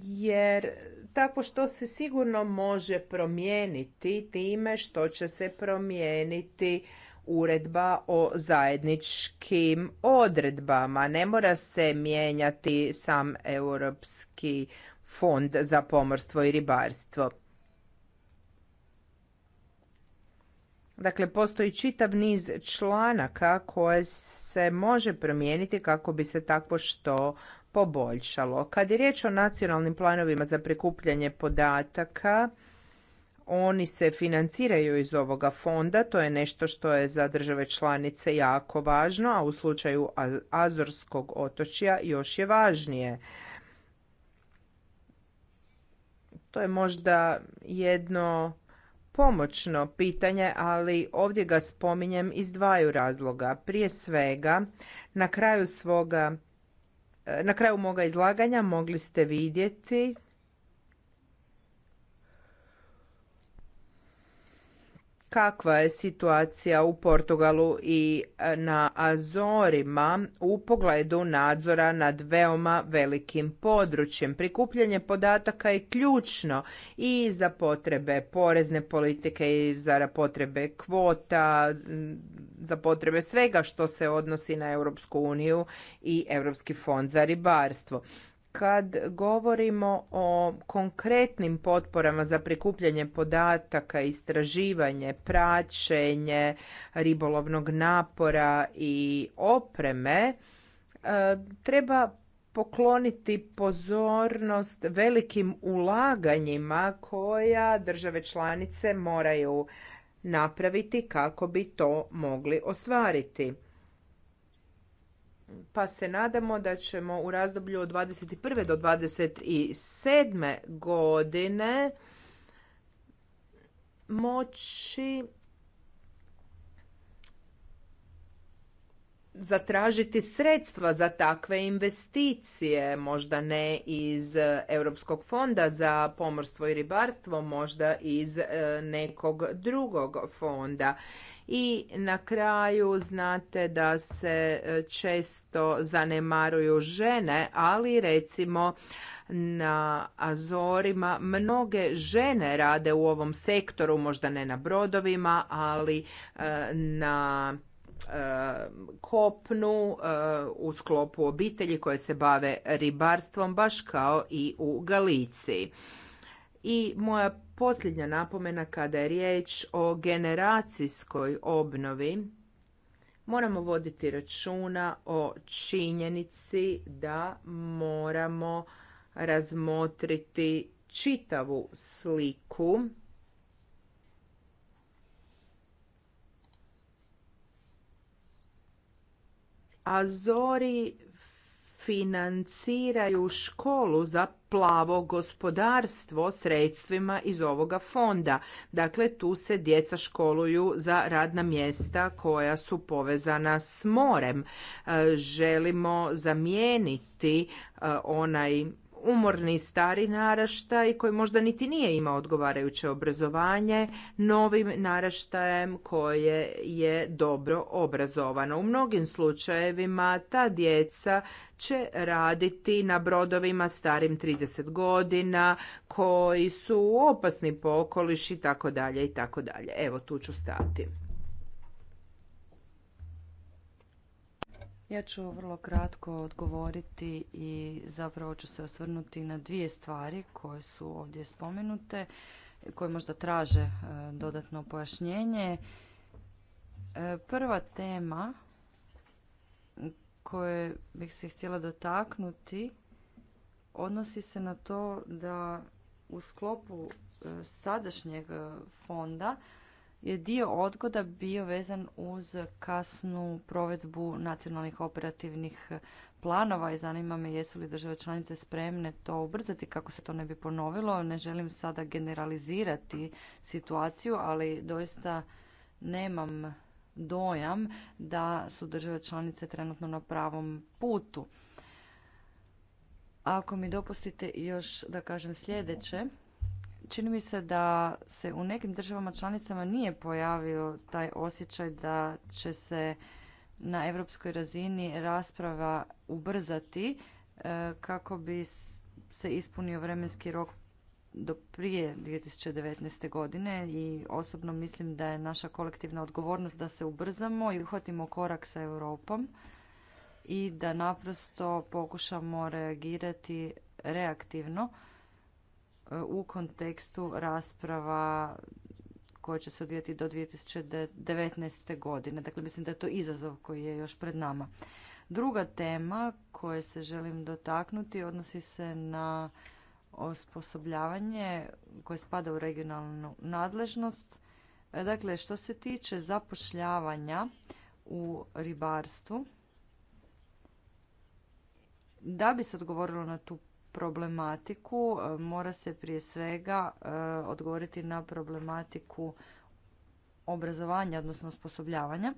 jer tako što se sigurno može promijeniti time što će se promijeniti uredba o zajedničkim odredbama. Ne mora se mijenjati sam Europski fond za pomorstvo i ribarstvo. Dakle, postoji čitav niz članaka koje se može promijeniti kako bi se takvo što poboljšalo. Kad je riječ o nacionalnim planovima za prikupljanje podataka, oni se financiraju iz ovoga fonda, to je nešto što je za države članice jako važno, a u slučaju Azorskog otočja još je važnije. To je možda jedno pomoćno pitanje, ali ovdje ga spominjem iz dvaju razloga. Prije svega, na kraju svoga na kraju moga izlaganja mogli ste vidjeti kakva je situacija u Portugalu i e, na Azorima u pogledu nadzora nad veoma velikim područjem. Prikupljanje podataka je ključno i za potrebe porezne politike i za potrebe kvota, za potrebe svega što se odnosi na Europsku uniju i Europski fond za ribarstvo kad govorimo o konkretnim potporama za prikupljanje podataka, istraživanje, praćenje ribolovnog napora i opreme, e, treba pokloniti pozornost velikim ulaganjima koja države članice moraju napraviti kako bi to mogli ostvariti pa se nadamo da ćemo u razdoblju od 21. do 27. godine moći zatražiti sredstva za takve investicije, možda ne iz Europskog fonda za pomorstvo i ribarstvo, možda iz e, nekog drugog fonda. I na kraju znate da se e, često zanemaruju žene, ali recimo na Azorima mnoge žene rade u ovom sektoru, možda ne na brodovima, ali e, na Eh, kopnu eh, u sklopu obitelji koje se bave ribarstvom baš kao i u Galiciji. I moja posljednja napomena kada je riječ o generacijskoj obnovi moramo voditi računa o činjenici da moramo razmotriti čitavu sliku Azori financiraju školu za plavo gospodarstvo sredstvima iz ovoga fonda. Dakle, tu se djeca školuju za radna mjesta koja su povezana s morem. E, želimo zamijeniti e, onaj umorni stari naraštaj koji možda niti nije imao odgovarajuće obrazovanje novim naraštajem koje je dobro obrazovano. U mnogim slučajevima ta djeca će raditi na brodovima starim 30 godina koji su opasni po okoliš i tako dalje i tako dalje. Evo tu ću stati. Ja ću vrlo kratko odgovoriti i zapravo ću se osvrnuti na dvije stvari koje su ovdje spomenute, koje možda traže e, dodatno pojašnjenje. E, prva tema koje bih se htjela dotaknuti odnosi se na to da u sklopu e, sadašnjeg fonda je dio odgoda bio vezan uz kasnu provedbu nacionalnih operativnih planova i zanima me jesu li države članice spremne to ubrzati kako se to ne bi ponovilo. Ne želim sada generalizirati situaciju, ali doista nemam dojam da su države članice trenutno na pravom putu. Ako mi dopustite još da kažem sljedeće, čini mi se da se u nekim državama članicama nije pojavio taj osjećaj da će se na europskoj razini rasprava ubrzati e, kako bi se ispunio vremenski rok do prije 2019. godine i osobno mislim da je naša kolektivna odgovornost da se ubrzamo i uhvatimo korak sa Europom i da naprosto pokušamo reagirati reaktivno u kontekstu rasprava koje će se odvijeti do 2019. godine. Dakle, mislim da je to izazov koji je još pred nama. Druga tema koje se želim dotaknuti odnosi se na osposobljavanje koje spada u regionalnu nadležnost. E, dakle, što se tiče zapošljavanja u ribarstvu, da bi se odgovorilo na tu problematiku e, mora se prije svega e, odgovoriti na problematiku obrazovanja, odnosno osposobljavanja.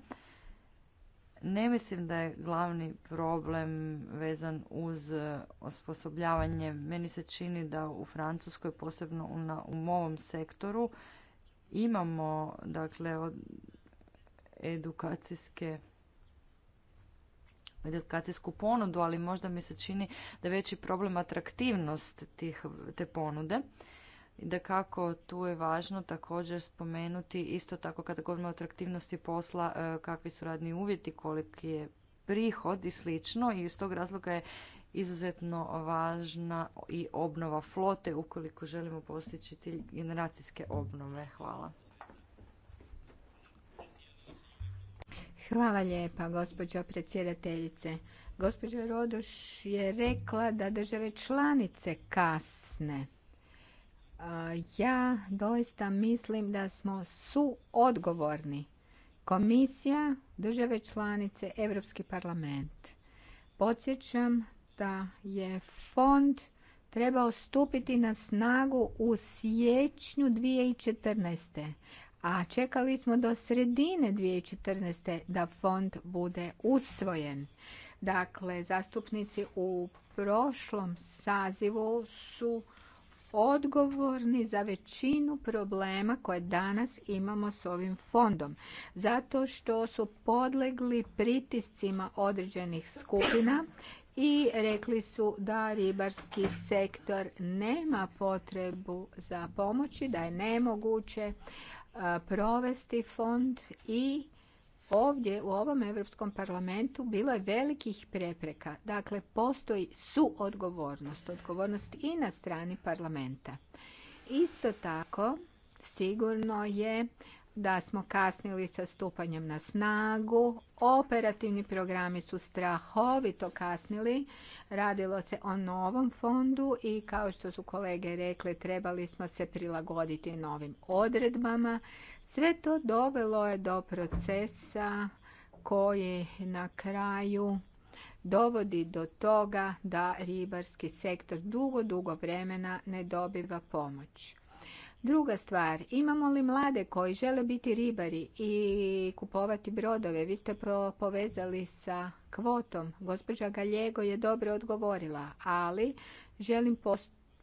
Ne mislim da je glavni problem vezan uz e, osposobljavanje. Meni se čini da u Francuskoj, posebno u mom sektoru, imamo dakle, edukacijske edukacijsku ponudu, ali možda mi se čini da je veći problem atraktivnost tih, te ponude. I da kako tu je važno također spomenuti isto tako kada govorimo o atraktivnosti posla, e, kakvi su radni uvjeti, koliki je prihod i slično i iz tog razloga je izuzetno važna i obnova flote ukoliko želimo postići cilj generacijske obnove. Hvala. Hvala lijepa, gospođo predsjedateljice. Gospođa Rodoš je rekla da države članice kasne. Ja doista mislim da smo suodgovorni. Komisija, države članice, Europski parlament. Podsjećam da je fond trebao stupiti na snagu u siječnju 2014 a čekali smo do sredine 2014. da fond bude usvojen. Dakle, zastupnici u prošlom sazivu su odgovorni za većinu problema koje danas imamo s ovim fondom. Zato što su podlegli pritiscima određenih skupina i rekli su da ribarski sektor nema potrebu za pomoći, da je nemoguće provesti fond i ovdje u ovom Europskom parlamentu bilo je velikih prepreka. Dakle, postoji suodgovornost, odgovornost i na strani parlamenta. Isto tako, sigurno je da smo kasnili sa stupanjem na snagu. Operativni programi su strahovito kasnili. Radilo se o novom fondu i kao što su kolege rekle, trebali smo se prilagoditi novim odredbama. Sve to dovelo je do procesa koji na kraju dovodi do toga da ribarski sektor dugo, dugo vremena ne dobiva pomoć. Druga stvar, imamo li mlade koji žele biti ribari i kupovati brodove? Vi ste povezali sa kvotom. Gospođa Galjego je dobro odgovorila, ali želim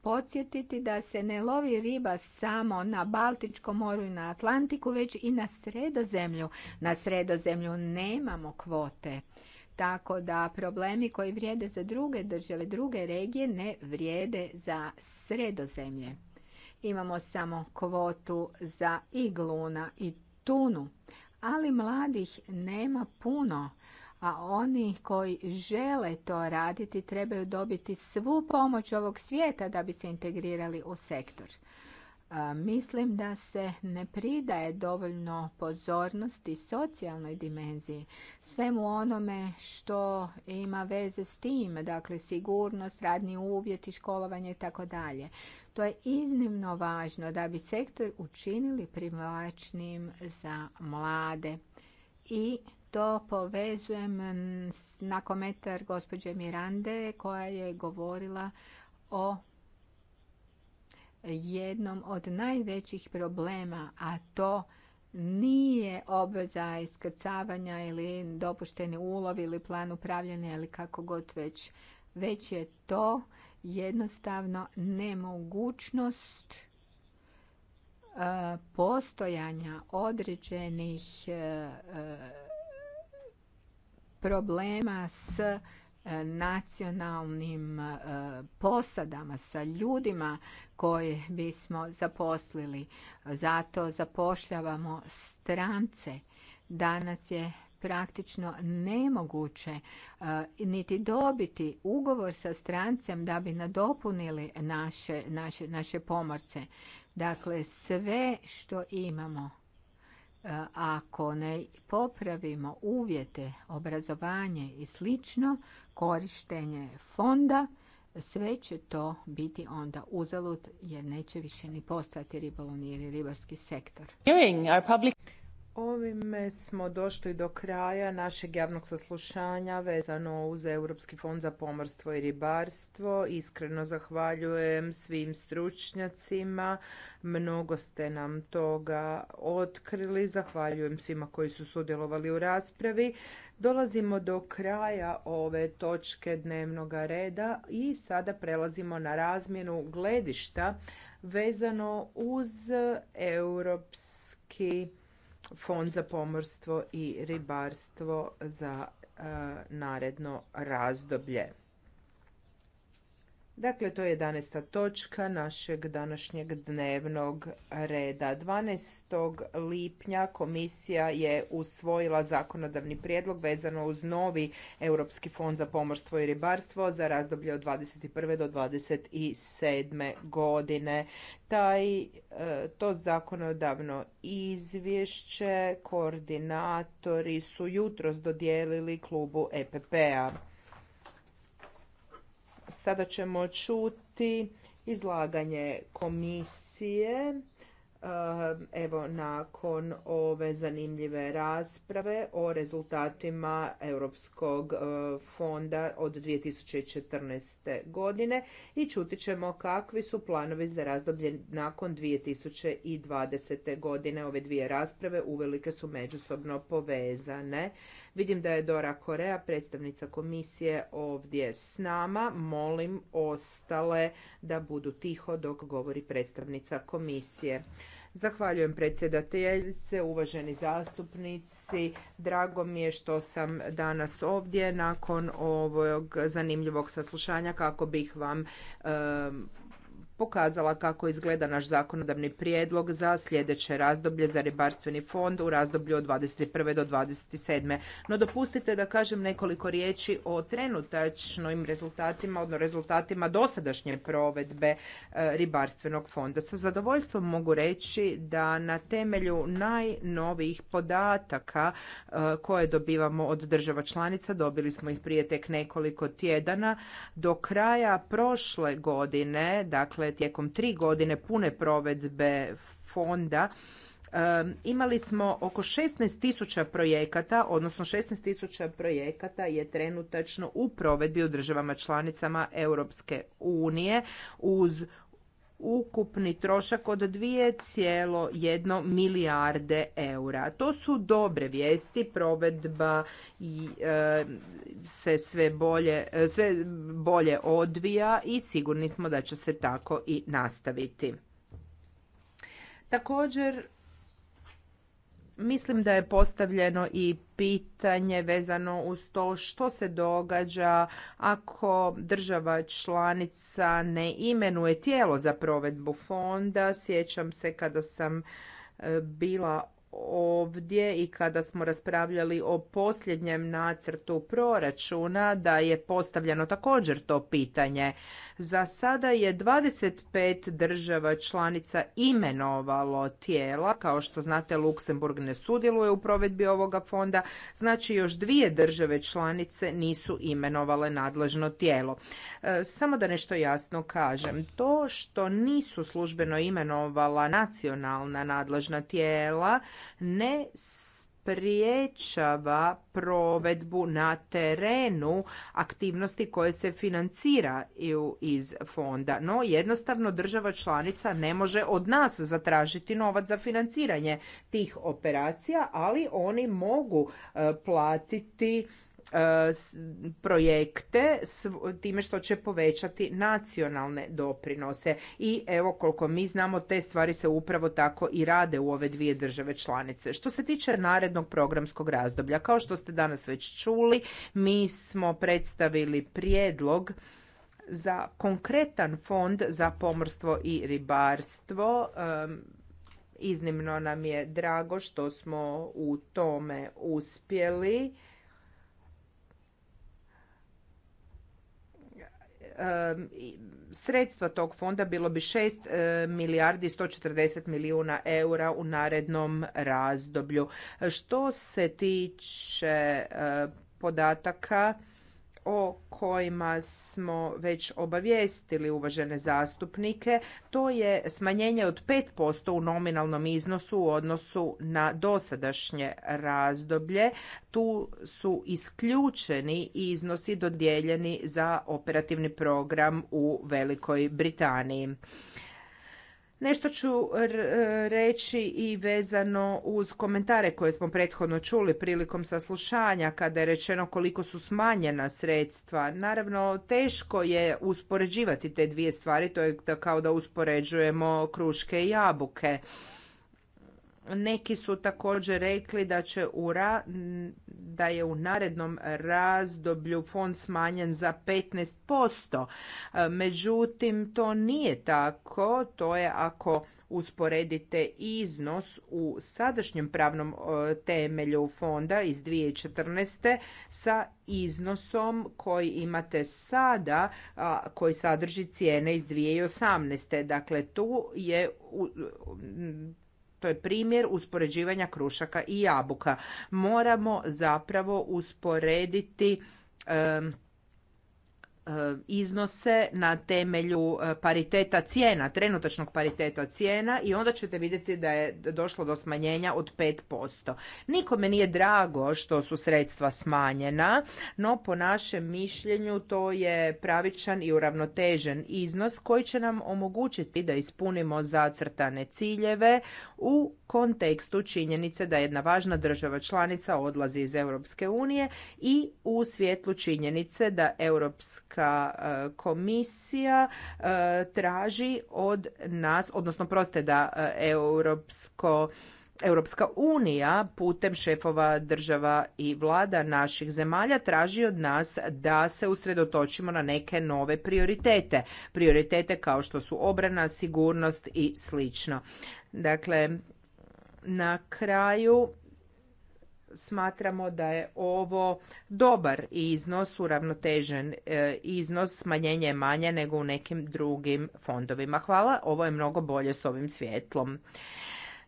podsjetiti da se ne lovi riba samo na Baltičkom moru i na Atlantiku, već i na Sredozemlju. Na Sredozemlju nemamo kvote. Tako da problemi koji vrijede za druge države, druge regije ne vrijede za sredozemlje. Imamo samo kvotu za igluna i tunu, ali mladih nema puno, a oni koji žele to raditi trebaju dobiti svu pomoć ovog svijeta da bi se integrirali u sektor. Mislim da se ne pridaje dovoljno pozornosti socijalnoj dimenziji, svemu onome što ima veze s tim, dakle sigurnost, radni uvjeti, školovanje i tako dalje. To je iznimno važno da bi sektor učinili privlačnim za mlade. I to povezujem na komentar gospođe Mirande koja je govorila o jednom od najvećih problema, a to nije obveza iskrcavanja ili dopušteni ulov ili plan upravljanja ili kako god već. Već je to jednostavno nemogućnost e, postojanja određenih e, e, problema s E, nacionalnim e, posadama, sa ljudima koje bismo zaposlili. Zato zapošljavamo strance. Danas je praktično nemoguće e, niti dobiti ugovor sa strancem da bi nadopunili naše, naše, naše pomorce. Dakle, sve što imamo E, ako ne popravimo uvjete, obrazovanje i slično, korištenje fonda, sve će to biti onda uzalud jer neće više ni postati ribolovni ili ribarski sektor. Ovime smo došli do kraja našeg javnog saslušanja vezano uz Europski fond za pomorstvo i ribarstvo. Iskreno zahvaljujem svim stručnjacima. Mnogo ste nam toga otkrili. Zahvaljujem svima koji su sudjelovali u raspravi. Dolazimo do kraja ove točke dnevnog reda i sada prelazimo na razmjenu gledišta vezano uz europski Fond za pomorstvo i ribarstvo za e, naredno razdoblje. Dakle, to je 11. točka našeg današnjeg dnevnog reda. 12. lipnja komisija je usvojila zakonodavni prijedlog vezano uz novi Europski fond za pomorstvo i ribarstvo za razdoblje od 21. do 27. godine. Taj, e, to zakonodavno izvješće koordinatori su jutros dodijelili klubu EPP-a. Sada ćemo čuti izlaganje komisije. Eh, evo, nakon ove zanimljive rasprave o rezultatima Europskog eh, fonda od 2014. godine i čuti ćemo kakvi su planovi za razdoblje nakon 2020. godine. Ove dvije rasprave uvelike su međusobno povezane. Vidim da je Dora Korea, predstavnica komisije, ovdje s nama. Molim ostale da budu tiho dok govori predstavnica komisije. Zahvaljujem predsjedateljice, uvaženi zastupnici. Drago mi je što sam danas ovdje nakon ovog zanimljivog saslušanja kako bih vam pokazala kako izgleda naš zakonodavni prijedlog za sljedeće razdoblje za ribarstveni fond u razdoblju od 21. do 27. No dopustite da kažem nekoliko riječi o trenutačnim rezultatima, odnosno rezultatima dosadašnje provedbe e, ribarstvenog fonda. Sa zadovoljstvom mogu reći da na temelju najnovijih podataka e, koje dobivamo od država članica, dobili smo ih prije tek nekoliko tjedana, do kraja prošle godine, dakle tijekom tri godine pune provedbe fonda imali smo oko 16.000 projekata, odnosno 16.000 projekata je trenutačno u provedbi u državama članicama Europske unije uz ukupni trošak od 2,1 milijarde eura. To su dobre vijesti, provedba e, se sve bolje, e, sve bolje odvija i sigurni smo da će se tako i nastaviti. Također Mislim da je postavljeno i pitanje vezano uz to što se događa ako država članica ne imenuje tijelo za provedbu fonda. Sjećam se kada sam e, bila ovdje i kada smo raspravljali o posljednjem nacrtu proračuna da je postavljeno također to pitanje. Za sada je 25 država članica imenovalo tijela, kao što znate Luksemburg ne sudjeluje u provedbi ovoga fonda, znači još dvije države članice nisu imenovale nadležno tijelo. E, samo da nešto jasno kažem, to što nisu službeno imenovala nacionalna nadležna tijela, ne spriječava provedbu na terenu aktivnosti koje se financiraju iz fonda. No jednostavno država članica ne može od nas zatražiti novac za financiranje tih operacija, ali oni mogu e, platiti E, projekte time što će povećati nacionalne doprinose. I evo koliko mi znamo te stvari se upravo tako i rade u ove dvije države članice. Što se tiče narednog programskog razdoblja, kao što ste danas već čuli, mi smo predstavili prijedlog za konkretan fond za pomorstvo i ribarstvo iznimno nam je drago što smo u tome uspjeli sredstva tog fonda bilo bi 6 e, milijardi 140 milijuna eura u narednom razdoblju. Što se tiče e, podataka o kojima smo već obavijestili uvažene zastupnike, to je smanjenje od 5% u nominalnom iznosu u odnosu na dosadašnje razdoblje. Tu su isključeni iznosi dodijeljeni za operativni program u Velikoj Britaniji. Nešto ću reći i vezano uz komentare koje smo prethodno čuli prilikom saslušanja kada je rečeno koliko su smanjena sredstva. Naravno, teško je uspoređivati te dvije stvari, to je kao da uspoređujemo kruške i jabuke. Neki su također rekli da, će u da je u narednom razdoblju fond smanjen za 15%. E, međutim, to nije tako. To je ako usporedite iznos u sadašnjem pravnom e, temelju fonda iz 2014. sa iznosom koji imate sada, koji sadrži cijene iz 2018. Dakle, tu je to je primjer uspoređivanja krušaka i jabuka. Moramo zapravo usporediti E, iznose na temelju e, pariteta cijena, trenutačnog pariteta cijena i onda ćete vidjeti da je došlo do smanjenja od 5%. Nikome nije drago što su sredstva smanjena, no po našem mišljenju to je pravičan i uravnotežen iznos koji će nam omogućiti da ispunimo zacrtane ciljeve u kontekstu činjenice da jedna važna država članica odlazi iz Europske unije i u svjetlu činjenice da Europska Europska e, komisija e, traži od nas, odnosno proste da e, Europsko Europska unija putem šefova država i vlada naših zemalja traži od nas da se usredotočimo na neke nove prioritete. Prioritete kao što su obrana, sigurnost i slično. Dakle, na kraju smatramo da je ovo dobar iznos, uravnotežen e, iznos, smanjenje je manje nego u nekim drugim fondovima. Hvala, ovo je mnogo bolje s ovim svjetlom.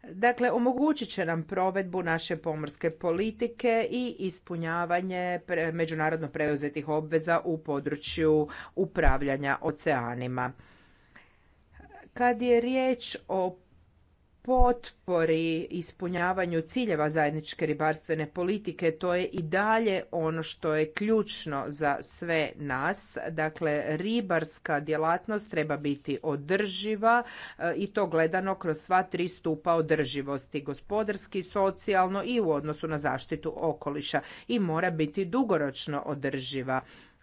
Dakle, omogućit će nam provedbu naše pomorske politike i ispunjavanje međunarodno preuzetih obveza u području upravljanja oceanima. Kad je riječ o potpori ispunjavanju ciljeva zajedničke ribarstvene politike, to je i dalje ono što je ključno za sve nas. Dakle, ribarska djelatnost treba biti održiva eh, i to gledano kroz sva tri stupa održivosti, gospodarski, socijalno i u odnosu na zaštitu okoliša i mora biti dugoročno održiva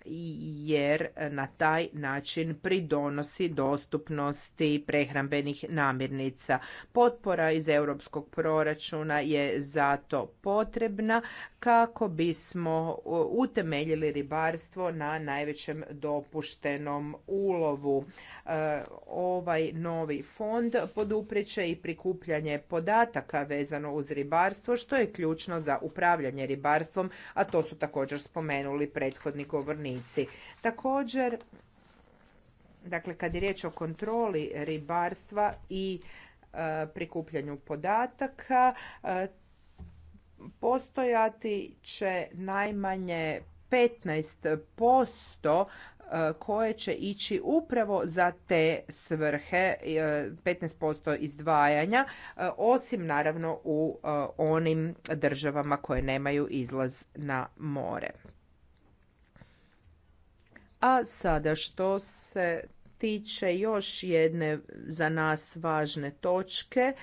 jer na taj način pridonosi dostupnosti prehrambenih namirnica. Potpora iz europskog proračuna je zato potrebna kako bismo utemeljili ribarstvo na najvećem dopuštenom ulovu. E, ovaj novi fond podupriče i prikupljanje podataka vezano uz ribarstvo što je ključno za upravljanje ribarstvom, a to su također spomenuli prethodni govornici. Također, dakle kad je riječ o kontroli ribarstva i e, prikupljanju podataka, e, postojati će najmanje 15% e, koje će ići upravo za te svrhe 15% e, izdvajanja osim naravno u onim državama koje nemaju izlaz na more. A sada što se tiče još jedne za nas važne točke,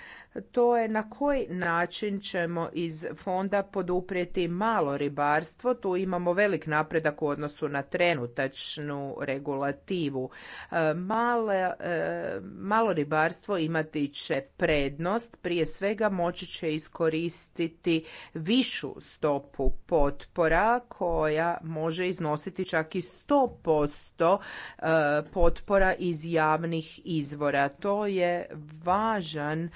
to je na koji način ćemo iz fonda poduprijeti malo ribarstvo. Tu imamo velik napredak u odnosu na trenutačnu regulativu. E, male, e, malo ribarstvo imati će prednost, prije svega moći će iskoristiti višu stopu potpora koja može iznositi čak i 100% e, potpora iz javnih izvora. To je važan e,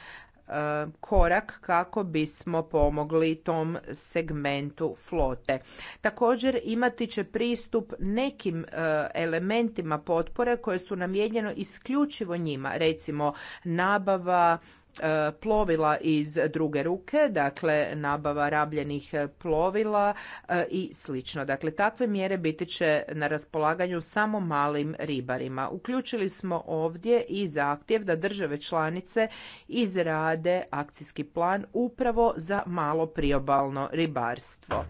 korak kako bismo pomogli tom segmentu flote. Također imati će pristup nekim e, elementima potpore koje su namijenjeno isključivo njima, recimo nabava E, plovila iz druge ruke, dakle nabava rabljenih e, plovila e, i slično. Dakle, takve mjere biti će na raspolaganju samo malim ribarima. Uključili smo ovdje i zahtjev da države članice izrade akcijski plan upravo za malo priobalno ribarstvo.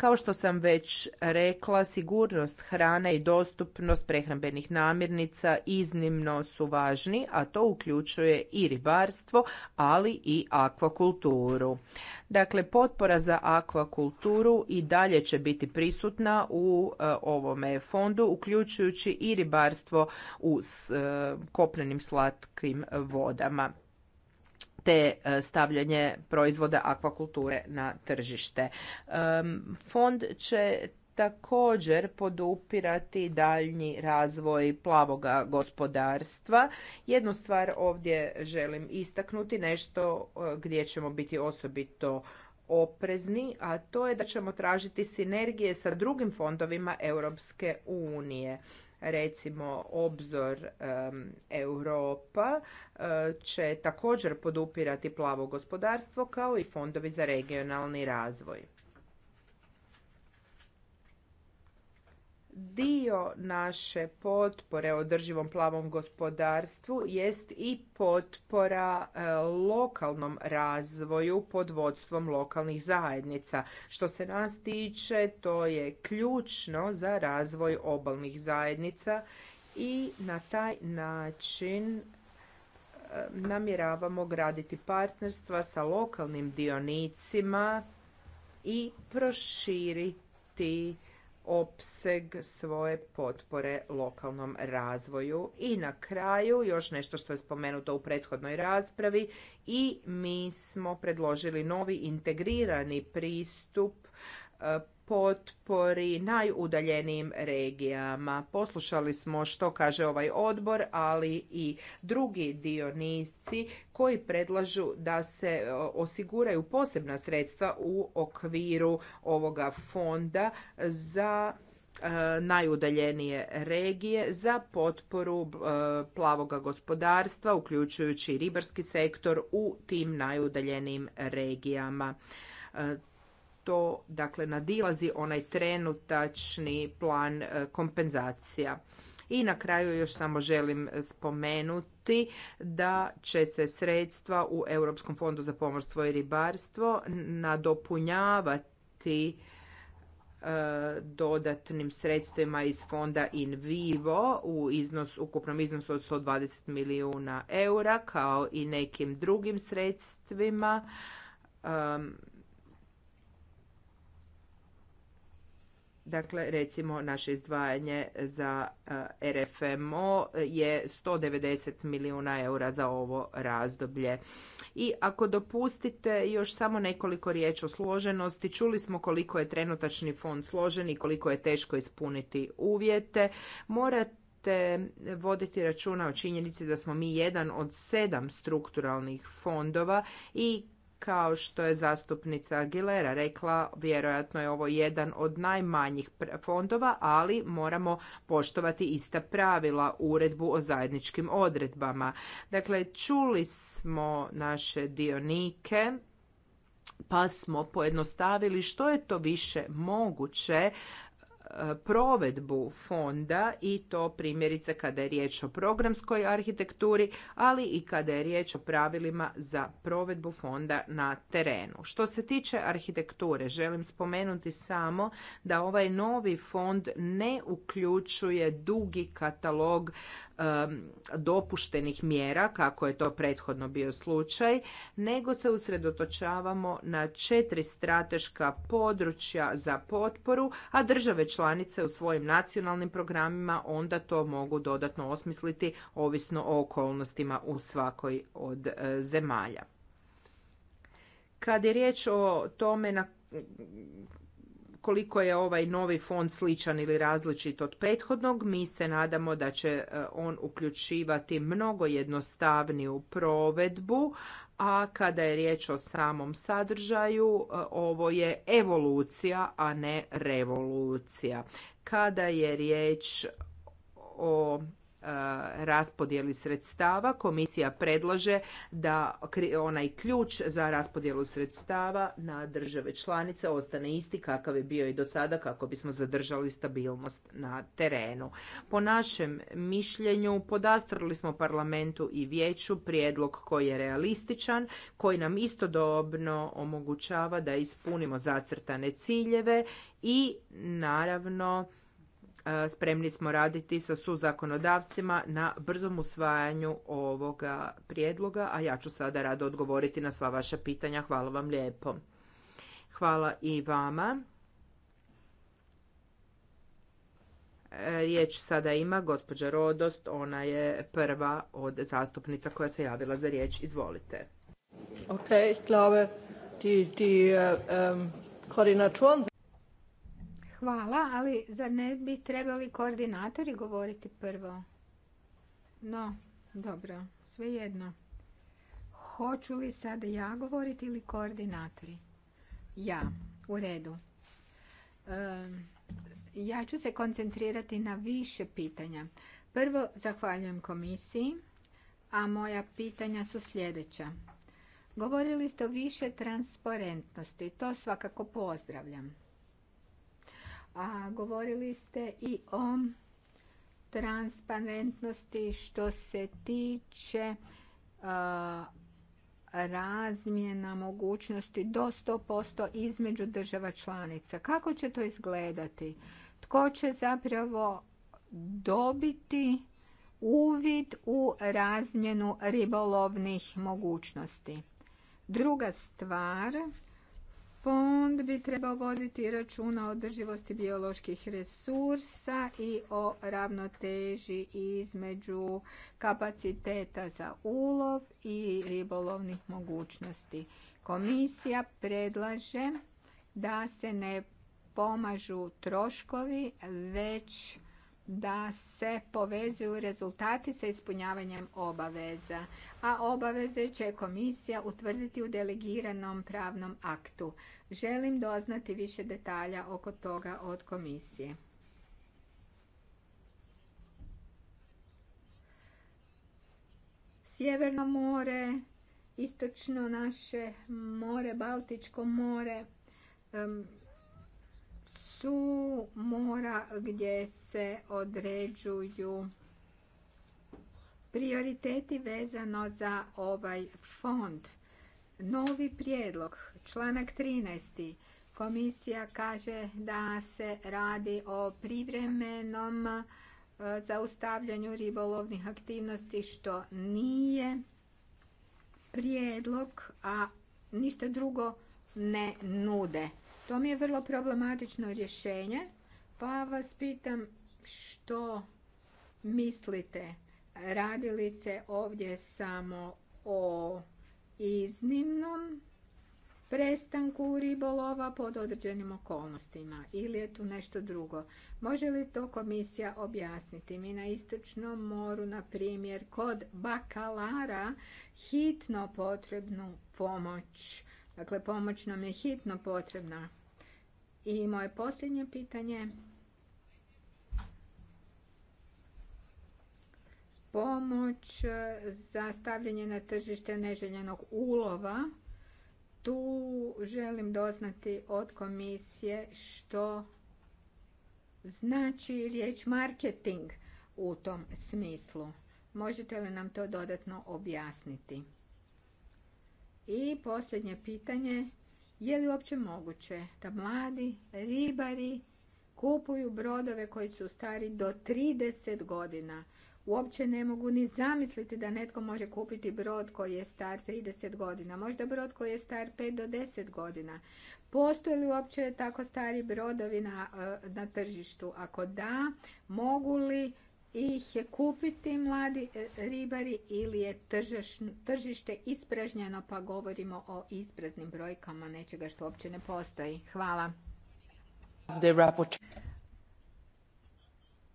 Kao što sam već rekla, sigurnost hrane i dostupnost prehrambenih namirnica iznimno su važni, a to uključuje i ribarstvo, ali i akvakulturu. Dakle, potpora za akvakulturu i dalje će biti prisutna u e, ovome fondu, uključujući i ribarstvo u e, kopnenim slatkim vodama te e, stavljanje proizvoda akvakulture na tržište. E, fond će također podupirati daljnji razvoj plavoga gospodarstva. Jednu stvar ovdje želim istaknuti, nešto e, gdje ćemo biti osobito oprezni, a to je da ćemo tražiti sinergije sa drugim fondovima Europske unije recimo obzor Europa eh, će također podupirati plavo gospodarstvo kao i fondovi za regionalni razvoj. dio naše potpore održivom plavom gospodarstvu jest i potpora e, lokalnom razvoju pod vodstvom lokalnih zajednica. Što se nas tiče, to je ključno za razvoj obalnih zajednica i na taj način e, namjeravamo graditi partnerstva sa lokalnim dionicima i proširiti opseg svoje potpore lokalnom razvoju. I na kraju, još nešto što je spomenuto u prethodnoj raspravi, i mi smo predložili novi integrirani pristup e, potpori najudaljenijim regijama. Poslušali smo što kaže ovaj odbor, ali i drugi dionici koji predlažu da se e, osiguraju posebna sredstva u okviru ovoga fonda za e, najudaljenije regije za potporu e, plavoga gospodarstva, uključujući ribarski sektor u tim najudaljenijim regijama to dakle nadilazi onaj trenutačni plan e, kompenzacija. I na kraju još samo želim spomenuti da će se sredstva u Europskom fondu za pomorstvo i ribarstvo nadopunjavati e, dodatnim sredstvima iz fonda In Vivo u iznos, ukupnom iznosu od 120 milijuna eura kao i nekim drugim sredstvima Dakle, recimo naše izdvajanje za e, RFMO je 190 milijuna eura za ovo razdoblje. I ako dopustite još samo nekoliko riječi o složenosti, čuli smo koliko je trenutačni fond složen i koliko je teško ispuniti uvjete. Morate voditi računa o činjenici da smo mi jedan od sedam strukturalnih fondova i kao što je zastupnica Aguilera rekla, vjerojatno je ovo jedan od najmanjih fondova, ali moramo poštovati ista pravila uredbu o zajedničkim odredbama. Dakle, čuli smo naše dionike, pa smo pojednostavili što je to više moguće provedbu fonda i to primjerice kada je riječ o programskoj arhitekturi, ali i kada je riječ o pravilima za provedbu fonda na terenu. Što se tiče arhitekture, želim spomenuti samo da ovaj novi fond ne uključuje dugi katalog dopuštenih mjera, kako je to prethodno bio slučaj, nego se usredotočavamo na četiri strateška područja za potporu, a države članice u svojim nacionalnim programima onda to mogu dodatno osmisliti ovisno o okolnostima u svakoj od e, zemalja. Kad je riječ o tome na koliko je ovaj novi fond sličan ili različit od prethodnog, mi se nadamo da će e, on uključivati mnogo jednostavniju provedbu, a kada je riječ o samom sadržaju, e, ovo je evolucija, a ne revolucija. Kada je riječ o Eh, raspodjeli sredstava. Komisija predlaže da onaj ključ za raspodjelu sredstava na države članice ostane isti kakav je bio i do sada kako bismo zadržali stabilnost na terenu. Po našem mišljenju podastrli smo parlamentu i vijeću prijedlog koji je realističan, koji nam istodobno omogućava da ispunimo zacrtane ciljeve i naravno E, spremni smo raditi sa suzakonodavcima na brzom usvajanju ovoga prijedloga, a ja ću sada rado odgovoriti na sva vaša pitanja. Hvala vam lijepo. Hvala i vama. E, riječ sada ima gospođa Rodost, ona je prva od zastupnica koja se javila za riječ. Izvolite. Ok, ich glaube, die, die, äh, ähm, Hvala, ali zar ne bi trebali koordinatori govoriti prvo? No, dobro, jedno. Hoću li sada ja govoriti ili koordinatori? Ja, u redu. ja ću se koncentrirati na više pitanja. Prvo, zahvaljujem komisiji, a moja pitanja su sljedeća. Govorili ste o više transparentnosti, to svakako pozdravljam a govorili ste i o transparentnosti što se tiče e, razmjena mogućnosti do 100% između država članica. Kako će to izgledati? Tko će zapravo dobiti uvid u razmjenu ribolovnih mogućnosti? Druga stvar fond bi trebao voditi računa o održivosti bioloških resursa i o ravnoteži između kapaciteta za ulov i ribolovnih mogućnosti. Komisija predlaže da se ne pomažu troškovi, već da se povezuju rezultati sa ispunjavanjem obaveza, a obaveze će komisija utvrditi u delegiranom pravnom aktu. Želim doznati više detalja oko toga od komisije. Sjeverno more, istočno naše more, Baltičko more, su mora gdje se određuju prioriteti vezano za ovaj fond. Novi prijedlog, članak 13. Komisija kaže da se radi o privremenom e, zaustavljanju ribolovnih aktivnosti što nije prijedlog, a ništa drugo ne nude. To mi je vrlo problematično rješenje, pa vas pitam što mislite. Radi li se ovdje samo o iznimnom prestanku ribolova pod određenim okolnostima ili je tu nešto drugo. Može li to komisija objasniti? Mi na Istočnom moru, na primjer, kod bakalara hitno potrebnu pomoć. Dakle, pomoć nam je hitno potrebna. I moje posljednje pitanje. Pomoć za stavljanje na tržište neželjenog ulova. Tu želim doznati od komisije što znači riječ marketing u tom smislu. Možete li nam to dodatno objasniti? I posljednje pitanje je li uopće moguće da mladi ribari kupuju brodove koji su stari do 30 godina? Uopće ne mogu ni zamisliti da netko može kupiti brod koji je star 30 godina, možda brod koji je star 5 do 10 godina. Postoje li uopće tako stari brodovi na, eh, na tržištu? Ako da, mogu li ih je kupiti mladi e, ribari ili je tržište ispražnjeno pa govorimo o ispraznim brojkama nečega što uopće ne postoji. Hvala.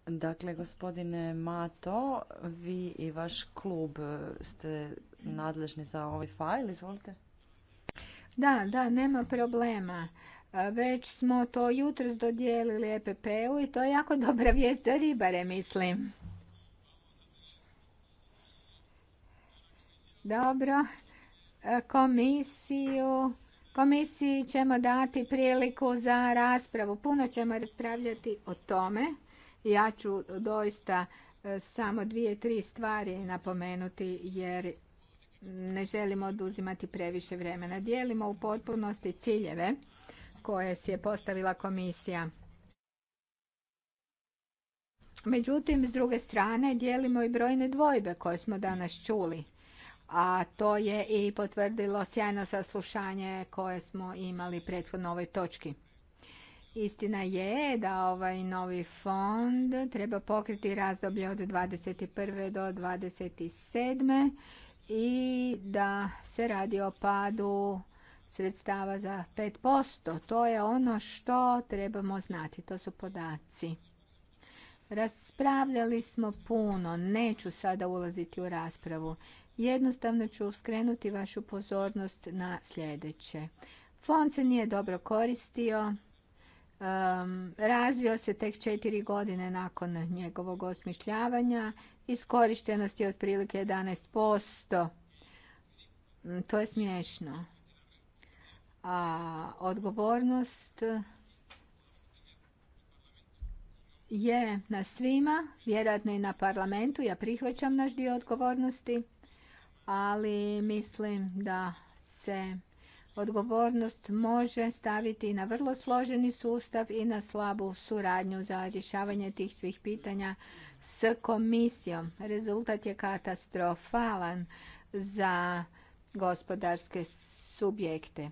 Dakle, gospodine Mato, vi i vaš klub e, ste nadležni za ovaj fajl, izvolite. Da, da, nema problema. Već smo to jutros dodijelili EPP-u i to je jako dobra vijest za ribare, mislim. Dobro. E, komisiju. Komisiji ćemo dati priliku za raspravu. Puno ćemo raspravljati o tome. Ja ću doista e, samo dvije, tri stvari napomenuti jer ne želimo oduzimati previše vremena. Dijelimo u potpunosti ciljeve koje si je postavila komisija. Međutim, s druge strane, dijelimo i brojne dvojbe koje smo danas čuli. A to je i potvrdilo sjajno saslušanje koje smo imali prethodno ovoj točki. Istina je da ovaj novi fond treba pokriti razdoblje od 21. do 27. i da se radi o padu sredstava za 5%. To je ono što trebamo znati, to su podaci. Raspravljali smo puno, neću sada ulaziti u raspravu. Jednostavno ću skrenuti vašu pozornost na sljedeće. Fond se nije dobro koristio, um, razvio se tek četiri godine nakon njegovog osmišljavanja, iskorištenost je otprilike 11%. To je smiješno a odgovornost je na svima, vjerojatno i na parlamentu. Ja prihvaćam naš dio odgovornosti, ali mislim da se odgovornost može staviti na vrlo složeni sustav i na slabu suradnju za rješavanje tih svih pitanja s komisijom. Rezultat je katastrofalan za gospodarske subjekte.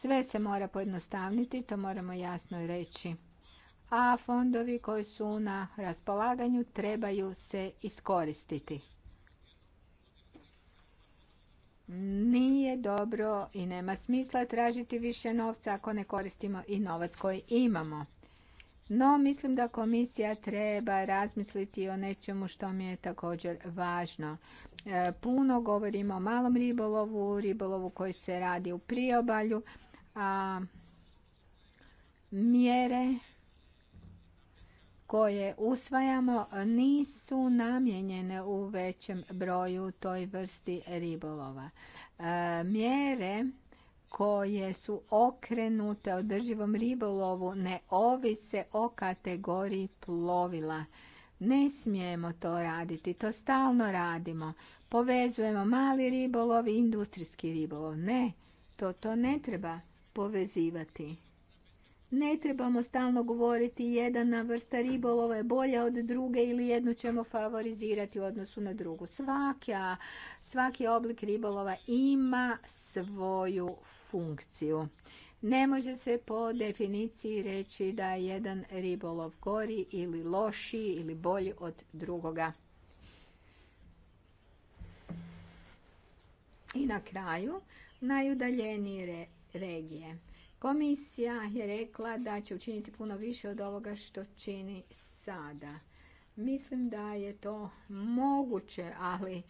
Sve se mora pojednostavniti, to moramo jasno reći. A fondovi koji su na raspolaganju trebaju se iskoristiti. Nije dobro i nema smisla tražiti više novca ako ne koristimo i novac koji imamo. No, mislim da komisija treba razmisliti o nečemu što mi je također važno. E, puno govorimo o malom ribolovu, ribolovu koji se radi u priobalju, a mjere koje usvajamo nisu namijenjene u većem broju toj vrsti ribolova. E, mjere koje su okrenute održivom ribolovu ne ovise o kategoriji plovila. Ne smijemo to raditi, to stalno radimo. Povezujemo mali ribolov i industrijski ribolov. Ne, to, to ne treba povezivati. Ne trebamo stalno govoriti jedana vrsta ribolova je bolja od druge ili jednu ćemo favorizirati u odnosu na drugu. Svaki, svaki oblik ribolova ima svoju funkciju. Ne može se po definiciji reći da je jedan ribolov gori ili loši ili bolji od drugoga. I na kraju, najudaljeniji regije. Komisija je rekla da će učiniti puno više od ovoga što čini sada. Mislim da je to moguće, ali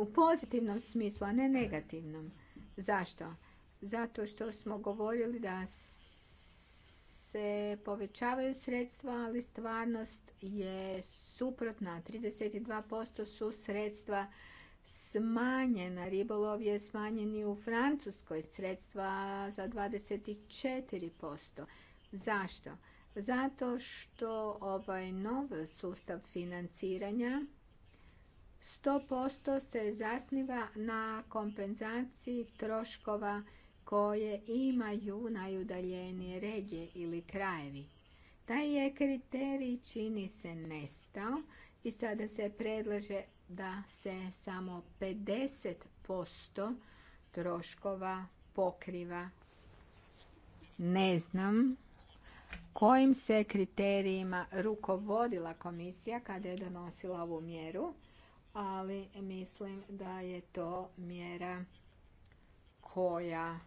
u pozitivnom smislu, a ne negativnom. Zašto? Zato što smo govorili da se povećavaju sredstva, ali stvarnost je suprotna. 32% su sredstva smanjena, ribolov je smanjen i u Francuskoj sredstva za 24%. Zašto? Zato što ovaj nov sustav financiranja 100% se zasniva na kompenzaciji troškova koje imaju najudaljenije regije ili krajevi. Taj je kriterij čini se nestao i sada se predlaže da se samo 50% troškova pokriva. Ne znam kojim se kriterijima rukovodila komisija kada je donosila ovu mjeru, ali mislim da je to mjera koja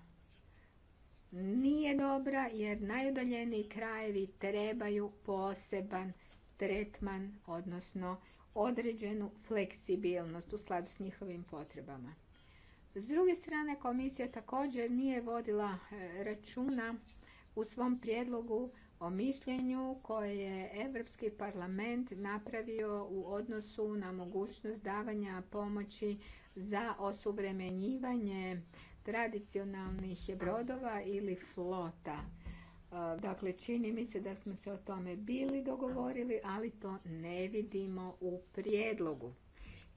nije dobra jer najudaljeniji krajevi trebaju poseban tretman, odnosno određenu fleksibilnost u skladu s njihovim potrebama. S druge strane, komisija također nije vodila e, računa u svom prijedlogu o mišljenju koje je Europski parlament napravio u odnosu na mogućnost davanja pomoći za osuvremenjivanje tradicionalnih brodova ili flota Dakle, čini mi se da smo se o tome bili dogovorili, ali to ne vidimo u prijedlogu.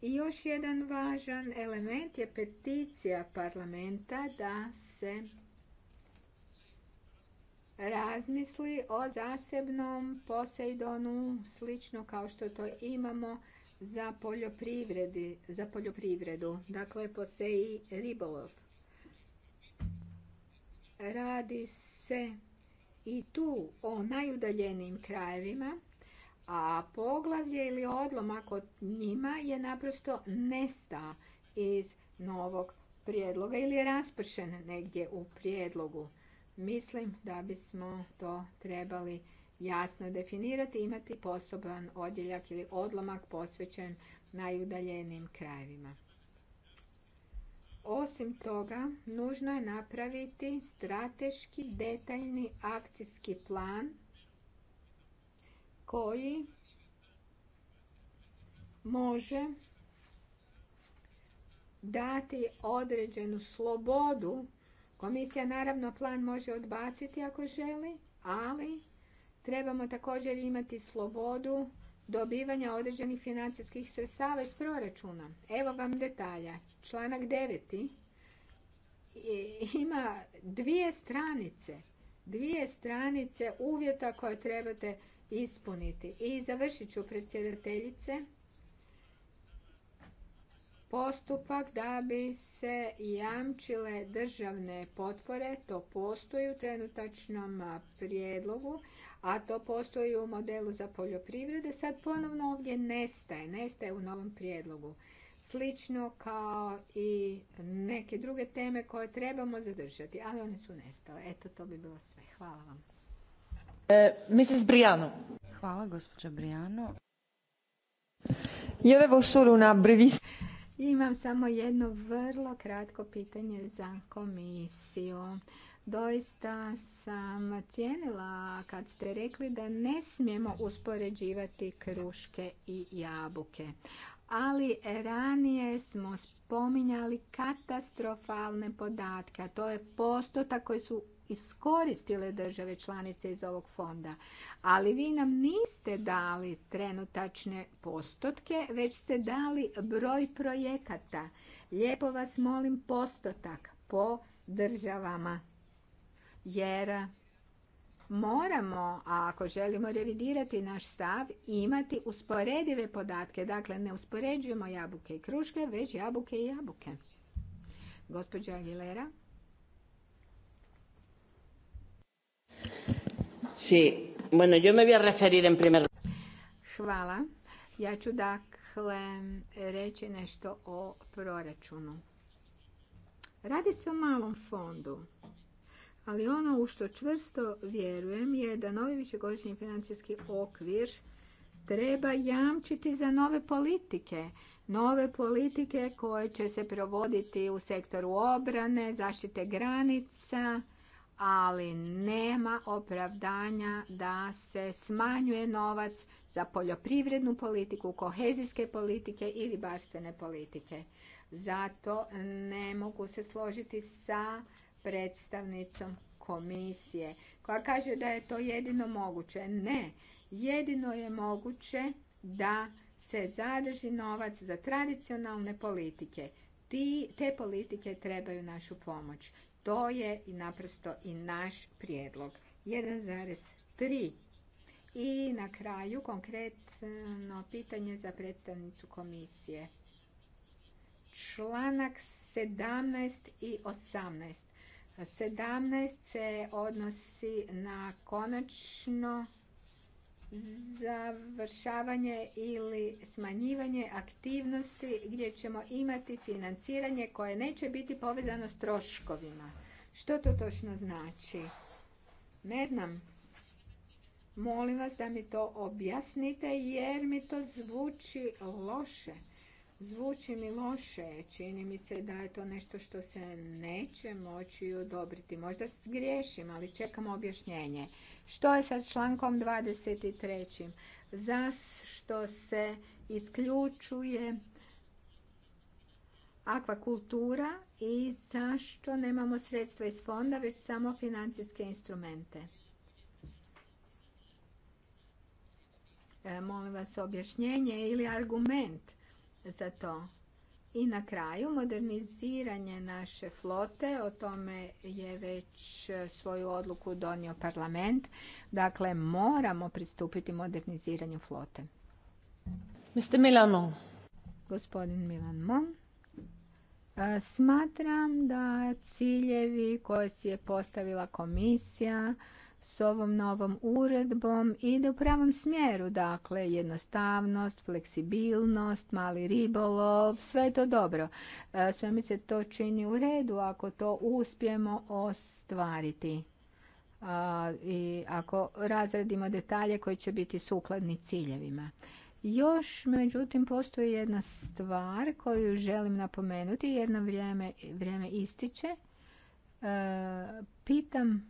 I još jedan važan element je peticija parlamenta da se razmisli o zasebnom Poseidonu, slično kao što to imamo za, poljoprivredi, za poljoprivredu, dakle Posei ribolov. Radi se i tu o najudaljenijim krajevima, a poglavlje ili odlomak od njima je naprosto nesta iz novog prijedloga ili je raspršen negdje u prijedlogu. Mislim da bismo to trebali jasno definirati, imati poseban odjeljak ili odlomak posvećen najudaljenim krajevima. Osim toga, nužno je napraviti strateški detaljni akcijski plan koji može dati određenu slobodu. Komisija naravno plan može odbaciti ako želi, ali trebamo također imati slobodu dobivanja određenih financijskih sredstava iz proračuna. Evo vam detalja. Članak 9. ima dvije stranice. Dvije stranice uvjeta koje trebate ispuniti. I završit ću predsjedateljice. Postupak da bi se jamčile državne potpore, to postoji u trenutačnom prijedlogu, a to postoji u modelu za poljoprivrede, sad ponovno ovdje nestaje, nestaje u novom prijedlogu. Slično kao i neke druge teme koje trebamo zadržati, ali one su nestale. Eto, to bi bilo sve. Hvala vam. E, Mrs. Briano. Hvala, gospođa Briano. avevo solo una Imam samo jedno vrlo kratko pitanje za komisiju. Doista sam cijenila kad ste rekli da ne smijemo uspoređivati kruške i jabuke. Ali ranije smo spominjali katastrofalne podatke, a to je postotak koji su iskoristile države članice iz ovog fonda. Ali vi nam niste dali trenutačne postotke, već ste dali broj projekata. Lijepo vas molim postotak po državama jer moramo, ako želimo revidirati naš stav, imati usporedive podatke. Dakle, ne uspoređujemo jabuke i kruške, već jabuke i jabuke. Gospođa Aguilera. Sí. Bueno, yo me referir en primer... Hvala. Ja ću dakle reći nešto o proračunu. Radi se o malom fondu ali ono u što čvrsto vjerujem je da novi višegodišnji financijski okvir treba jamčiti za nove politike. Nove politike koje će se provoditi u sektoru obrane, zaštite granica, ali nema opravdanja da se smanjuje novac za poljoprivrednu politiku, kohezijske politike ili barstvene politike. Zato ne mogu se složiti sa predstavnicom komisije koja kaže da je to jedino moguće. Ne, jedino je moguće da se zadrži novac za tradicionalne politike. Ti, te politike trebaju našu pomoć. To je i naprosto i naš prijedlog. 1,3. I na kraju konkretno pitanje za predstavnicu komisije. Članak 17 i 18. 17 se odnosi na konačno završavanje ili smanjivanje aktivnosti gdje ćemo imati financiranje koje neće biti povezano s troškovima. Što to točno znači? Ne znam. Molim vas da mi to objasnite jer mi to zvuči loše. Zvuči mi loše, čini mi se da je to nešto što se neće moći odobriti. Možda griješim, ali čekam objašnjenje. Što je sa člankom 23. Zašto se isključuje akvakultura i zašto nemamo sredstva iz fonda, već samo financijske instrumente? E, molim vas objašnjenje ili argument za to. I na kraju moderniziranje naše flote, o tome je već e, svoju odluku donio parlament. Dakle, moramo pristupiti moderniziranju flote. Mr. Mon. Gospodin Milan Mon. E, smatram da ciljevi koje si je postavila komisija s ovom novom uredbom ide u pravom smjeru. Dakle, jednostavnost, fleksibilnost, mali ribolov, sve je to dobro. E, sve mi se to čini u redu ako to uspijemo ostvariti. I ako razradimo detalje koji će biti sukladni ciljevima. Još, međutim, postoji jedna stvar koju želim napomenuti. Jedno vrijeme, ističe. E, pitam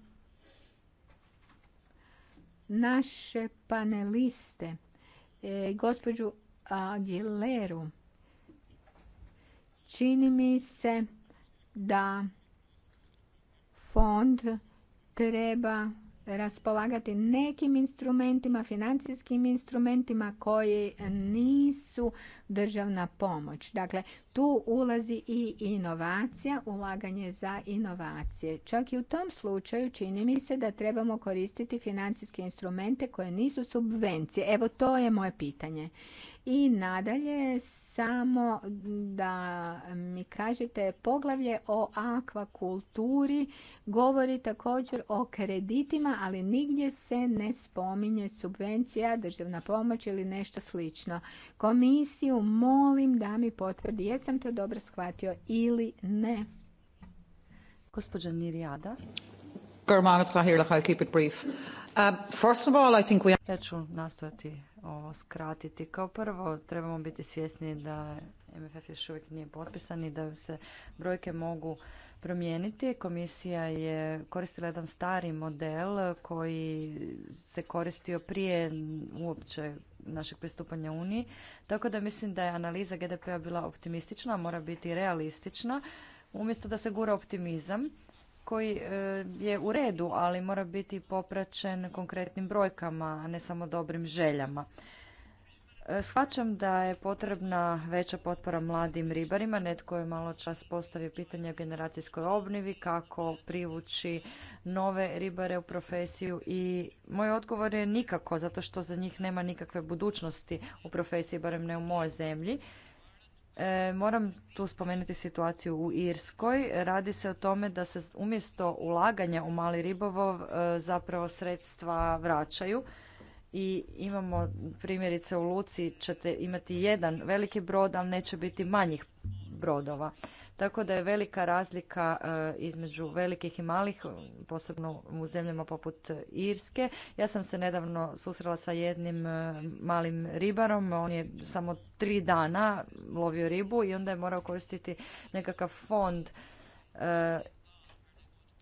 naše paneliste, e, gospođu Aguileru. Čini mi se da fond treba raspolagati nekim instrumentima, financijskim instrumentima koji nisu državna pomoć. Dakle, tu ulazi i inovacija, ulaganje za inovacije. Čak i u tom slučaju čini mi se da trebamo koristiti financijske instrumente koje nisu subvencije. Evo to je moje pitanje. I nadalje samo da mi kažete poglavlje o akvakulturi govori također o kreditima, ali nigdje se ne spominje subvencija, državna pomoć ili nešto slično. Komisiju molim da mi potvrdi jesam to dobro shvatio ili ne. Gospođa Nirjada. Ja ću nastojati ovo skratiti. Kao prvo trebamo biti svjesni da MFF još uvijek nije potpisan i da se brojke mogu promijeniti. Komisija je koristila jedan stari model koji se koristio prije uopće našeg pristupanja Uniji. Tako da mislim da je analiza GDP-a bila optimistična, mora biti realistična. Umjesto da se gura optimizam, koji e, je u redu, ali mora biti popraćen konkretnim brojkama, a ne samo dobrim željama. E, shvaćam da je potrebna veća potpora mladim ribarima. Netko je malo čas postavio pitanje o generacijskoj obnivi, kako privući nove ribare u profesiju i moj odgovor je nikako, zato što za njih nema nikakve budućnosti u profesiji, barem ne u mojoj zemlji. E, moram tu spomenuti situaciju u Irskoj. Radi se o tome da se umjesto ulaganja u mali ribolov e, zapravo sredstva vraćaju i imamo primjerice u Luci ćete imati jedan veliki brod, ali neće biti manjih brodova. Tako da je velika razlika e, između velikih i malih, posebno u zemljama poput Irske. Ja sam se nedavno susrela sa jednim e, malim ribarom, on je samo tri dana lovio ribu i onda je morao koristiti nekakav fond. E,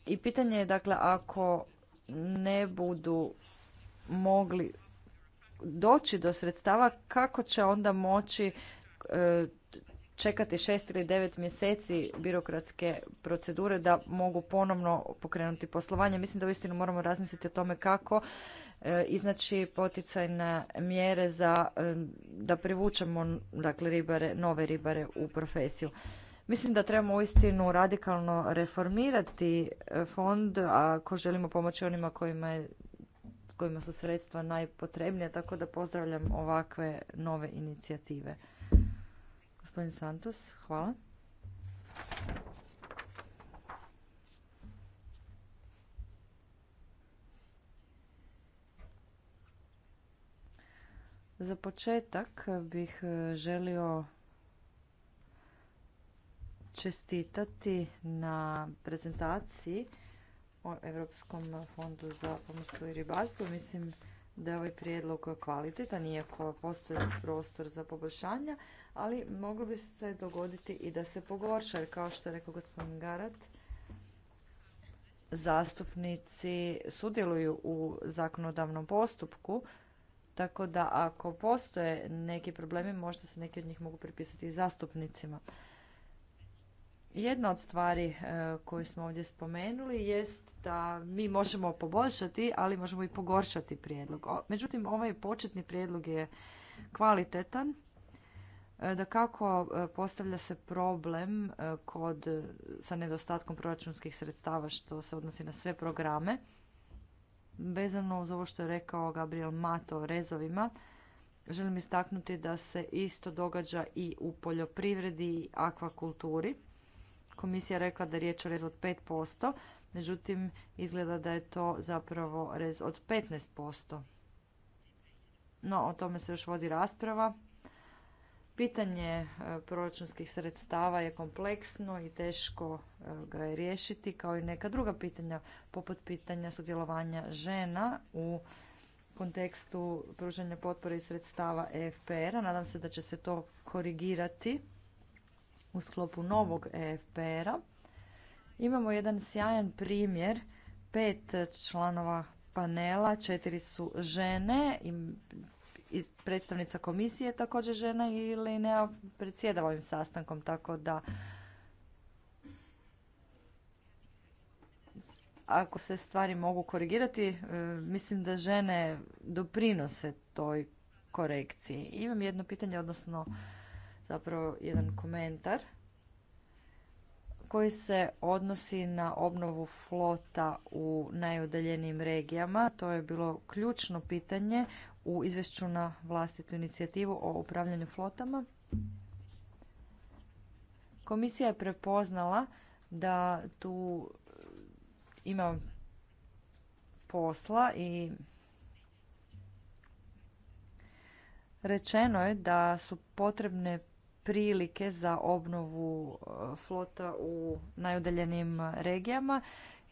I pitanje je dakle ako ne budu mogli doći do sredstava kako će onda moći čekati šest ili devet mjeseci birokratske procedure da mogu ponovno pokrenuti poslovanje. Mislim da uistinu moramo razmisliti o tome kako e, iznaći poticajne mjere za e, da privučemo dakle ribare, nove ribare u profesiju. Mislim da trebamo uistinu radikalno reformirati e, fond ako želimo pomoći onima kojima kojima su sredstva najpotrebnija, tako da pozdravljam ovakve nove inicijative. Gospodin Santos, hvala. Za početak bih e, želio čestitati na prezentaciji o Europskom fondu za pomorstvo i ribarstvo. Mislim da je ovaj prijedlog kvalitetan, iako postoji prostor za poboljšanja, ali moglo bi se dogoditi i da se pogorša, jer kao što je rekao gospodin Garat, zastupnici sudjeluju u zakonodavnom postupku, tako da ako postoje neki problemi, možda se neki od njih mogu pripisati i zastupnicima. Jedna od stvari e, koju smo ovdje spomenuli jest da mi možemo poboljšati, ali možemo i pogoršati prijedlog. Međutim, ovaj početni prijedlog je kvalitetan. E, da kako e, postavlja se problem kod, sa nedostatkom proračunskih sredstava što se odnosi na sve programe. Vezano uz ovo što je rekao Gabriel Mato o rezovima, želim istaknuti da se isto događa i u poljoprivredi i akvakulturi komisija rekla da je riječ o rezu od 5%, međutim izgleda da je to zapravo rez od 15%. No, o tome se još vodi rasprava. Pitanje e, proračunskih sredstava je kompleksno i teško e, ga je riješiti, kao i neka druga pitanja, poput pitanja sudjelovanja žena u kontekstu pružanja potpore i sredstava EFPR-a. Nadam se da će se to korigirati u sklopu novog mm. EFPR-a. Imamo jedan sjajan primjer, pet članova panela, četiri su žene, predstavnica komisije također žena i Linea predsjeda ovim sastankom, tako da ako se stvari mogu korigirati, e, mislim da žene doprinose toj korekciji. Imam jedno pitanje, odnosno zapravo jedan komentar koji se odnosi na obnovu flota u najudaljenijim regijama. To je bilo ključno pitanje u izvješću na vlastitu inicijativu o upravljanju flotama. Komisija je prepoznala da tu ima posla i rečeno je da su potrebne prilike za obnovu e, flota u najudaljenijim regijama,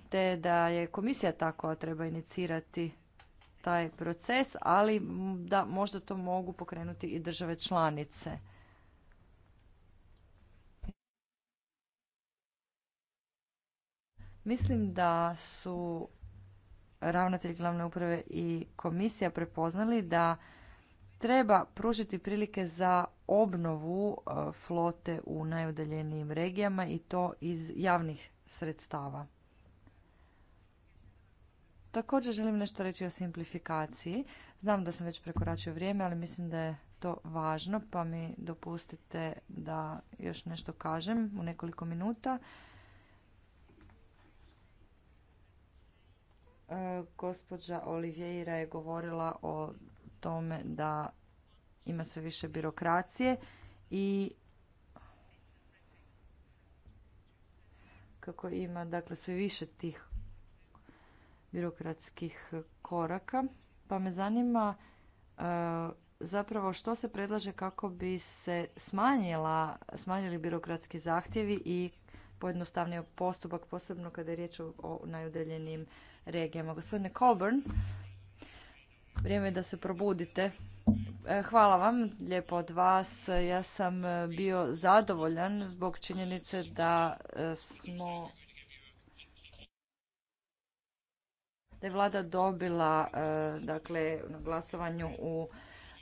te da je komisija tako treba inicirati taj proces, ali da možda to mogu pokrenuti i države članice. Mislim da su ravnatelj glavne uprave i komisija prepoznali da treba pružiti prilike za obnovu e, flote u najudaljenijim regijama i to iz javnih sredstava. Također želim nešto reći o simplifikaciji. Znam da sam već prekoračio vrijeme, ali mislim da je to važno, pa mi dopustite da još nešto kažem u nekoliko minuta. Gospodža e, gospođa je govorila o tome da ima sve više birokracije i kako ima dakle sve više tih birokratskih koraka. Pa me zanima e, zapravo što se predlaže kako bi se smanjila, smanjili birokratski zahtjevi i pojednostavnio postupak, posebno kada je riječ o, o najudeljenim regijama. Gospodine Coburn, Vrijeme da se probudite. E, hvala vam, lijepo od vas. Ja sam e, bio zadovoljan zbog činjenice da e, smo da je vlada dobila dakle na glasovanju u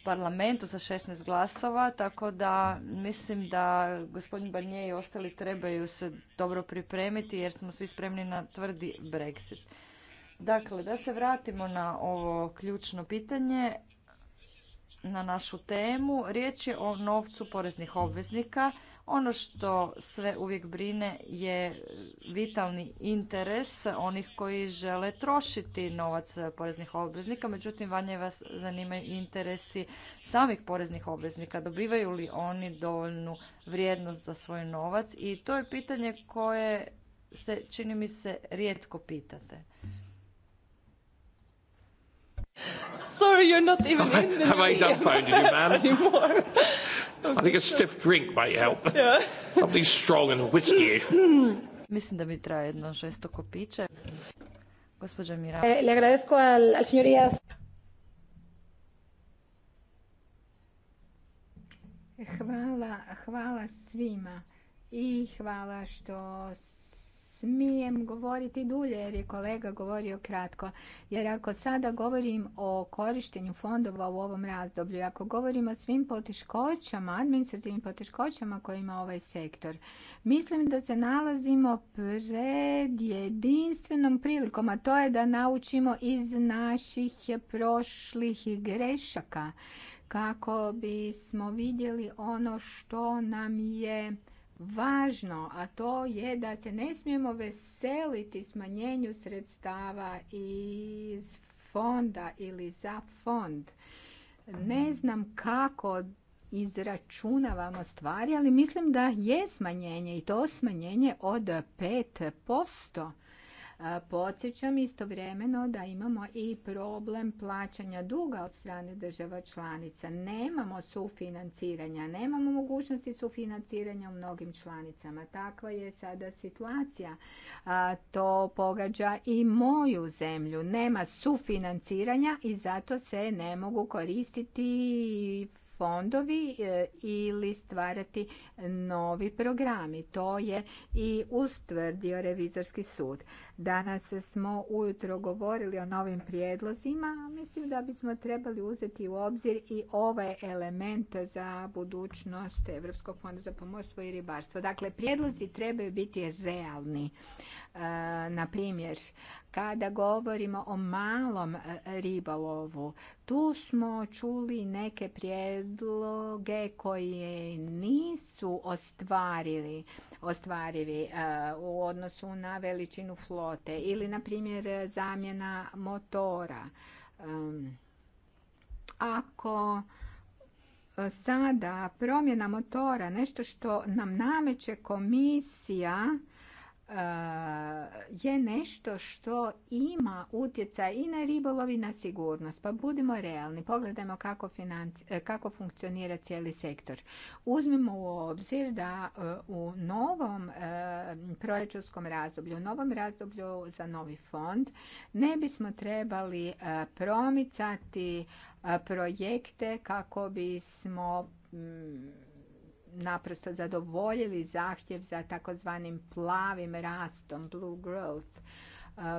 parlamentu sa 16 glasova, tako da mislim da gospodin Barnier i ostali trebaju se dobro pripremiti jer smo svi spremni na tvrdi Brexit. Dakle, da se vratimo na ovo ključno pitanje, na našu temu. Riječ je o novcu poreznih obveznika. Ono što sve uvijek brine je vitalni interes onih koji žele trošiti novac poreznih obveznika. Međutim, vanje vas zanimaju interesi samih poreznih obveznika. Dobivaju li oni dovoljnu vrijednost za svoj novac? I to je pitanje koje se, čini mi se, rijetko pitate. Sorry, you're not even in the I, Have I dumbfounded you, man? Anymore. I think a stiff drink might help. Yeah. Something strong and whiskey Mislim da mi traje jedno žesto kopiće. Gospođa Mira. Eh, le agradezco al, al señor Iaz. Hvala, hvala svima i hvala što smijem govoriti dulje jer je kolega govorio kratko. Jer ako sada govorim o korištenju fondova u ovom razdoblju, ako govorim o svim poteškoćama, administrativnim poteškoćama koje ima ovaj sektor, mislim da se nalazimo pred jedinstvenom prilikom, a to je da naučimo iz naših prošlih grešaka kako bismo vidjeli ono što nam je važno, a to je da se ne smijemo veseliti smanjenju sredstava iz fonda ili za fond. Ne mhm. znam kako izračunavamo stvari, ali mislim da je smanjenje i to smanjenje od 5%. Podsjećam istovremeno da imamo i problem plaćanja duga od strane država članica. Nemamo sufinanciranja, nemamo mogućnosti sufinanciranja u mnogim članicama. Takva je sada situacija. To pogađa i moju zemlju. Nema sufinanciranja i zato se ne mogu koristiti fondovi e, ili stvarati novi programi. To je i ustvrdio revizorski sud. Danas smo ujutro govorili o novim prijedlozima. Mislim da bismo trebali uzeti u obzir i ovaj element za budućnost Europskog fonda za pomorstvo i ribarstvo. Dakle, prijedlozi trebaju biti realni. E, na primjer, kada govorimo o malom e, ribolovu, tu smo čuli neke prijedloge koje nisu ostvarili, ostvarivi e, u odnosu na veličinu flore ili na primjer zamjena motora. Ako sada promjena motora nešto što nam nameće komisija je nešto što ima utjecaj i na ribolov i na sigurnost. Pa budimo realni, pogledajmo kako, e, kako funkcionira cijeli sektor. Uzmimo u obzir da e, u novom e, proračunskom razdoblju, u novom razdoblju za novi fond, ne bismo trebali promicati projekte kako bismo naprosto zadovoljili zahtjev za takozvanim plavim rastom, blue growth.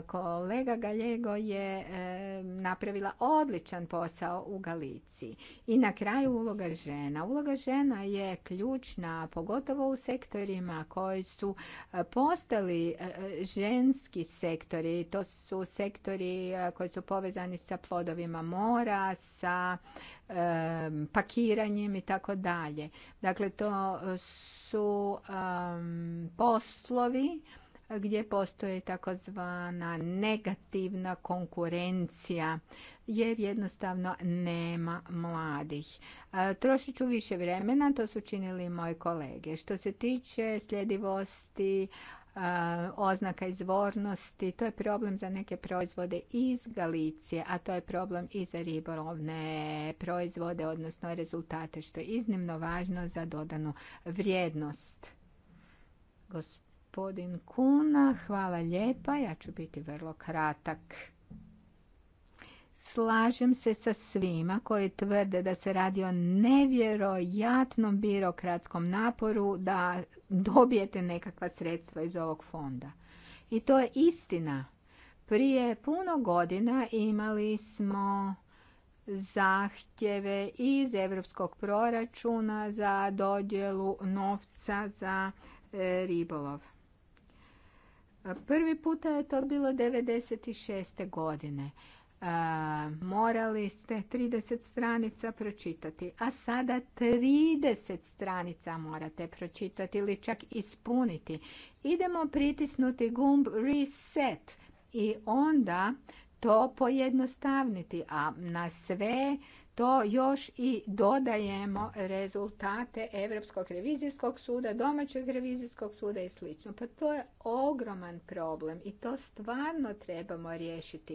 Kolega Galjego je e, napravila odličan posao u Galiciji. I na kraju uloga žena. Uloga žena je ključna, pogotovo u sektorima koji su e, postali e, ženski sektori. To su sektori koji su povezani sa plodovima mora, sa pakiranjem i tako dalje. Dakle, to su poslovi gdje postoji takozvana negativna konkurencija jer jednostavno nema mladih. Trošit ću više vremena, to su činili moji kolege. Što se tiče sljedivosti, oznaka izvornosti. To je problem za neke proizvode iz Galicije, a to je problem i za ribolovne proizvode, odnosno rezultate, što je iznimno važno za dodanu vrijednost gospodin Kuna. Hvala lijepa, ja ću biti vrlo kratak. Slažem se sa svima koji tvrde da se radi o nevjerojatnom birokratskom naporu da dobijete nekakva sredstva iz ovog fonda. I to je istina. Prije puno godina imali smo zahtjeve iz europskog proračuna za dodjelu novca za e, ribolov. Prvi puta je to bilo 96. godine. Morali ste 30 stranica pročitati, a sada 30 stranica morate pročitati ili čak ispuniti. Idemo pritisnuti gumb reset i onda to pojednostavniti, a na sve to još i dodajemo rezultate Europskog revizijskog suda, domaćeg revizijskog suda i sl. Pa to je ogroman problem i to stvarno trebamo riješiti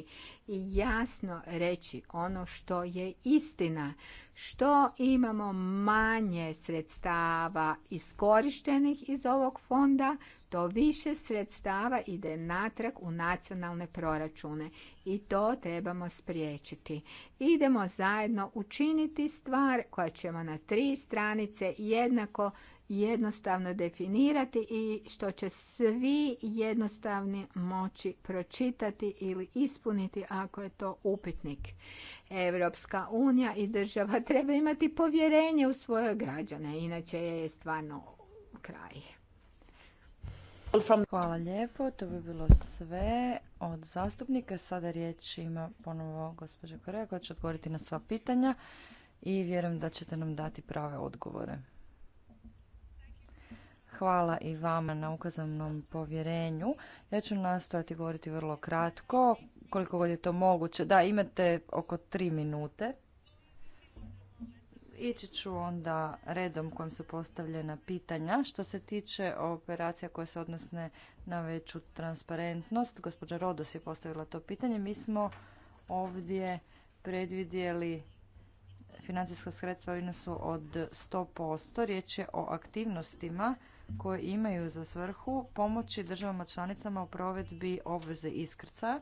i jasno reći ono što je istina. Što imamo manje sredstava iskorištenih iz ovog fonda, to više sredstava ide natrag u nacionalne proračune i to trebamo spriječiti. Idemo zajedno učiniti stvar koja ćemo na tri stranice jednako jednostavno definirati i što će svi jednostavni moći pročitati ili ispuniti ako je to upitnik. Evropska unija i država treba imati povjerenje u svoje građane, inače je stvarno kraj. Hvala lijepo, to bi bilo sve od zastupnika. Sada riječ ima ponovo gospođa Koreja koja će odgovoriti na sva pitanja i vjerujem da ćete nam dati prave odgovore. Hvala i vama na ukazanom povjerenju. Ja ću nastojati govoriti vrlo kratko, koliko god je to moguće. Da, imate oko tri minute. Ići ću onda redom kojim su postavljena pitanja. Što se tiče operacija koje se odnosne na veću transparentnost, gospođa Rodos je postavila to pitanje. Mi smo ovdje predvidjeli financijska sredstva u iznosu od 100%. Riječ je o aktivnostima koje imaju za svrhu pomoći državama članicama u provedbi obveze iskrca.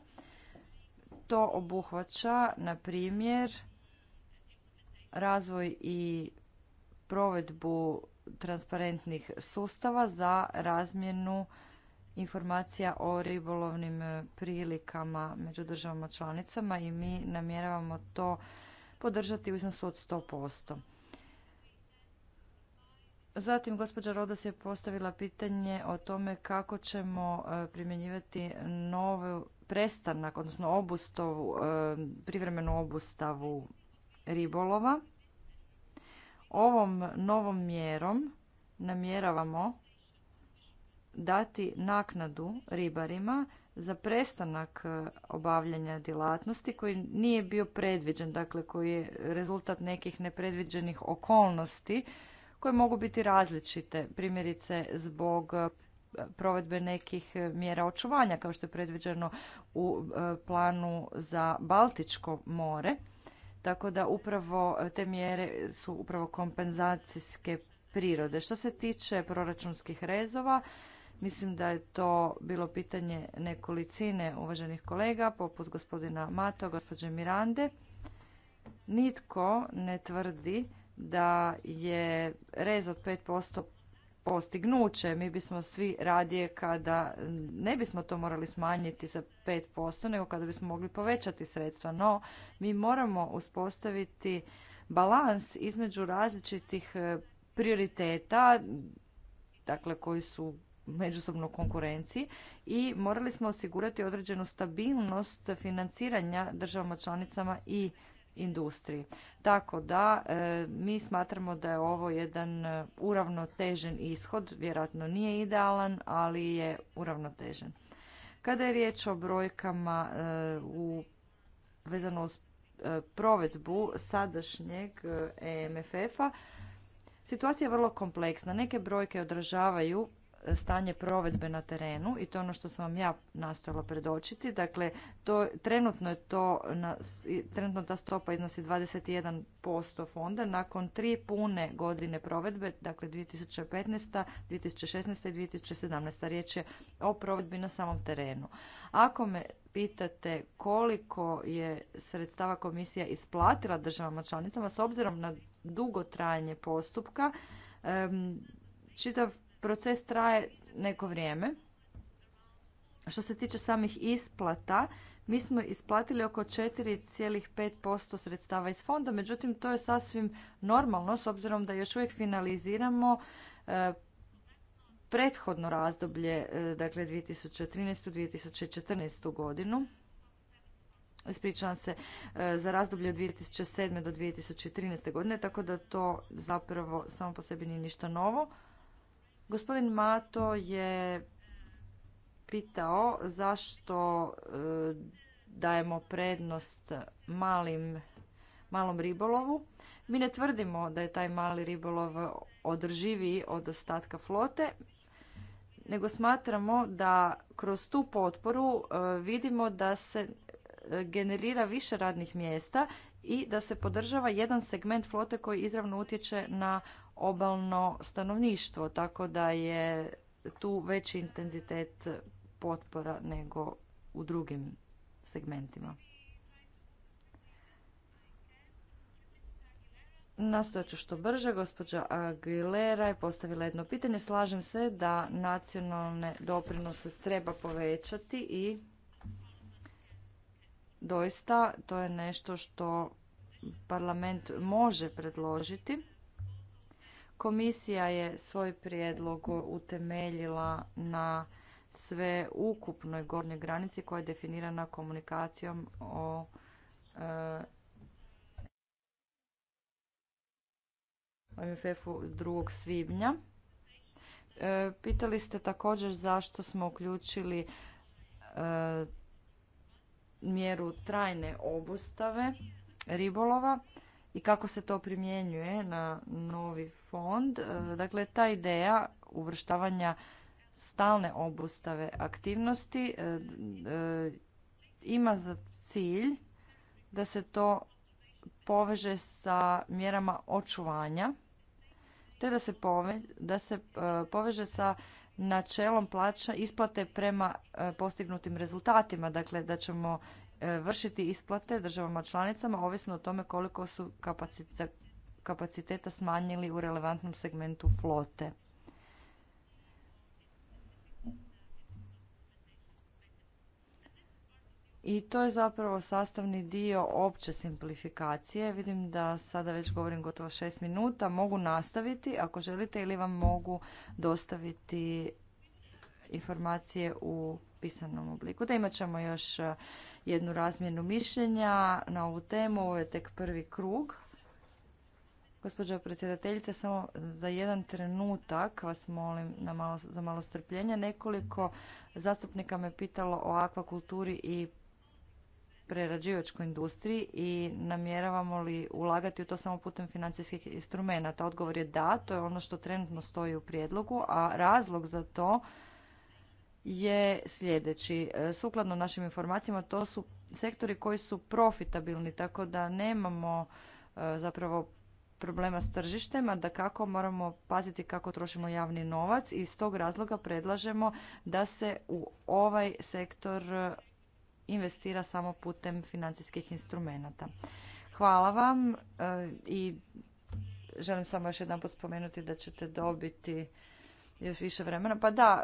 To obuhvaća, na primjer, razvoj i provedbu transparentnih sustava za razmjenu informacija o ribolovnim e, prilikama među državama članicama i mi namjeravamo to podržati u iznosu od 100%. Zatim, gospođa Rodas je postavila pitanje o tome kako ćemo e, primjenjivati novu prestanak, odnosno obustavu, e, privremenu obustavu ribolova. Ovom novom mjerom namjeravamo dati naknadu ribarima za prestanak e, obavljanja djelatnosti koji nije bio predviđen, dakle koji je rezultat nekih nepredviđenih okolnosti koje mogu biti različite, primjerice zbog e, provedbe nekih e, mjera očuvanja kao što je predviđeno u planu za Baltičko more. Tako da upravo e, te mjere su upravo kompenzacijske prirode. Što se tiče proračunskih rezova, mislim da je to bilo pitanje nekolicine uvaženih kolega, poput gospodina Mato, gospođe Mirande. Nitko ne tvrdi da je rez od 5% postignuće. Mi bismo svi radije kada ne bismo to morali smanjiti za 5%, nego kada bismo mogli povećati sredstva. No, mi moramo uspostaviti balans između različitih e, prioriteta, dakle koji su međusobno konkurenciji i morali smo osigurati određenu stabilnost financiranja državama članicama i industriji. Tako da e, mi smatramo da je ovo jedan e, uravnotežen ishod, vjerojatno nije idealan, ali je uravnotežen. Kada je riječ o brojkama e, u vezano uz provedbu sadašnjeg EMFF-a, situacija je vrlo kompleksna. Neke brojke odražavaju stanje provedbe na terenu i to je ono što sam vam ja nastojala predočiti. Dakle, to, trenutno je to, na, trenutno ta stopa iznosi 21% fonda. Nakon tri pune godine provedbe, dakle 2015., 2016. i 2017. riječ je o provedbi na samom terenu. Ako me pitate koliko je sredstava komisija isplatila državama članicama, s obzirom na dugo trajanje postupka, čitav proces traje neko vrijeme. Što se tiče samih isplata, mi smo isplatili oko 4,5% sredstava iz fonda, međutim to je sasvim normalno s obzirom da još uvijek finaliziramo e, prethodno razdoblje, e, dakle 2013-2014 godinu. Ispričavam se e, za razdoblje od 2007. do 2013. godine, tako da to zapravo samo po sebi nije ništa novo. Gospodin Mato je pitao zašto e, dajemo prednost malom ribolovu. Mi ne tvrdimo da je taj mali ribolov održiviji od ostatka flote, nego smatramo da kroz tu potporu e, vidimo da se e, generira više radnih mjesta i da se podržava jedan segment flote koji izravno utječe na obalno stanovništvo, tako da je tu veći intenzitet potpora nego u drugim segmentima. Nastojat ću što brže. Gospođa Aguilera je postavila jedno pitanje. Slažem se da nacionalne doprinose treba povećati i doista to je nešto što parlament može predložiti. Komisija je svoj prijedlog utemeljila na sve ukupnoj gornjoj granici koja je definirana komunikacijom o e, MFF-u 2. svibnja. E, pitali ste također zašto smo uključili e, mjeru trajne obustave ribolova i kako se to primjenjuje na novi fond. E, dakle, ta ideja uvrštavanja stalne obustave aktivnosti e, e, ima za cilj da se to poveže sa mjerama očuvanja te da se, pove, da se poveže sa načelom plaća isplate prema postignutim rezultatima. Dakle, da ćemo E, vršiti isplate državama članicama ovisno o tome koliko su kapaciteta smanjili u relevantnom segmentu flote. I to je zapravo sastavni dio opće simplifikacije. Vidim da sada već govorim gotovo šest minuta. Mogu nastaviti ako želite ili vam mogu dostaviti informacije u pisanom obliku. Da imat ćemo još e, jednu razmjenu mišljenja na ovu temu. Ovo je tek prvi krug. Gospođo predsjedateljice, samo za jedan trenutak vas molim za malo strpljenja. Nekoliko zastupnika me pitalo o akvakulturi i prerađivačkoj industriji i namjeravamo li ulagati u to samo putem financijskih instrumenata. Odgovor je da, to je ono što trenutno stoji u prijedlogu, a razlog za to je sljedeći. E, sukladno našim informacijama to su sektori koji su profitabilni, tako da nemamo e, zapravo problema s tržištem, a da kako moramo paziti kako trošimo javni novac i iz tog razloga predlažemo da se u ovaj sektor e, investira samo putem financijskih instrumenata. Hvala vam i želim samo još jedan spomenuti da ćete dobiti još više vremena. Pa da,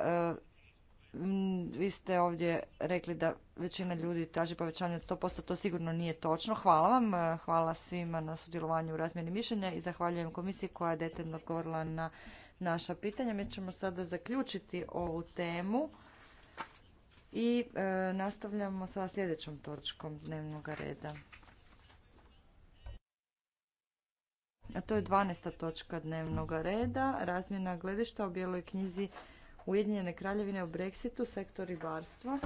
Mm, vi ste ovdje rekli da većina ljudi traži povećanje od 100%, to sigurno nije točno. Hvala vam, e, hvala svima na sudjelovanju u razmjeni mišljenja i zahvaljujem komisiji koja je detaljno odgovorila na naša pitanja. Mi ćemo sada zaključiti ovu temu i e, nastavljamo sa sljedećom točkom dnevnog reda. A to je 12. točka dnevnog reda, razmjena gledišta o bijeloj knjizi Ujedinjene kraljevine o Brexitu, sektor ribarstva.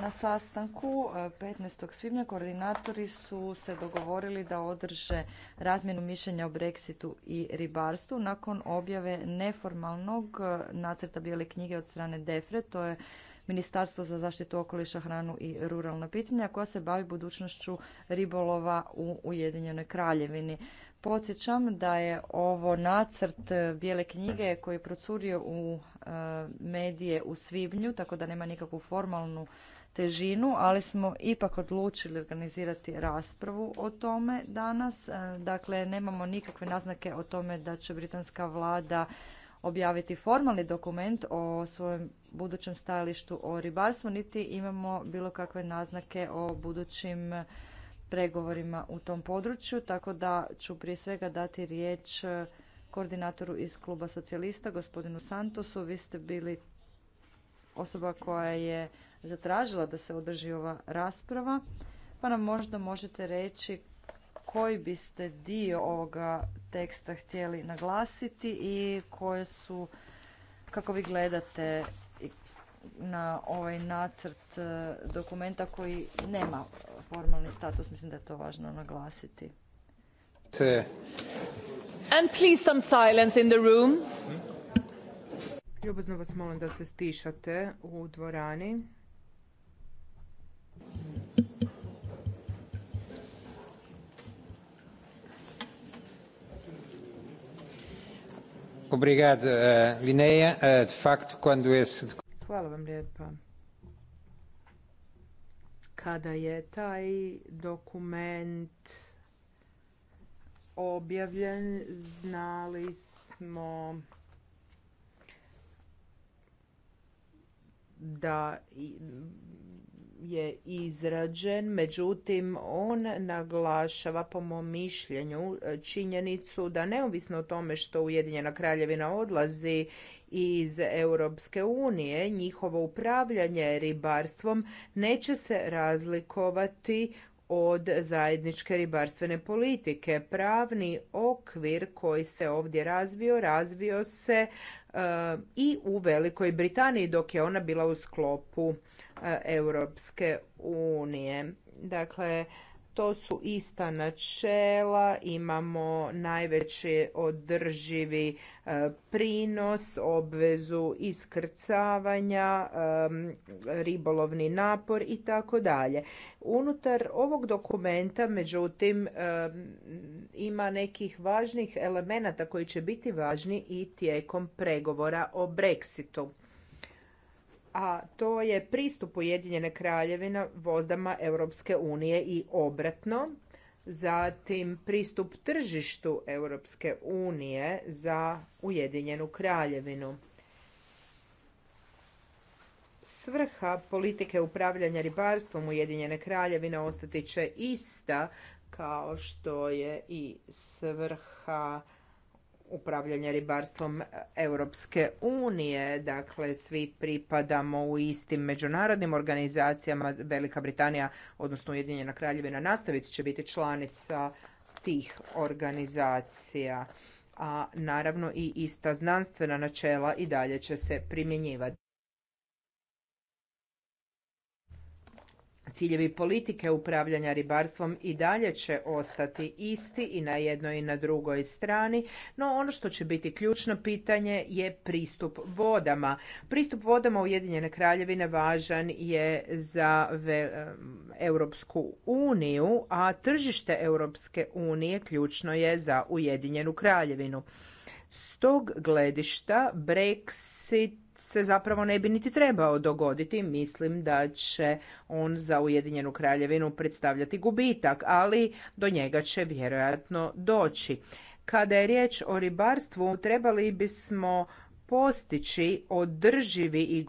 Na sastanku 15. E, svibnja koordinatori su se dogovorili da održe razmjenu mišljenja o Brexitu i ribarstvu nakon objave neformalnog e, nacrta bijele knjige od strane DEFRE, to je Ministarstvo za zaštitu okoliša, hranu i ruralna pitanja koja se bavi budućnošću ribolova u Ujedinjenoj kraljevini. Podsjećam da je ovo nacrt e, bijele knjige koji je procurio u e, medije u svibnju, tako da nema nikakvu formalnu težinu, ali smo ipak odlučili organizirati raspravu o tome danas. E, dakle, nemamo nikakve naznake o tome da će britanska vlada objaviti formalni dokument o svojem budućem stajalištu o ribarstvu, niti imamo bilo kakve naznake o budućim pregovorima u tom području, tako da ću prije svega dati riječ e, koordinatoru iz kluba socijalista, gospodinu Santosu. Vi ste bili osoba koja je zatražila da se održi ova rasprava, pa nam možda možete reći koji biste dio ovoga teksta htjeli naglasiti i koje su, kako vi gledate na ovaj nacrt e, dokumenta koji nema formalni status. Mislim da je to važno naglasiti. And please some silence in the room. Ljubazno vas molim da se stišate u dvorani. Obrigado, eh, Linnea. Eh, de facto, quando esse Hvala vam lijepa. Kada je taj dokument objavljen, znali smo da je izrađen, međutim on naglašava po mom mišljenju činjenicu da neovisno o tome što Ujedinjena kraljevina odlazi iz Europske unije, njihovo upravljanje ribarstvom neće se razlikovati od zajedničke ribarstvene politike. Pravni okvir koji se ovdje razvio, razvio se e, i u Velikoj Britaniji dok je ona bila u sklopu e, Europske unije. Dakle, to su ista načela, imamo najveći održivi e, prinos, obvezu iskrcavanja, ribolovni napor i tako dalje. Unutar ovog dokumenta, međutim, ima nekih važnih elemenata koji će biti važni i tijekom pregovora o Brexitu a to je pristup Ujedinjene kraljevine vozdama Europske unije i obratno, zatim pristup tržištu Europske unije za Ujedinjenu kraljevinu. Svrha politike upravljanja ribarstvom Ujedinjene kraljevine ostati će ista kao što je i svrha upravljanja ribarstvom Europske unije. Dakle, svi pripadamo u istim međunarodnim organizacijama. Velika Britanija, odnosno Ujedinjena kraljevina, nastavit će biti članica tih organizacija. A naravno i ista znanstvena načela i dalje će se primjenjivati. Ciljevi politike upravljanja ribarstvom i dalje će ostati isti i na jednoj i na drugoj strani, no ono što će biti ključno pitanje je pristup vodama. Pristup vodama Ujedinjene kraljevine važan je za Europsku uniju, a tržište Europske unije ključno je za Ujedinjenu kraljevinu. S tog gledišta Brexit se zapravo ne bi niti trebao dogoditi. Mislim da će on za Ujedinjenu kraljevinu predstavljati gubitak, ali do njega će vjerojatno doći. Kada je riječ o ribarstvu, trebali bismo postići održivi i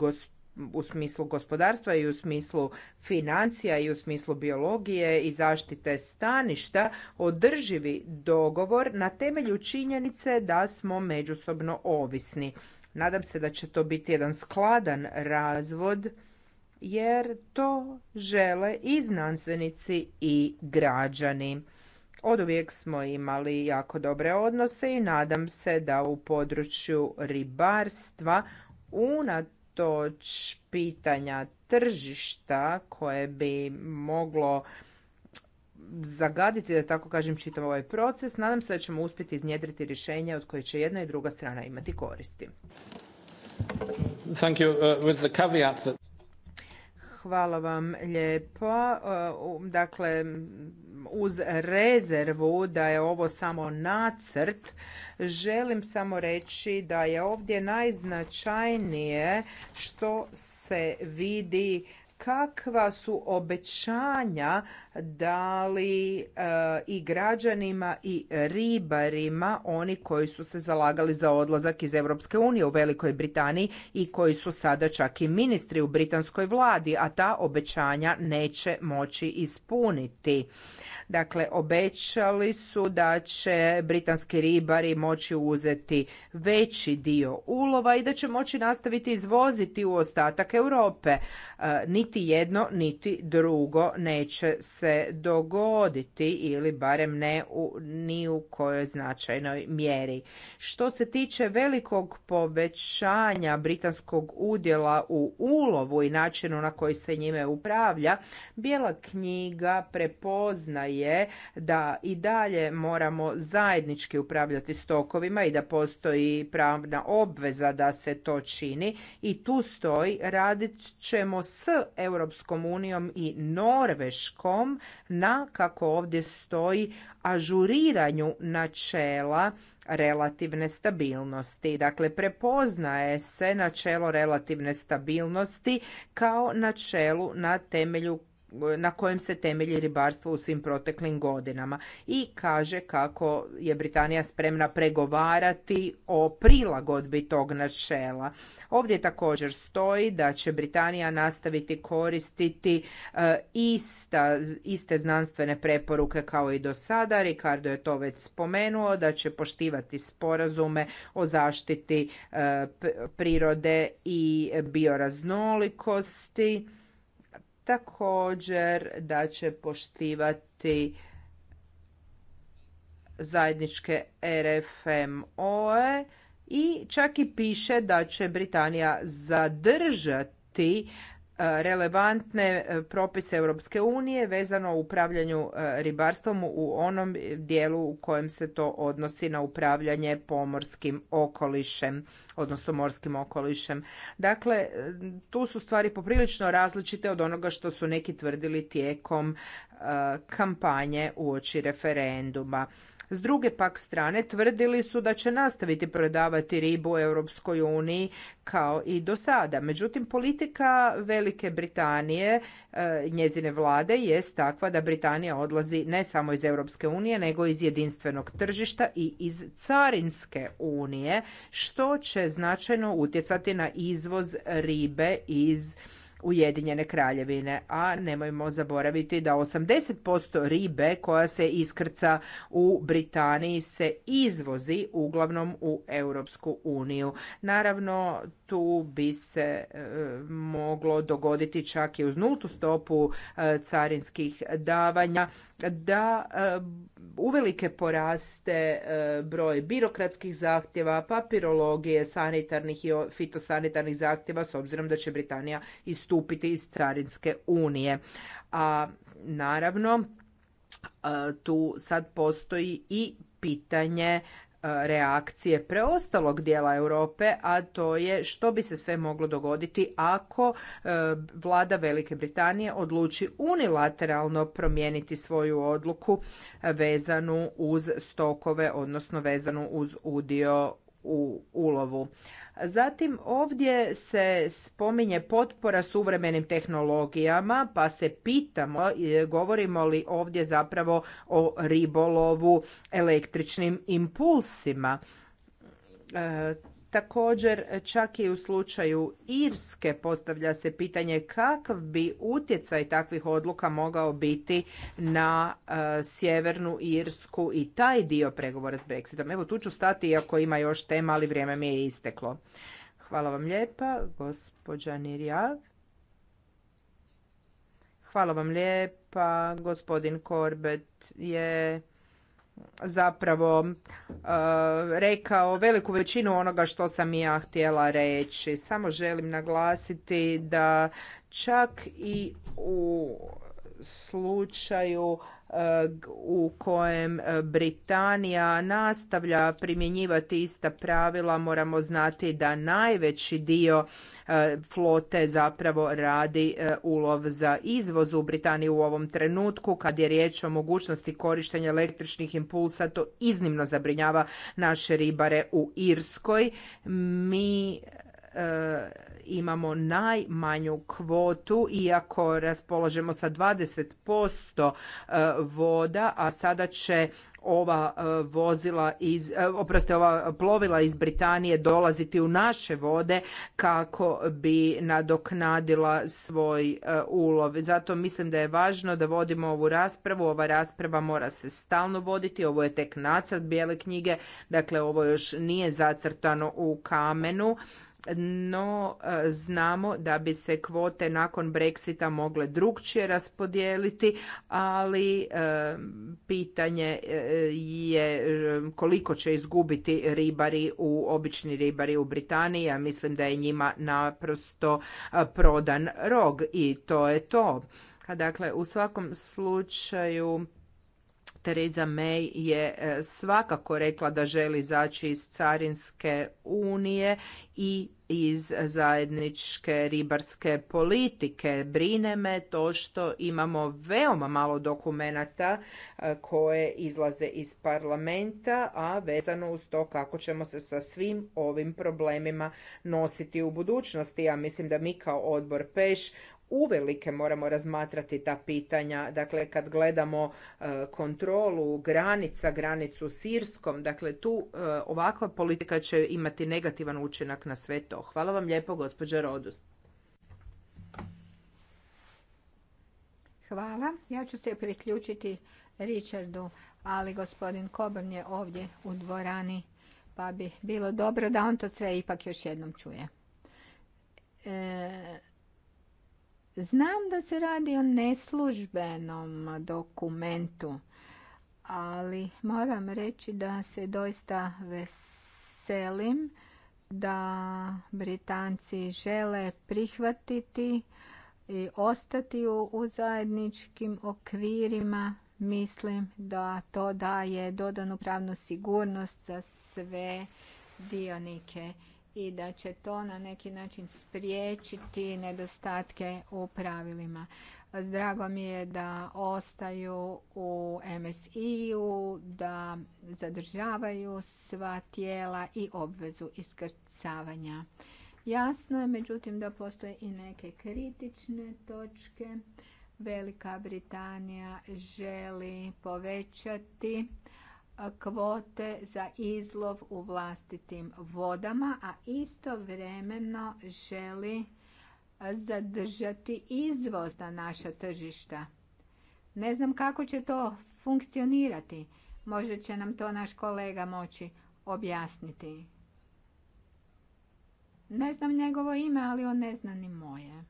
u smislu gospodarstva i u smislu financija i u smislu biologije i zaštite staništa održivi dogovor na temelju činjenice da smo međusobno ovisni. Nadam se da će to biti jedan skladan razvod jer to žele i znanstvenici i građani. Od uvijek smo imali jako dobre odnose i nadam se da u području ribarstva unatoč pitanja tržišta koje bi moglo zagaditi, da tako kažem, čitav ovaj proces. Nadam se da ćemo uspjeti iznjedriti rješenja od koje će jedna i druga strana imati koristi. Uh, Hvala vam lijepo. Uh, dakle, uz rezervu da je ovo samo nacrt, želim samo reći da je ovdje najznačajnije što se vidi kakva su obećanja dali e, i građanima i ribarima oni koji su se zalagali za odlazak iz Europske unije u Velikoj Britaniji i koji su sada čak i ministri u britanskoj vladi, a ta obećanja neće moći ispuniti. Dakle, obećali su da će britanski ribari moći uzeti veći dio ulova i da će moći nastaviti izvoziti u ostatak Europe. E, niti jedno, niti drugo neće se dogoditi ili barem ne u, ni u kojoj značajnoj mjeri. Što se tiče velikog povećanja britanskog udjela u ulovu i načinu na koji se njime upravlja, Bijela knjiga prepoznaje je da i dalje moramo zajednički upravljati stokovima i da postoji pravna obveza da se to čini i tu stoji radit ćemo s Europskom unijom i Norveškom na kako ovdje stoji ažuriranju načela relativne stabilnosti. Dakle, prepoznaje se načelo relativne stabilnosti kao načelu na temelju na kojem se temelji ribarstvo u svim proteklim godinama i kaže kako je Britanija spremna pregovarati o prilagodbi tog načela. Ovdje također stoji da će Britanija nastaviti koristiti e, ista, iste znanstvene preporuke kao i do sada. Ricardo je to već spomenuo da će poštivati sporazume o zaštiti e, prirode i bioraznolikosti također da će poštivati zajedničke rfmo i čak i piše da će Britanija zadržati relevantne e, propise Europske unije vezano upravljanju e, ribarstvom u onom dijelu u kojem se to odnosi na upravljanje pomorskim okolišem odnosno morskim okolišem. Dakle, e, tu su stvari poprilično različite od onoga što su neki tvrdili tijekom kampanje uoči referenduma. S druge pak strane tvrdili su da će nastaviti prodavati ribu u Europskoj uniji kao i do sada. Međutim, politika Velike Britanije, e, njezine vlade, jest takva da Britanija odlazi ne samo iz Europske unije, nego iz jedinstvenog tržišta i iz carinske unije, što će značajno utjecati na izvoz ribe iz Ujedinjene kraljevine, a nemojmo zaboraviti da 80% ribe koja se iskrca u Britaniji se izvozi uglavnom u Europsku uniju. Naravno, tu bi se e, moglo dogoditi čak i uz nultu stopu e, carinskih davanja da e, uvelike poraste broj birokratskih zahtjeva, papirologije, sanitarnih i fitosanitarnih zahtjeva s obzirom da će Britanija istupiti iz carinske unije. A naravno tu sad postoji i pitanje E, reakcije preostalog dijela Europe, a to je što bi se sve moglo dogoditi ako e, vlada Velike Britanije odluči unilateralno promijeniti svoju odluku vezanu uz stokove, odnosno vezanu uz udio u ulovu. Zatim ovdje se spominje potpora suvremenim tehnologijama, pa se pitamo e, govorimo li ovdje zapravo o ribolovu električnim impulsima. E, Također, čak i u slučaju Irske postavlja se pitanje kakav bi utjecaj takvih odluka mogao biti na e, Sjevernu Irsku i taj dio pregovora s Brexitom. Evo tu ću stati iako ima još tema, ali vrijeme mi je isteklo. Hvala vam lijepa, gospođa Nirjav. Hvala vam lijepa, gospodin Korbet je zapravo e, rekao veliku većinu onoga što sam ja htjela reći. Samo želim naglasiti da čak i u slučaju u kojem e, Britanija nastavlja primjenjivati ista pravila, moramo znati da najveći dio e, flote zapravo radi e, ulov za izvoz u Britaniji u ovom trenutku. Kad je riječ o mogućnosti korištenja električnih impulsa, to iznimno zabrinjava naše ribare u Irskoj. Mi imamo najmanju kvotu iako raspolažemo sa 20% e, voda, a sada će ova e, vozila iz, e, oprostite, ova plovila iz Britanije dolaziti u naše vode kako bi nadoknadila svoj ulov. Zato mislim da je važno da vodimo ovu raspravu. Ova rasprava mora se stalno voditi. Ovo je tek nacrt bijele knjige, dakle ovo još nije zacrtano u kamenu no e, znamo da bi se kvote nakon Brexita mogle drugčije raspodijeliti, ali e, pitanje e, je koliko će izgubiti ribari u obični ribari u Britaniji. Ja mislim da je njima naprosto prodan rog i to je to. Dakle, u svakom slučaju Theresa May je e, svakako rekla da želi izaći iz carinske unije i iz zajedničke ribarske politike. Brine me to što imamo veoma malo dokumenata e, koje izlaze iz parlamenta, a vezano uz to kako ćemo se sa svim ovim problemima nositi u budućnosti. Ja mislim da mi kao odbor PEŠ uvelike moramo razmatrati ta pitanja. Dakle, kad gledamo e, kontrolu granica, granicu s Irskom, dakle tu e, ovakva politika će imati negativan učinak na sve to. Hvala vam lijepo, gospođa Rodus. Hvala. Ja ću se priključiti Richardu, ali gospodin Coburn je ovdje u dvorani, pa bi bilo dobro da on to sve ipak još jednom čuje. E, Znam da se radi o neslužbenom dokumentu, ali moram reći da se doista veselim da Britanci žele prihvatiti i ostati u zajedničkim okvirima. Mislim da to daje dodanu pravnu sigurnost za sve dionike i da će to na neki način spriječiti nedostatke u pravilima. Drago mi je da ostaju u MSI-u, da zadržavaju sva tijela i obvezu iskrcavanja. Jasno je, međutim, da postoje i neke kritične točke. Velika Britanija želi povećati kvote za izlov u vlastitim vodama, a vremeno želi zadržati izvoz na naša tržišta. Ne znam kako će to funkcionirati. Možda će nam to naš kolega moći objasniti. Ne znam njegovo ime, ali on ne zna ni moje.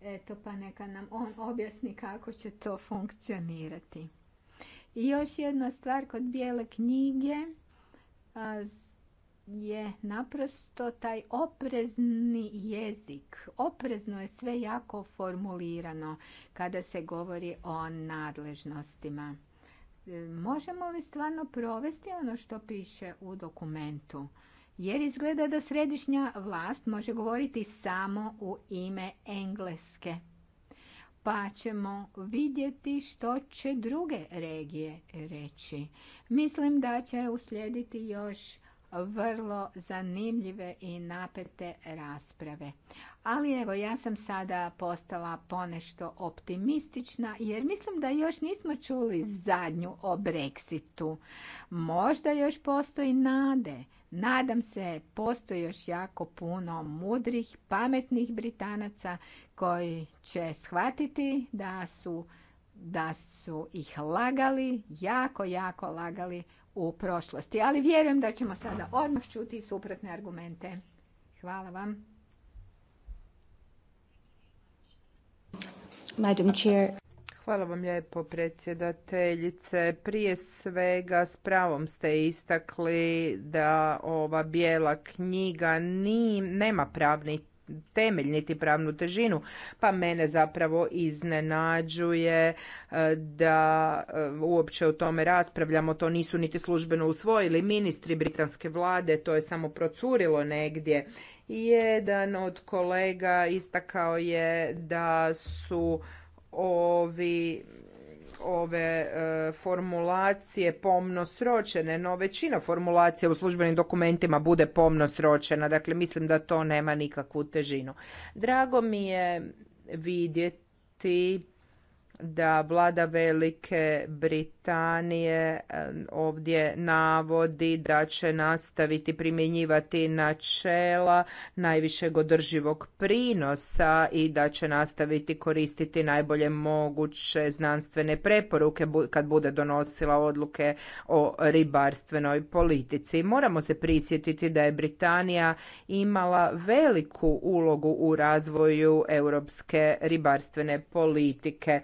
Eto pa neka nam on objasni kako će to funkcionirati. I još jedna stvar kod bijele knjige je naprosto taj oprezni jezik. Oprezno je sve jako formulirano kada se govori o nadležnostima. E, možemo li stvarno provesti ono što piše u dokumentu? Jer izgleda da središnja vlast može govoriti samo u ime engleske pa ćemo vidjeti što će druge regije reći. Mislim da će uslijediti još vrlo zanimljive i napete rasprave. Ali evo, ja sam sada postala ponešto optimistična jer mislim da još nismo čuli zadnju o Brexitu. Možda još postoji nade Nadam se, postoji još jako puno mudrih, pametnih Britanaca koji će shvatiti da su, da su ih lagali, jako, jako lagali u prošlosti. Ali vjerujem da ćemo sada odmah čuti suprotne argumente. Hvala vam. Madam Chair. Hvala vam lijepo predsjedateljice. Prije svega s pravom ste istakli da ova bijela knjiga ni, nema pravni temelj niti pravnu težinu, pa mene zapravo iznenađuje e, da e, uopće o tome raspravljamo. To nisu niti službeno usvojili ministri britanske vlade, to je samo procurilo negdje. Jedan od kolega istakao je da su ovi ove e, formulacije pomno sročene, no većina formulacija u službenim dokumentima bude pomno sročena, dakle mislim da to nema nikakvu težinu. Drago mi je vidjeti da vlada Velike Britanije ovdje navodi da će nastaviti primjenjivati načela najvišeg održivog prinosa i da će nastaviti koristiti najbolje moguće znanstvene preporuke kad bude donosila odluke o ribarstvenoj politici. Moramo se prisjetiti da je Britanija imala veliku ulogu u razvoju europske ribarstvene politike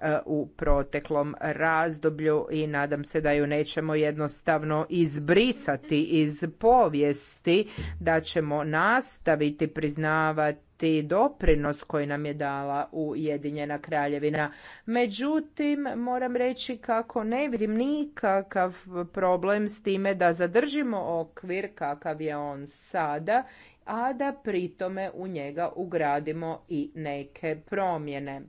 E, u proteklom razdoblju i nadam se da ju nećemo jednostavno izbrisati iz povijesti, da ćemo nastaviti priznavati doprinos koji nam je dala Ujedinjena kraljevina. Međutim, moram reći kako ne vidim nikakav problem s time da zadržimo okvir kakav je on sada a da pritome u njega ugradimo i neke promjene.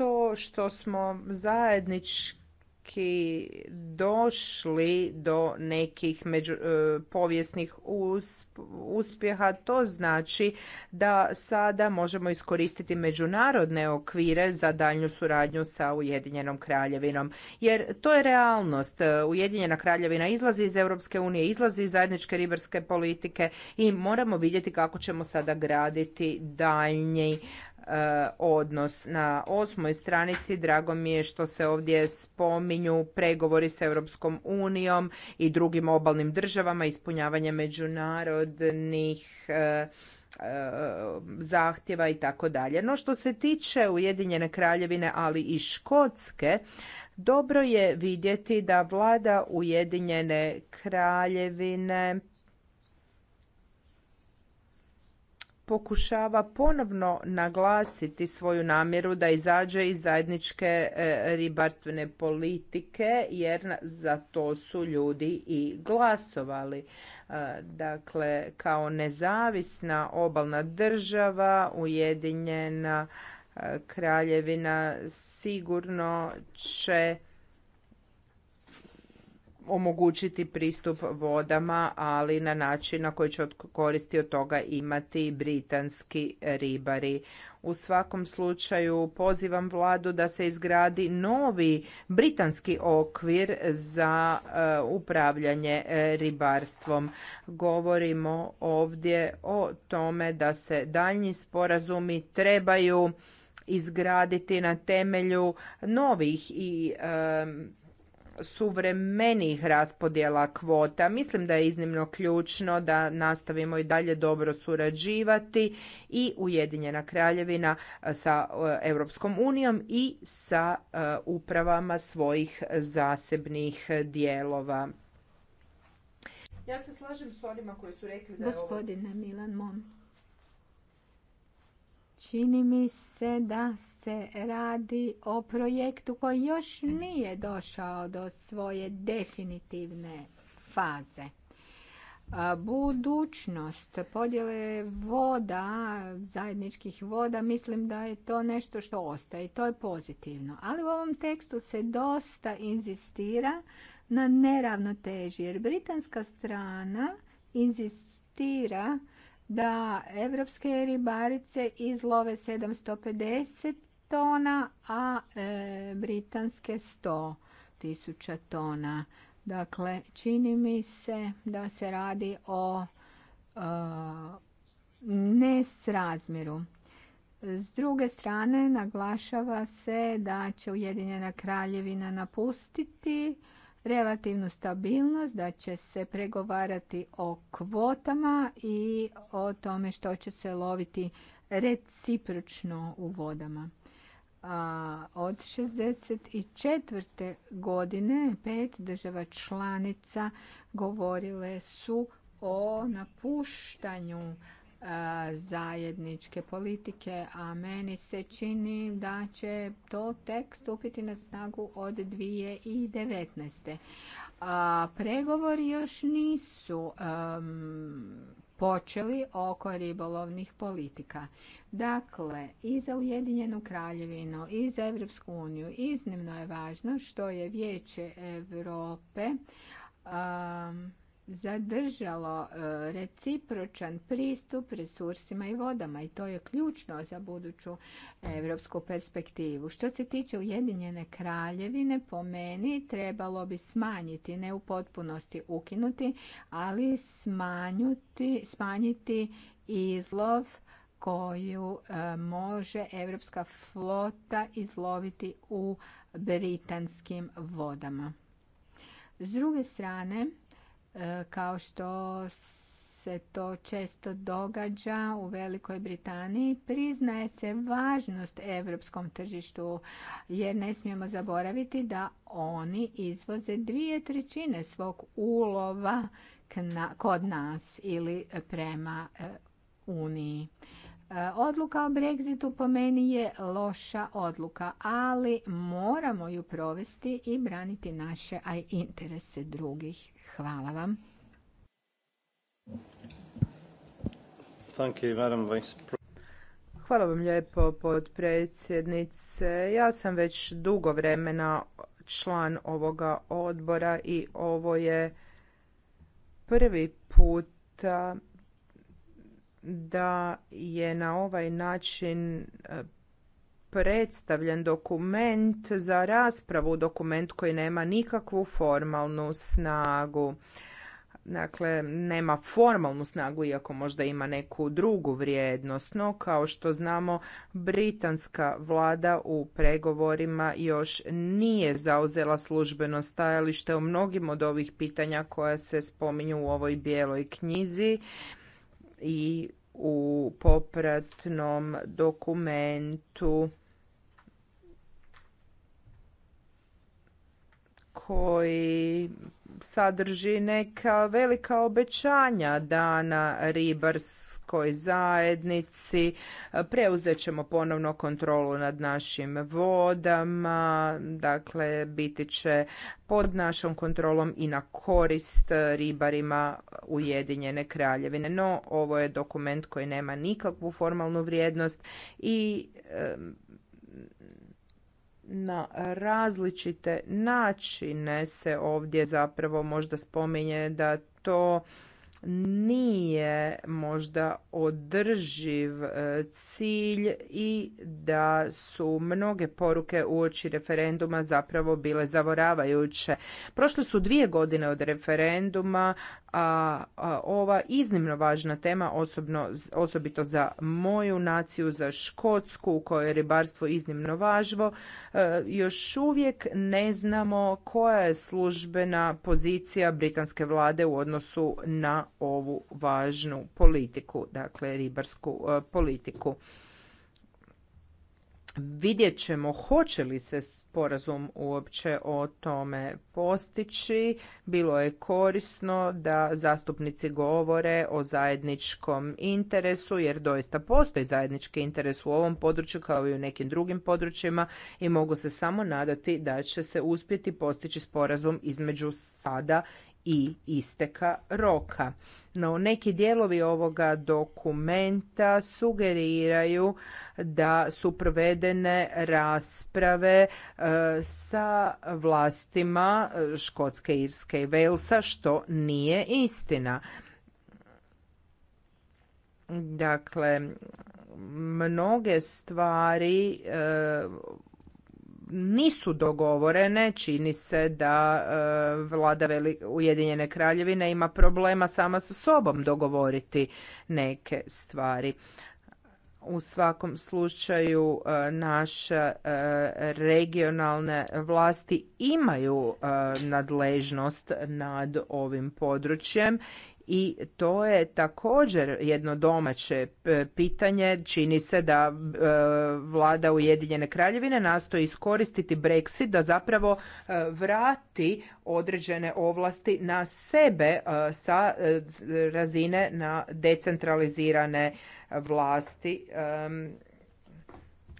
to što smo zajednički došli do nekih e, povijesnih uspjeha, to znači da sada možemo iskoristiti međunarodne okvire za daljnju suradnju sa Ujedinjenom kraljevinom. Jer to je realnost. E, Ujedinjena kraljevina izlazi iz Europske unije, izlazi iz zajedničke ribarske politike i moramo vidjeti kako ćemo sada graditi daljnji E, odnos. Na osmoj stranici drago mi je što se ovdje spominju pregovori s Europskom unijom i drugim obalnim državama, ispunjavanje međunarodnih e, e, zahtjeva i tako dalje. No što se tiče Ujedinjene kraljevine, ali i Škotske, dobro je vidjeti da vlada Ujedinjene kraljevine pokušava ponovno naglasiti svoju namjeru da izađe iz zajedničke e, ribarstvene politike jer za to su ljudi i glasovali. E, dakle, kao nezavisna obalna država ujedinjena e, kraljevina sigurno će omogućiti pristup vodama, ali na način na koji će koristi od toga imati britanski ribari. U svakom slučaju pozivam vladu da se izgradi novi britanski okvir za e, upravljanje e, ribarstvom. Govorimo ovdje o tome da se daljnji sporazumi trebaju izgraditi na temelju novih i e, suvremenih raspodjela kvota. Mislim da je iznimno ključno da nastavimo i dalje dobro surađivati i Ujedinjena kraljevina e, sa e, Europskom unijom i sa e, upravama svojih zasebnih dijelova. Ja se slažem s onima koji su rekli da je Gospodine Milan Mon. Čini mi se da se radi o projektu koji još nije došao do svoje definitivne faze. Budućnost podjele voda, zajedničkih voda, mislim da je to nešto što ostaje i to je pozitivno. Ali u ovom tekstu se dosta inzistira na neravnoteži jer britanska strana inzistira da evropske ribarice izlove 750 tona, a e, britanske 100 tisuća tona. Dakle, čini mi se da se radi o e, nesrazmjeru. S druge strane, naglašava se da će Ujedinjena kraljevina napustiti relativnu stabilnost, da će se pregovarati o kvotama i o tome što će se loviti recipročno u vodama. A od 64. godine pet država članica govorile su o napuštanju zajedničke politike, a meni se čini da će to tek stupiti na snagu od 2019. A pregovori još nisu počeli oko ribolovnih politika. Dakle, i za Ujedinjenu kraljevinu i za Evropsku uniju iznimno je važno što je Vijeće Europe zadržalo e, recipročan pristup resursima i vodama i to je ključno za buduću europsku perspektivu. Što se tiče Ujedinjene kraljevine, po meni trebalo bi smanjiti, ne u potpunosti ukinuti, ali smanjiti, smanjiti izlov koju e, može europska flota izloviti u britanskim vodama. S druge strane, E, kao što se to često događa u Velikoj Britaniji, priznaje se važnost europskom tržištu jer ne smijemo zaboraviti da oni izvoze dvije trećine svog ulova kod nas ili prema e, Uniji. E, odluka o Brexitu po meni je loša odluka, ali moramo ju provesti i braniti naše, a i interese drugih. Hvala vam. Hvala vam lijepo, podpredsjednice. Ja sam već dugo vremena član ovoga odbora i ovo je prvi puta da je na ovaj način e, predstavljen dokument za raspravu, dokument koji nema nikakvu formalnu snagu. Dakle, nema formalnu snagu, iako možda ima neku drugu vrijednost, no kao što znamo, britanska vlada u pregovorima još nije zauzela službeno stajalište o mnogim od ovih pitanja koja se spominju u ovoj bijeloj knjizi i u popratnom dokumentu koji sadrži neka velika obećanja dana ribarskoj zajednici. E, preuzet ćemo ponovno kontrolu nad našim vodama, dakle biti će pod našom kontrolom i na korist ribarima Ujedinjene kraljevine. No, ovo je dokument koji nema nikakvu formalnu vrijednost i e, na različite načine se ovdje zapravo možda spominje da to nije možda održiv e, cilj i da su mnoge poruke uoči referenduma zapravo bile zavoravajuće. Prošle su dvije godine od referenduma, a ova iznimno važna tema osobno, osobito za moju naciju, za Škotsku u kojoj je ribarstvo iznimno važno, e, još uvijek ne znamo koja je službena pozicija britanske vlade u odnosu na ovu važnu politiku, dakle ribarsku e, politiku vidjet ćemo hoće li se sporazum uopće o tome postići. Bilo je korisno da zastupnici govore o zajedničkom interesu, jer doista postoji zajednički interes u ovom području kao i u nekim drugim područjima i mogu se samo nadati da će se uspjeti postići sporazum između sada i isteka roka. No neki dijelovi ovoga dokumenta sugeriraju da su provedene rasprave e, sa vlastima e, Škotske, Irske i Velsa, što nije istina. Dakle, mnoge stvari e, nisu dogovorene. Čini se da e, vlada Ujedinjene kraljevine ima problema sama sa sobom dogovoriti neke stvari. U svakom slučaju e, naše e, regionalne vlasti imaju nadležnost nad ovim područjem i to je također jedno domaće e, pitanje. Čini se da e, vlada Ujedinjene kraljevine nastoji iskoristiti Brexit da zapravo e, vrati određene ovlasti na sebe sa razine na decentralizirane vlasti.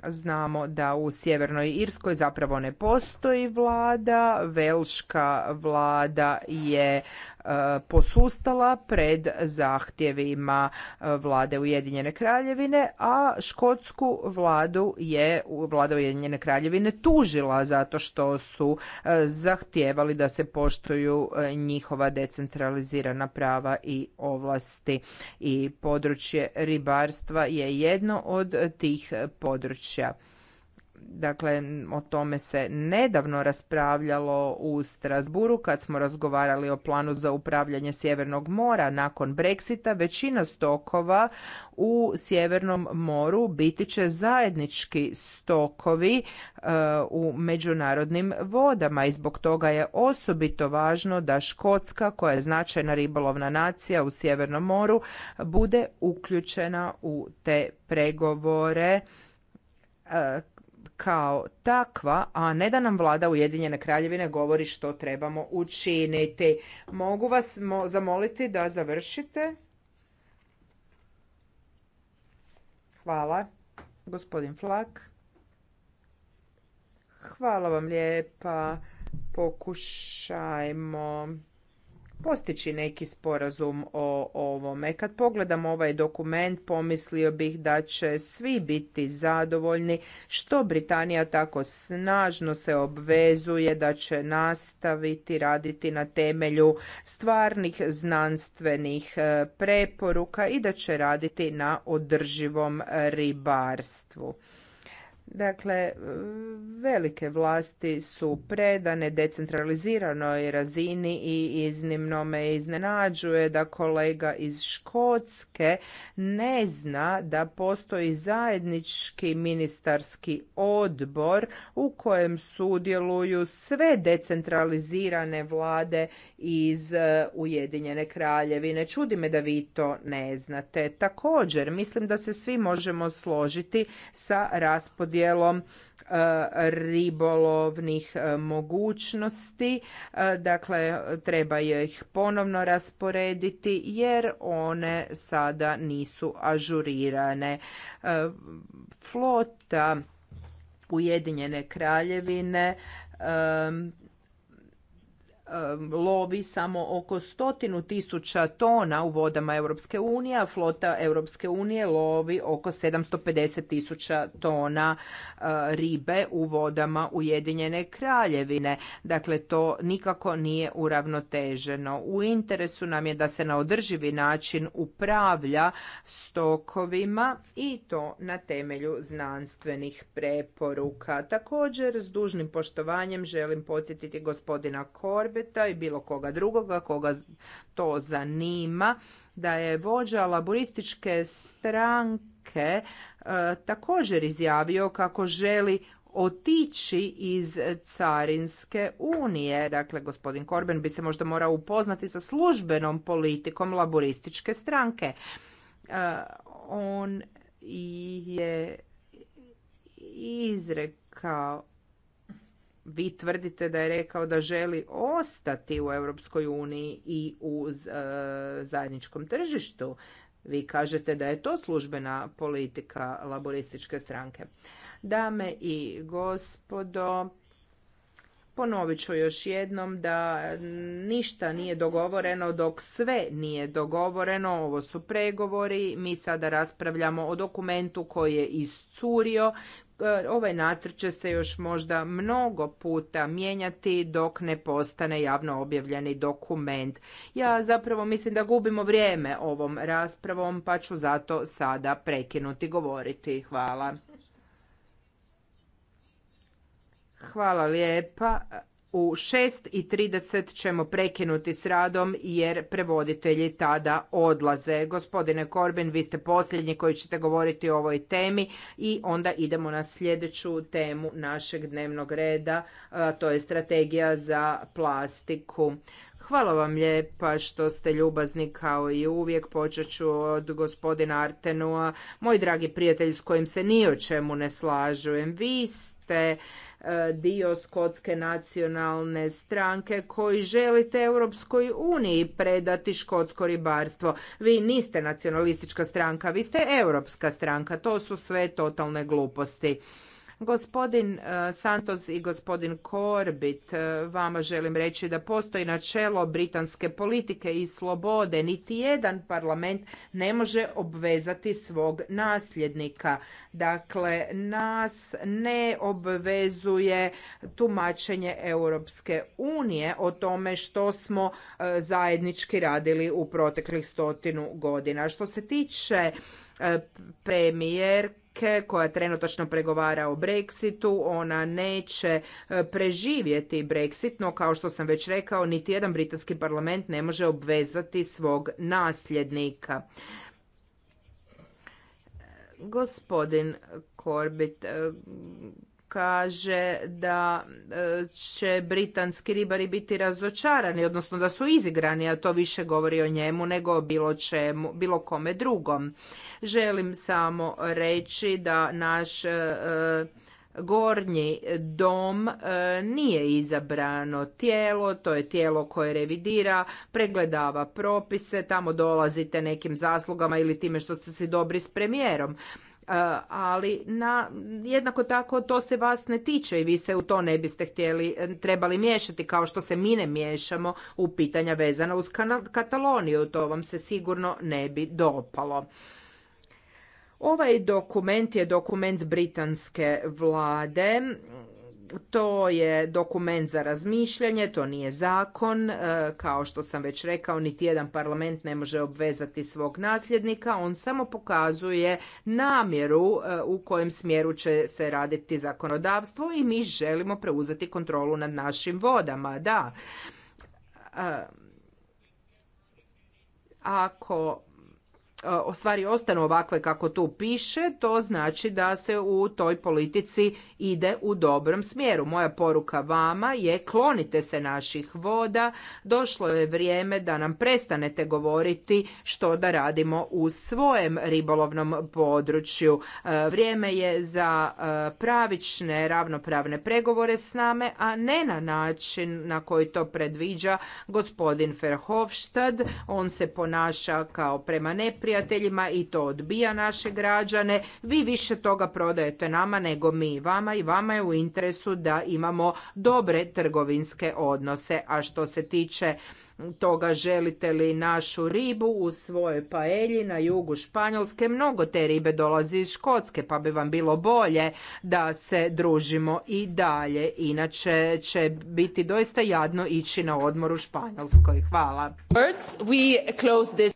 Znamo da u Sjevernoj Irskoj zapravo ne postoji vlada, velška vlada je posustala pred zahtjevima e, vlade Ujedinjene kraljevine, a škotsku vladu je vlada Ujedinjene kraljevine tužila zato što su e, zahtijevali da se poštuju e, njihova decentralizirana prava i ovlasti i područje ribarstva je jedno od tih područja. Dakle, o tome se nedavno raspravljalo u Strasburu kad smo razgovarali o planu za upravljanje Sjevernog mora. Nakon Brexita većina stokova u Sjevernom moru biti će zajednički stokovi e, u međunarodnim vodama i zbog toga je osobito važno da Škotska, koja je značajna ribolovna nacija u Sjevernom moru, bude uključena u te pregovore e, kao takva, a ne da nam vlada Ujedinjene kraljevine govori što trebamo učiniti. Mogu vas zamoliti da završite? Hvala, gospodin Flak. Hvala vam lijepa. Pokušajmo postići neki sporazum o ovome. Kad pogledam ovaj dokument pomislio bih da će svi biti zadovoljni što Britanija tako snažno se obvezuje da će nastaviti raditi na temelju stvarnih znanstvenih e, preporuka i da će raditi na održivom ribarstvu. Dakle, e, velike vlasti su predane decentraliziranoj razini i iznimno me iznenađuje da kolega iz Škotske ne zna da postoji zajednički ministarski odbor u kojem sudjeluju sve decentralizirane vlade iz e, Ujedinjene kraljevine. Čudi me da vi to ne znate. Također, mislim da se svi možemo složiti sa raspodjelom dijelom e, ribolovnih e, mogućnosti. E, dakle, treba ih ponovno rasporediti jer one sada nisu ažurirane. Flota Ujedinjene kraljevine lovi samo oko stotinu tisuća tona u vodama Europske unije, a flota Europske unije lovi oko 750 tisuća tona eh, ribe u vodama Ujedinjene kraljevine. Dakle, to nikako nije uravnoteženo. U interesu nam je da se na održivi način upravlja stokovima i to na temelju znanstvenih preporuka. Također, s dužnim poštovanjem želim podsjetiti gospodina Korbe i bilo koga drugoga koga to zanima da je vođa laborističke stranke e, također izjavio kako želi otići iz carinske unije. Dakle, gospodin Korben bi se možda morao upoznati sa službenom politikom laborističke stranke. E, on je izrekao vi tvrdite da je rekao da želi ostati u Europskoj uniji i u e, zajedničkom tržištu. Vi kažete da je to službena politika laborističke stranke. Dame i gospodo, ponovit ću još jednom da ništa nije dogovoreno dok sve nije dogovoreno. Ovo su pregovori. Mi sada raspravljamo o dokumentu koji je iscurio, E, ovaj nacrt će se još možda mnogo puta mijenjati dok ne postane javno objavljeni dokument. Ja zapravo mislim da gubimo vrijeme ovom raspravom, pa ću zato sada prekinuti govoriti. Hvala. Hvala lijepa u 6.30 ćemo prekinuti s radom jer prevoditelji tada odlaze. Gospodine Korbin, vi ste posljednji koji ćete govoriti o ovoj temi i onda idemo na sljedeću temu našeg dnevnog reda, to je strategija za plastiku. Hvala vam lijepa što ste ljubazni kao i uvijek. Počet ću od gospodina Artenua, moj dragi prijatelj s kojim se ni o čemu ne slažujem. Vi ste E, dio Skotske nacionalne stranke koji želite Europskoj uniji predati škotsko ribarstvo. Vi niste nacionalistička stranka, vi ste europska stranka. To su sve totalne gluposti. Gospodin e, Santos i gospodin Corbett, e, vama želim reći da postoji načelo britanske politike i slobode. Niti jedan parlament ne može obvezati svog nasljednika. Dakle, nas ne obvezuje tumačenje Europske unije o tome što smo e, zajednički radili u proteklih stotinu godina. Što se tiče premijer Velike koja trenutačno pregovara o Brexitu. Ona neće e, preživjeti Brexit, no kao što sam već rekao, niti jedan britanski parlament ne može obvezati svog nasljednika. Gospodin Corbett, e, kaže da e, će britanski ribari biti razočarani, odnosno da su izigrani, a to više govori o njemu nego o bilo, čemu, bilo kome drugom. Želim samo reći da naš e, gornji dom e, nije izabrano tijelo, to je tijelo koje revidira, pregledava propise, tamo dolazite nekim zaslugama ili time što ste si dobri s premijerom. E, ali na, jednako tako to se vas ne tiče i vi se u to ne biste htjeli, e, trebali miješati kao što se mi ne miješamo u pitanja vezana uz Kataloniju. To vam se sigurno ne bi dopalo. Ovaj dokument je dokument britanske vlade to je dokument za razmišljanje, to nije zakon. E, kao što sam već rekao, niti jedan parlament ne može obvezati svog nasljednika. On samo pokazuje namjeru e, u kojem smjeru će se raditi zakonodavstvo i mi želimo preuzeti kontrolu nad našim vodama. Da, e, ako stvari ostanu ovakve kako tu piše, to znači da se u toj politici ide u dobrom smjeru. Moja poruka vama je klonite se naših voda, došlo je vrijeme da nam prestanete govoriti što da radimo u svojem ribolovnom području. Vrijeme je za pravične, ravnopravne pregovore s name, a ne na način na koji to predviđa gospodin Verhofstadt. On se ponaša kao prema neprijatelju neprijateljima i to odbija naše građane. Vi više toga prodajete nama nego mi vama i vama je u interesu da imamo dobre trgovinske odnose. A što se tiče toga želite li našu ribu u svojoj paelji na jugu Španjolske. Mnogo te ribe dolazi iz Škotske pa bi vam bilo bolje da se družimo i dalje. Inače će biti doista jadno ići na odmor u Španjolskoj. Hvala.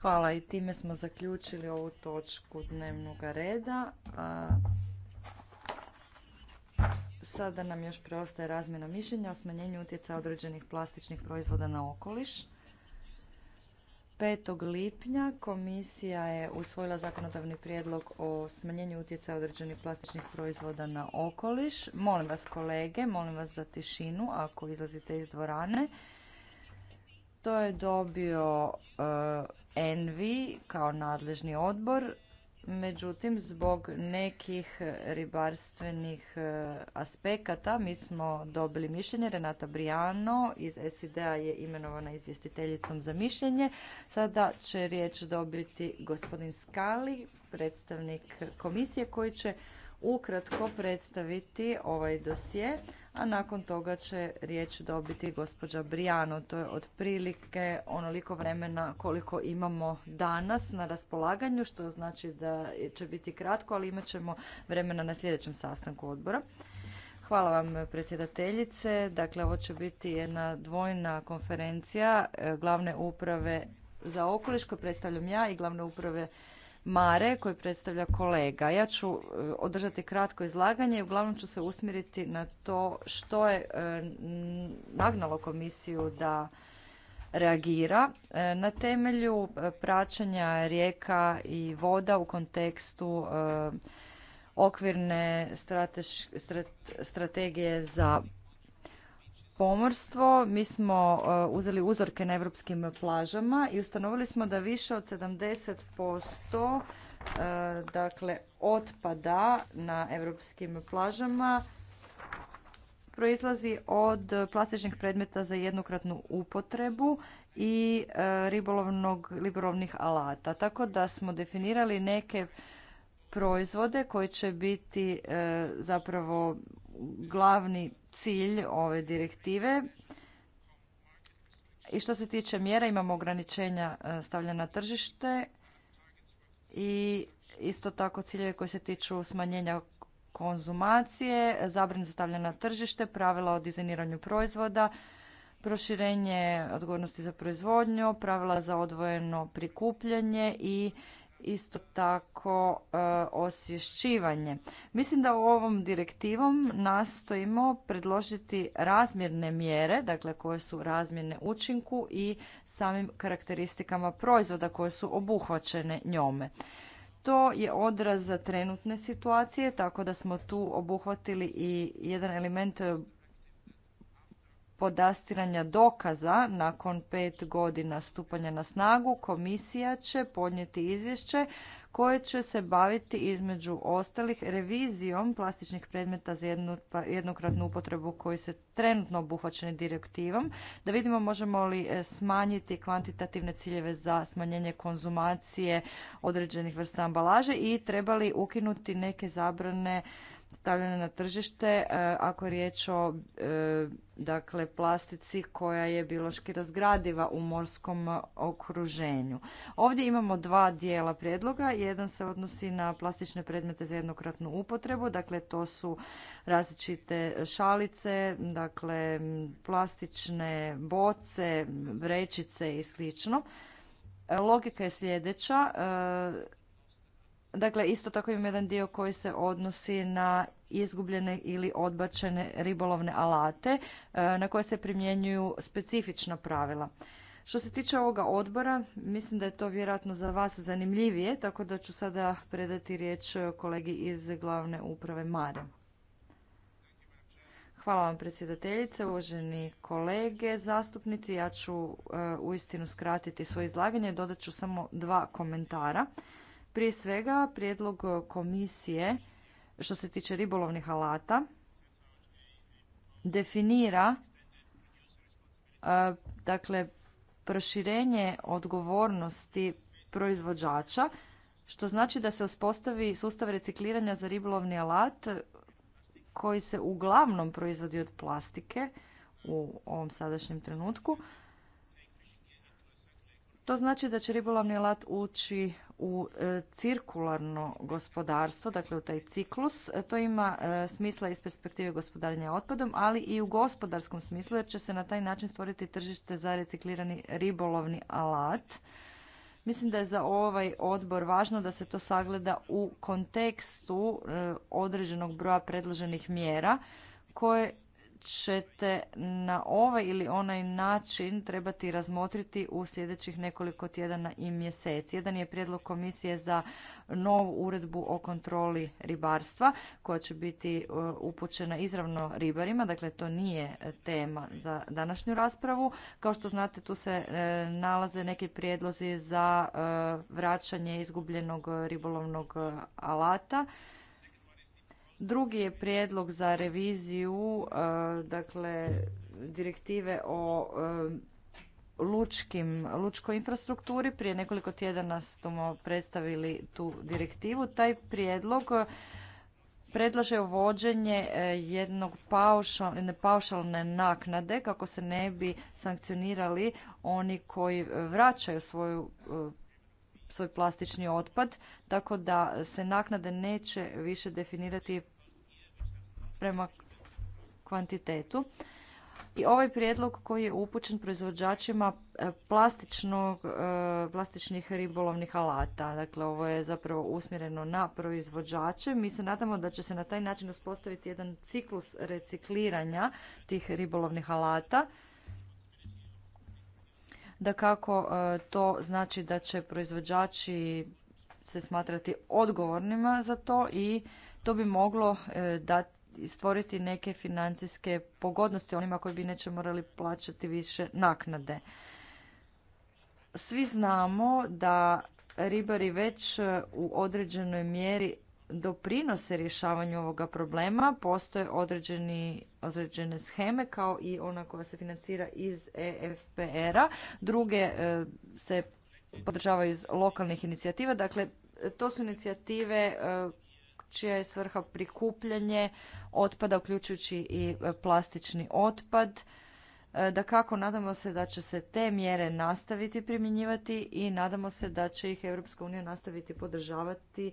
Hvala i time smo zaključili ovu točku dnevnog reda. Sada nam još preostaje razmjena mišljenja o smanjenju utjecaja određenih plastičnih proizvoda na okoliš. 5. lipnja komisija je usvojila zakonodavni prijedlog o smanjenju utjecaja određenih plastičnih proizvoda na okoliš. Molim vas kolege, molim vas za tišinu ako izlazite iz dvorane. To je dobio eh, Envi kao nadležni odbor. Međutim, zbog nekih ribarstvenih e, aspekata mi smo dobili mišljenje. Renata Brijano iz SID-a je imenovana izvjestiteljicom za mišljenje. Sada će riječ dobiti gospodin Skali, predstavnik komisije koji će ukratko predstaviti ovaj dosje, a nakon toga će riječ dobiti gospođa Brijano. To je otprilike onoliko vremena koliko imamo danas na raspolaganju, što znači da će biti kratko, ali imat ćemo vremena na sljedećem sastanku odbora. Hvala vam predsjedateljice. Dakle, ovo će biti jedna dvojna konferencija e, glavne uprave za okoliš koju predstavljam ja i glavne uprave Mare koji predstavlja kolega. Ja ću e, održati kratko izlaganje i uglavnom ću se usmjeriti na to što je e, nagnalo komisiju da reagira e, na temelju praćanja rijeka i voda u kontekstu okvirne strategije za pomorstvo, mi smo e, uzeli uzorke na europskim plažama i ustanovili smo da više od 70% e, dakle otpada na europskim plažama proizlazi od plastičnih predmeta za jednokratnu upotrebu i e, ribolovnog, ribolovnih alata. Tako da smo definirali neke proizvode koji će biti zapravo glavni cilj ove direktive. I što se tiče mjera, imamo ograničenja e, stavljena na tržište i isto tako ciljeve koji se tiču smanjenja konzumacije, za stavljena na tržište, pravila o dizajniranju proizvoda, proširenje odgovornosti za proizvodnju, pravila za odvojeno prikupljanje i isto tako e, osvješćivanje. Mislim da ovom direktivom nastojimo predložiti razmjerne mjere, dakle koje su razmjerne učinku i samim karakteristikama proizvoda koje su obuhvaćene njome. To je odraz za trenutne situacije, tako da smo tu obuhvatili i jedan element podastiranja dokaza nakon pet godina stupanja na snagu komisija će podnijeti izvješće koje će se baviti između ostalih revizijom plastičnih predmeta za pa, jednokratnu upotrebu koji se trenutno obuhvaćeni direktivom, da vidimo možemo li e, smanjiti kvantitativne ciljeve za smanjenje konzumacije određenih vrsta ambalaže i treba li ukinuti neke zabrane stavljene na tržište e, ako je riječ o e, dakle plastici koja je biološki razgradiva u morskom okruženju. Ovdje imamo dva dijela predloga. Jedan se odnosi na plastične predmete za jednokratnu upotrebu, dakle to su različite šalice, dakle plastične boce, vrećice i slično. Logika je sljedeća, e, Dakle, isto tako imam jedan dio koji se odnosi na izgubljene ili odbačene ribolovne alate e, na koje se primjenjuju specifična pravila. Što se tiče ovoga odbora, mislim da je to vjerojatno za vas zanimljivije, tako da ću sada predati riječ kolegi iz glavne uprave Mare. Hvala vam predsjedateljice, uvaženi kolege, zastupnici. Ja ću e, uistinu skratiti svoje izlaganje, dodat ću samo dva komentara. Prije svega, prijedlog e, komisije što se tiče ribolovnih alata definira e, dakle proširenje odgovornosti proizvođača što znači da se uspostavi sustav recikliranja za ribolovni alat koji se uglavnom proizvodi od plastike u ovom sadašnjem trenutku. To znači da će ribolovni alat ući u e, cirkularno gospodarstvo, dakle u taj ciklus. E, to ima e, smisla iz perspektive gospodarenja otpadom, ali i u gospodarskom smislu jer će se na taj način stvoriti tržište za reciklirani ribolovni alat. Mislim da je za ovaj odbor važno da se to sagleda u kontekstu određenog broja predloženih mjera koje ćete na ovaj ili onaj način trebati razmotriti u sljedećih nekoliko tjedana i mjeseci. Jedan je prijedlog komisije za novu uredbu o kontroli ribarstva koja će biti e, upućena izravno ribarima. Dakle, to nije tema za današnju raspravu. Kao što znate, tu se e, nalaze neki prijedlozi za e, vraćanje izgubljenog ribolovnog alata Drugi je prijedlog za reviziju e, dakle direktive o e, lučkim, lučkoj infrastrukturi. Prije nekoliko tjedana smo predstavili tu direktivu. Taj prijedlog predlaže uvođenje e, jednog paušalne, paušalne naknade kako se ne bi sankcionirali oni koji vraćaju svoju svoj plastični otpad, tako da se naknade neće više definirati prema kvantitetu. I ovaj prijedlog koji je upućen proizvođačima e, plastičnog, e, plastičnih ribolovnih alata. Dakle, ovo je zapravo usmjereno na proizvođače. Mi se nadamo da će se na taj način uspostaviti jedan ciklus recikliranja tih ribolovnih alata. Da kako e, to znači da će proizvođači se smatrati odgovornima za to i to bi moglo dati stvoriti neke financijske pogodnosti onima koji bi neće morali plaćati više naknade. Svi znamo da ribari već u određenoj mjeri doprinose rješavanju ovoga problema. Postoje određeni, određene scheme kao i ona koja se financira iz EFPR-a. Druge e, se podržavaju iz lokalnih inicijativa. Dakle, to su inicijative e, čija je svrha prikupljanje otpada, uključujući i e, plastični otpad. E, da kako nadamo se da će se te mjere nastaviti primjenjivati i nadamo se da će ih Europska unija nastaviti podržavati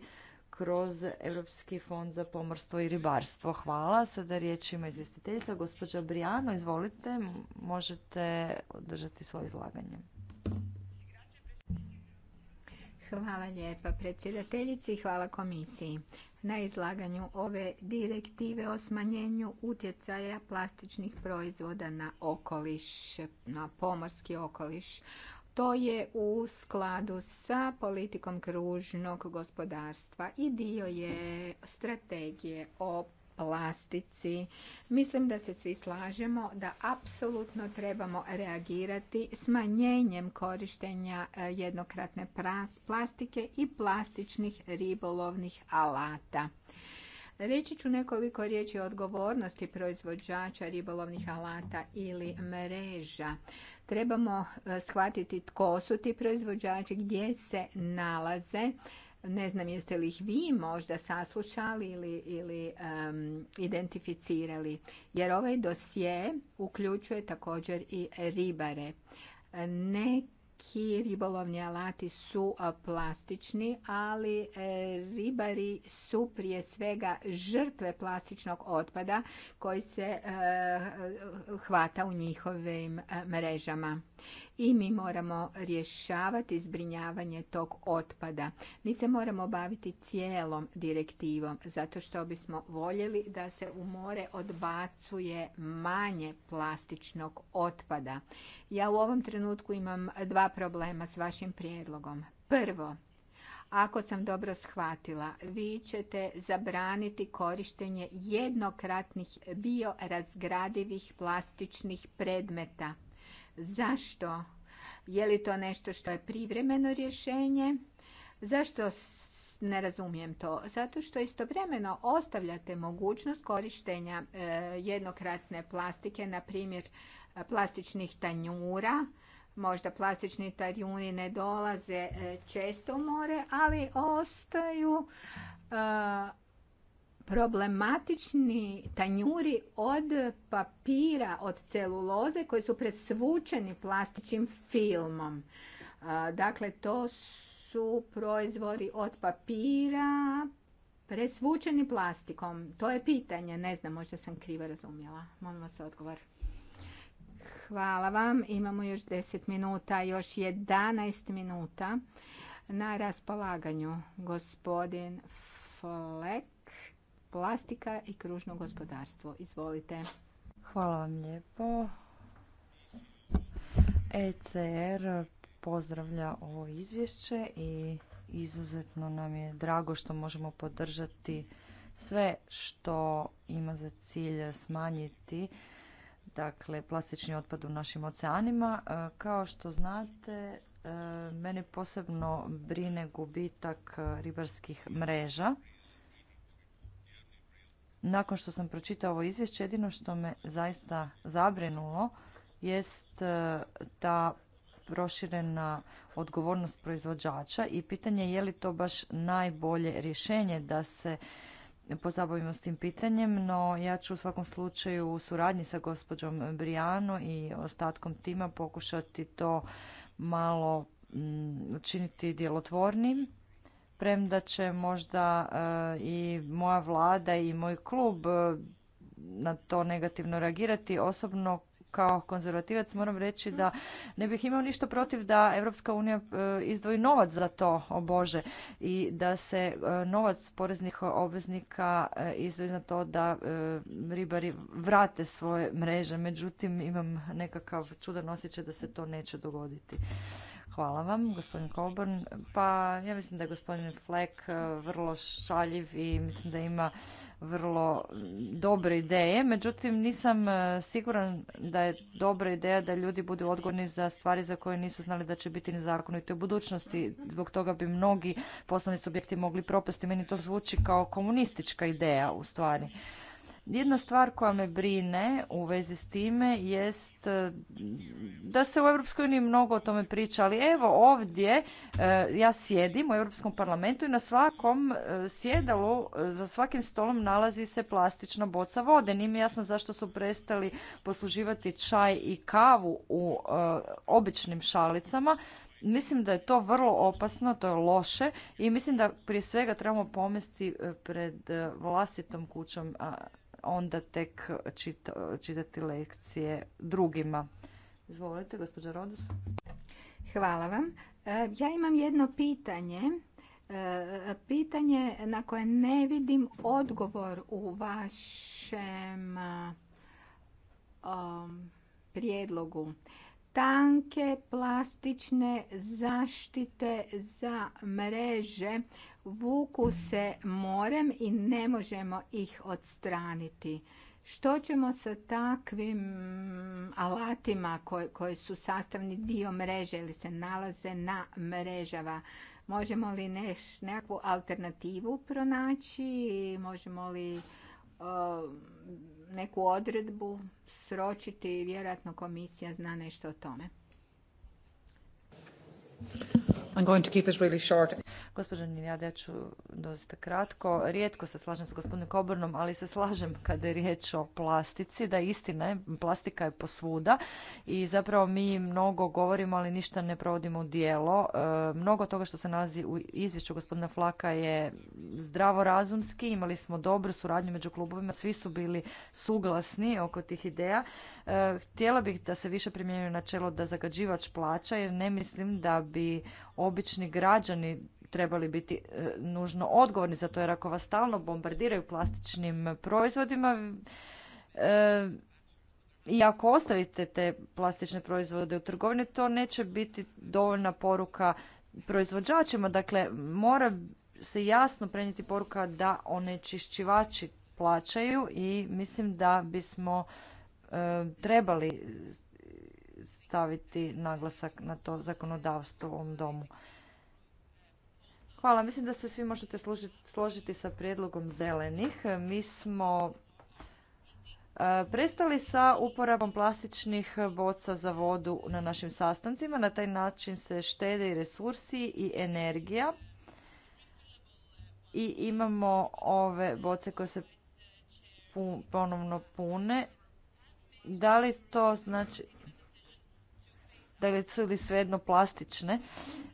kroz Europski fond za pomorstvo i ribarstvo. Hvala. Sada riječ ima izvjestiteljica. Gospođa Brijano, izvolite, možete održati svoje izlaganje. Hvala lijepa predsjedateljici i hvala komisiji na izlaganju ove direktive o smanjenju utjecaja plastičnih proizvoda na okoliš, na pomorski okoliš. To je u skladu sa politikom kružnog gospodarstva i dio je strategije o plastici. Mislim da se svi slažemo da apsolutno trebamo reagirati smanjenjem korištenja e, jednokratne plastike i plastičnih ribolovnih alata. Reći ću nekoliko riječi o odgovornosti proizvođača ribolovnih alata ili mreža. Trebamo e, shvatiti tko su ti proizvođači, gdje se nalaze ne znam jeste li ih vi možda saslušali ili, ili identificirali. Jer ovaj dosje uključuje također i ribare. neki ribolovni alati su plastični, ali e, ribari su prije svega žrtve plastičnog otpada koji se e, hvata u njihovim e, mrežama i mi moramo rješavati zbrinjavanje tog otpada. Mi se moramo baviti cijelom direktivom zato što bismo voljeli da se u more odbacuje manje plastičnog otpada. Ja u ovom trenutku imam dva problema s vašim prijedlogom. Prvo, ako sam dobro shvatila, vi ćete zabraniti korištenje jednokratnih biorazgradivih plastičnih predmeta. Zašto? Je li to nešto što je privremeno rješenje? Zašto ne razumijem to? Zato što istovremeno ostavljate mogućnost korištenja e, jednokratne plastike, na primjer plastičnih tanjura, možda plastični tarjuni ne dolaze e, često u more, ali ostaju e, problematični tanjuri od papira, od celuloze koji su presvučeni plastičnim filmom. Dakle, to su proizvodi od papira presvučeni plastikom. To je pitanje, ne znam, možda sam krivo razumjela. Molim vas odgovor. Hvala vam. Imamo još 10 minuta, još 11 minuta na raspolaganju. Gospodin Fleck plastika i kružno gospodarstvo. Izvolite. Hvala vam lijepo. ECR pozdravlja ovo izvješće i izuzetno nam je drago što možemo podržati sve što ima za cilj smanjiti dakle plastični otpad u našim oceanima. E, kao što znate, e, mene posebno brine gubitak ribarskih mreža nakon što sam pročitao ovo izvješće, jedino što me zaista zabrinulo jest e, ta proširena odgovornost proizvođača i pitanje je li to baš najbolje rješenje da se pozabavimo s tim pitanjem, no ja ću u svakom slučaju u suradnji sa gospođom Brijano i ostatkom tima pokušati to malo učiniti djelotvornim premda će možda e, i moja vlada i moj klub e, na to negativno reagirati. Osobno kao konzervativac moram reći da ne bih imao ništa protiv da Europska unija e, izdvoji novac za to, o Bože, i da se novac poreznih obveznika izdvoji za to da ribari vrate svoje mreže. Međutim, imam nekakav čudan osjećaj da se to neće dogoditi. Hvala vam, gospodin Coburn. Pa ja mislim da je gospodin Fleck e, vrlo šaljiv i mislim da ima vrlo dobre ideje. Međutim, nisam e, siguran da je dobra ideja da ljudi budu odgovorni za stvari za koje nisu znali da će biti nezakonite u budućnosti. Zbog toga bi mnogi poslovni subjekti mogli propasti. Meni to zvuči kao komunistička ideja u stvari. Jedna stvar koja me brine u vezi s time jest e, da se u EU mnogo o tome priča, ali evo ovdje e, ja sjedim u Europskom parlamentu i na svakom e, sjedalu, za svakim stolom nalazi se plastična boca vode. Nije mi jasno zašto su prestali posluživati čaj i kavu u običnim šalicama. Mislim da je to vrlo opasno, to je loše i mislim da prije svega trebamo pomesti pred vlastitom kućom, onda tek čitati lekcije drugima. Izvolite, gospođa Rodos. Hvala vam. E, ja imam jedno pitanje. E, pitanje na koje ne vidim odgovor u vašem e, um, prijedlogu. Tanke plastične zaštite za mreže vuku se morem i ne možemo ih odstraniti. Što ćemo sa takvim alatima koji, su sastavni dio mreže ili se nalaze na mrežava? Možemo li neš, nekakvu alternativu pronaći? Možemo li neku odredbu sročiti? Vjerojatno komisija zna nešto o tome. I'm going to keep it ja ću dosta kratko. Rijetko se slažem s gospodinom Kobornom, ali se slažem kada je riječ o plastici, da istina je, plastika je posvuda i zapravo mi mnogo govorimo, ali ništa ne provodimo u dijelo. E, mnogo toga što se nalazi u izvješću gospodina Flaka je zdravorazumski, imali smo dobru suradnju među klubovima, svi su bili suglasni oko tih ideja. E, htjela bih da se više primjenjuje načelo da zagađivač plaća jer ne mislim da bi obični građani trebali biti e, nužno odgovorni za to jer ako vas stalno bombardiraju plastičnim proizvodima e, i ako ostavite te plastične proizvode u trgovini to neće biti dovoljna poruka proizvođačima. Dakle, mora se jasno prenijeti poruka da onečišćivači plaćaju i mislim da bismo E, trebali staviti naglasak na to zakonodavstvo u ovom domu. Hvala. Mislim da se svi možete složiti sa prijedlogom zelenih. Mi smo e, prestali sa uporabom plastičnih boca za vodu na našim sastancima. Na taj način se štede i resursi i energija. I imamo ove boce koje se ponovno pune da li to znači da li su li svejedno plastične.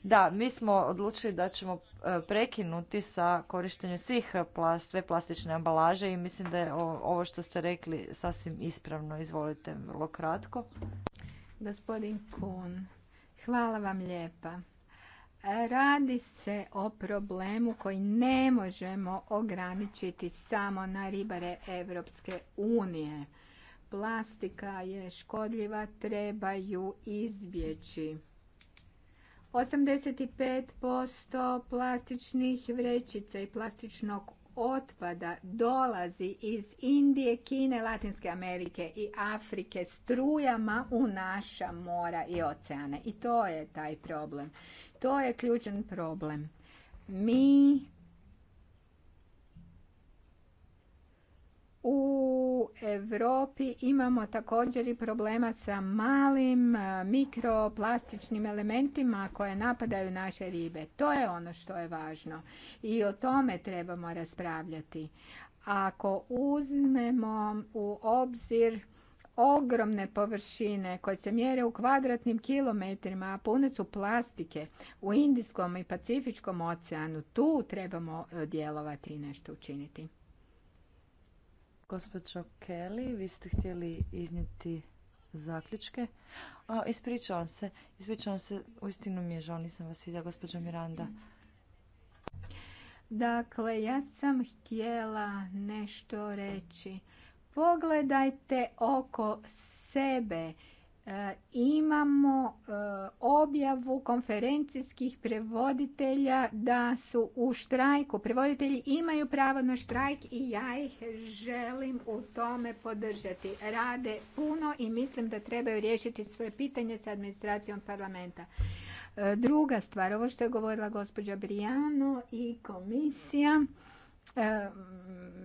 Da, mi smo odlučili da ćemo e, prekinuti sa korištenjem svih sve plastične ambalaže i mislim da je ovo što ste rekli sasvim ispravno. Izvolite, vrlo kratko. Gospodin Kun, hvala vam lijepa. Radi se o problemu koji ne možemo ograničiti samo na ribare Evropske unije plastika je škodljiva, treba ju izbjeći. 85% plastičnih vrećica i plastičnog otpada dolazi iz Indije, Kine, Latinske Amerike i Afrike strujama u naša mora i oceane. I to je taj problem. To je ključan problem. Mi u Europi imamo također i problema sa malim e, mikroplastičnim elementima koje napadaju naše ribe. To je ono što je važno i o tome trebamo raspravljati. Ako uzmemo u obzir ogromne površine koje se mjere u kvadratnim kilometrima, a pune su plastike u Indijskom i Pacifičkom oceanu, tu trebamo e, djelovati i nešto učiniti. Gospođo Kelly, vi ste htjeli iznijeti zaključke. A, ispričavam se, ispričavam se, uistinu mi je žao, nisam vas vidjela, gospođo Miranda. Dakle, ja sam htjela nešto reći. Pogledajte oko sebe E, imamo e, objavu konferencijskih prevoditelja da su u štrajku. Prevoditelji imaju pravo na štrajk i ja ih želim u tome podržati. Rade puno i mislim da trebaju riješiti svoje pitanje sa administracijom parlamenta. E, druga stvar, ovo što je govorila gospođa Brijano i komisija,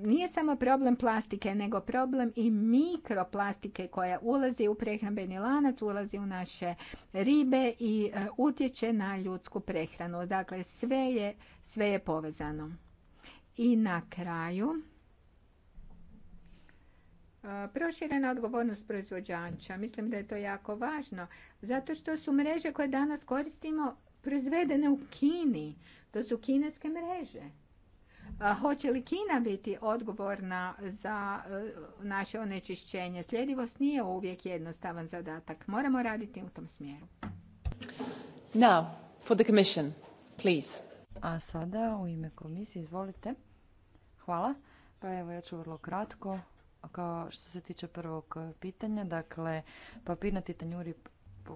nije samo problem plastike, nego problem i mikroplastike koja ulazi u prehrambeni lanac, ulazi u naše ribe i e, utječe na ljudsku prehranu. Dakle, sve je, sve je povezano. I na kraju, e, Proširena odgovornost proizvođača. Mislim da je to jako važno. Zato što su mreže koje danas koristimo proizvedene u Kini. To su kineske mreže. Hoće li Kina biti odgovorna za e, naše onečišćenje? Sljedivost nije uvijek jednostavan zadatak. Moramo raditi u tom smjeru. Now, for the commission, please. A sada u ime komisije, izvolite. Hvala. Pa evo ja ću vrlo kratko. Kao što se tiče prvog pitanja, dakle, papirnati tanjuri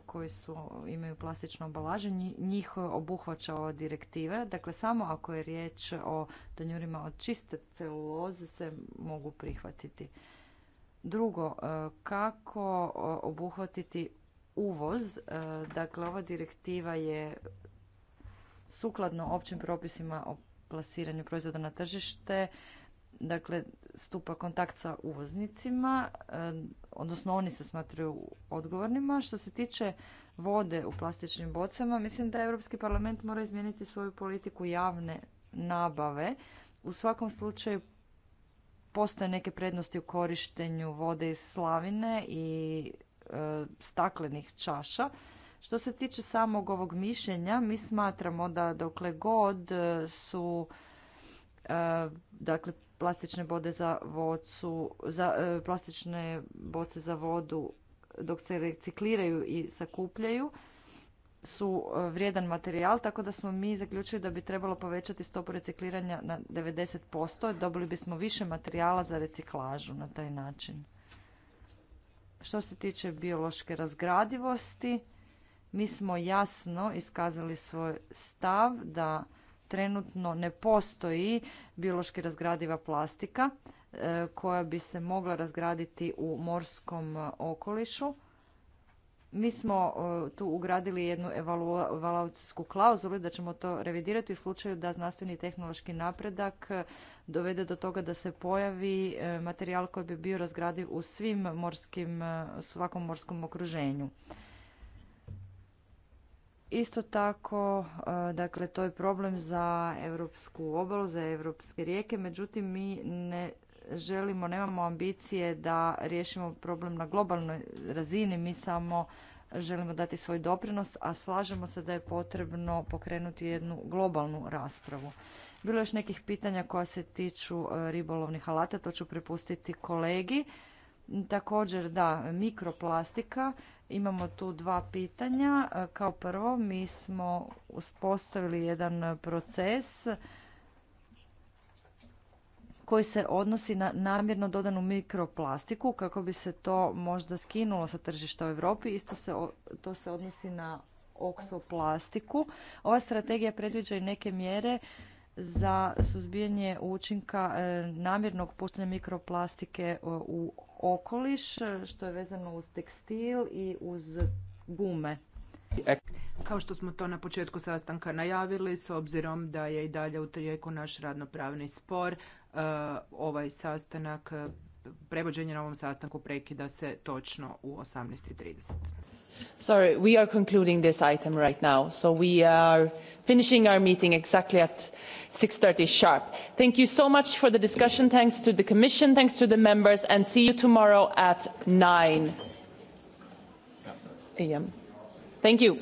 koji su, imaju plastično obalaženje, njih obuhvaća ova direktiva. Dakle, samo ako je riječ o tanjurima od čiste celuloze se mogu prihvatiti. Drugo, e, kako e, obuhvatiti uvoz? E, dakle, ova direktiva je sukladno općim propisima o plasiranju proizvoda na tržište dakle, stupa kontakt sa uvoznicima, e, odnosno oni se smatraju odgovornima. Što se tiče vode u plastičnim bocama, mislim da Europski parlament mora izmijeniti svoju politiku javne nabave. U svakom slučaju postoje neke prednosti u korištenju vode iz slavine i e, staklenih čaša. Što se tiče samog ovog mišljenja, mi smatramo da dokle god su e, dakle plastične bode za vocu, za, e, plastične boce za vodu dok se recikliraju i sakupljaju su e, vrijedan materijal, tako da smo mi zaključili da bi trebalo povećati stopu recikliranja na 90%. Dobili bismo više materijala za reciklažu na taj način. Što se tiče biološke razgradivosti, mi smo jasno iskazali svoj stav da trenutno ne postoji biološki razgradiva plastika e, koja bi se mogla razgraditi u morskom e, okolišu. Mi smo e, tu ugradili jednu evaluacijsku klauzulu da ćemo to revidirati u slučaju da znanstveni tehnološki napredak dovede do toga da se pojavi materijal koji bi bio razgradiv u svim morskim, svakom morskom okruženju. Isto tako, e, dakle, to je problem za europsku obalu, za europske rijeke, međutim, mi ne želimo, nemamo ambicije da riješimo problem na globalnoj razini, mi samo želimo dati svoj doprinos, a slažemo se da je potrebno pokrenuti jednu globalnu raspravu. Bilo je još nekih pitanja koja se tiču e, ribolovnih alata, to ću prepustiti kolegi. Također, da, mikroplastika, Imamo tu dva pitanja. Kao prvo, mi smo uspostavili jedan proces koji se odnosi na namjerno dodanu mikroplastiku kako bi se to možda skinulo sa tržišta u Europi. Isto se to se odnosi na oksoplastiku. Ova strategija predviđa i neke mjere za suzbijanje učinka e, namjernog puštanja mikroplastike e, u okoliš što je vezano uz tekstil i uz gume. Kao što smo to na početku sastanka najavili, s obzirom da je i dalje u tijeku naš radnopravni spor, e, ovaj sastanak, prevođenje na ovom sastanku prekida se točno u 18.30. Sorry, we are concluding this item right now. So we are finishing our meeting exactly at 6.30 sharp. Thank you so much for the discussion. Thanks to the Commission. Thanks to the members. And see you tomorrow at 9 a.m. Thank you.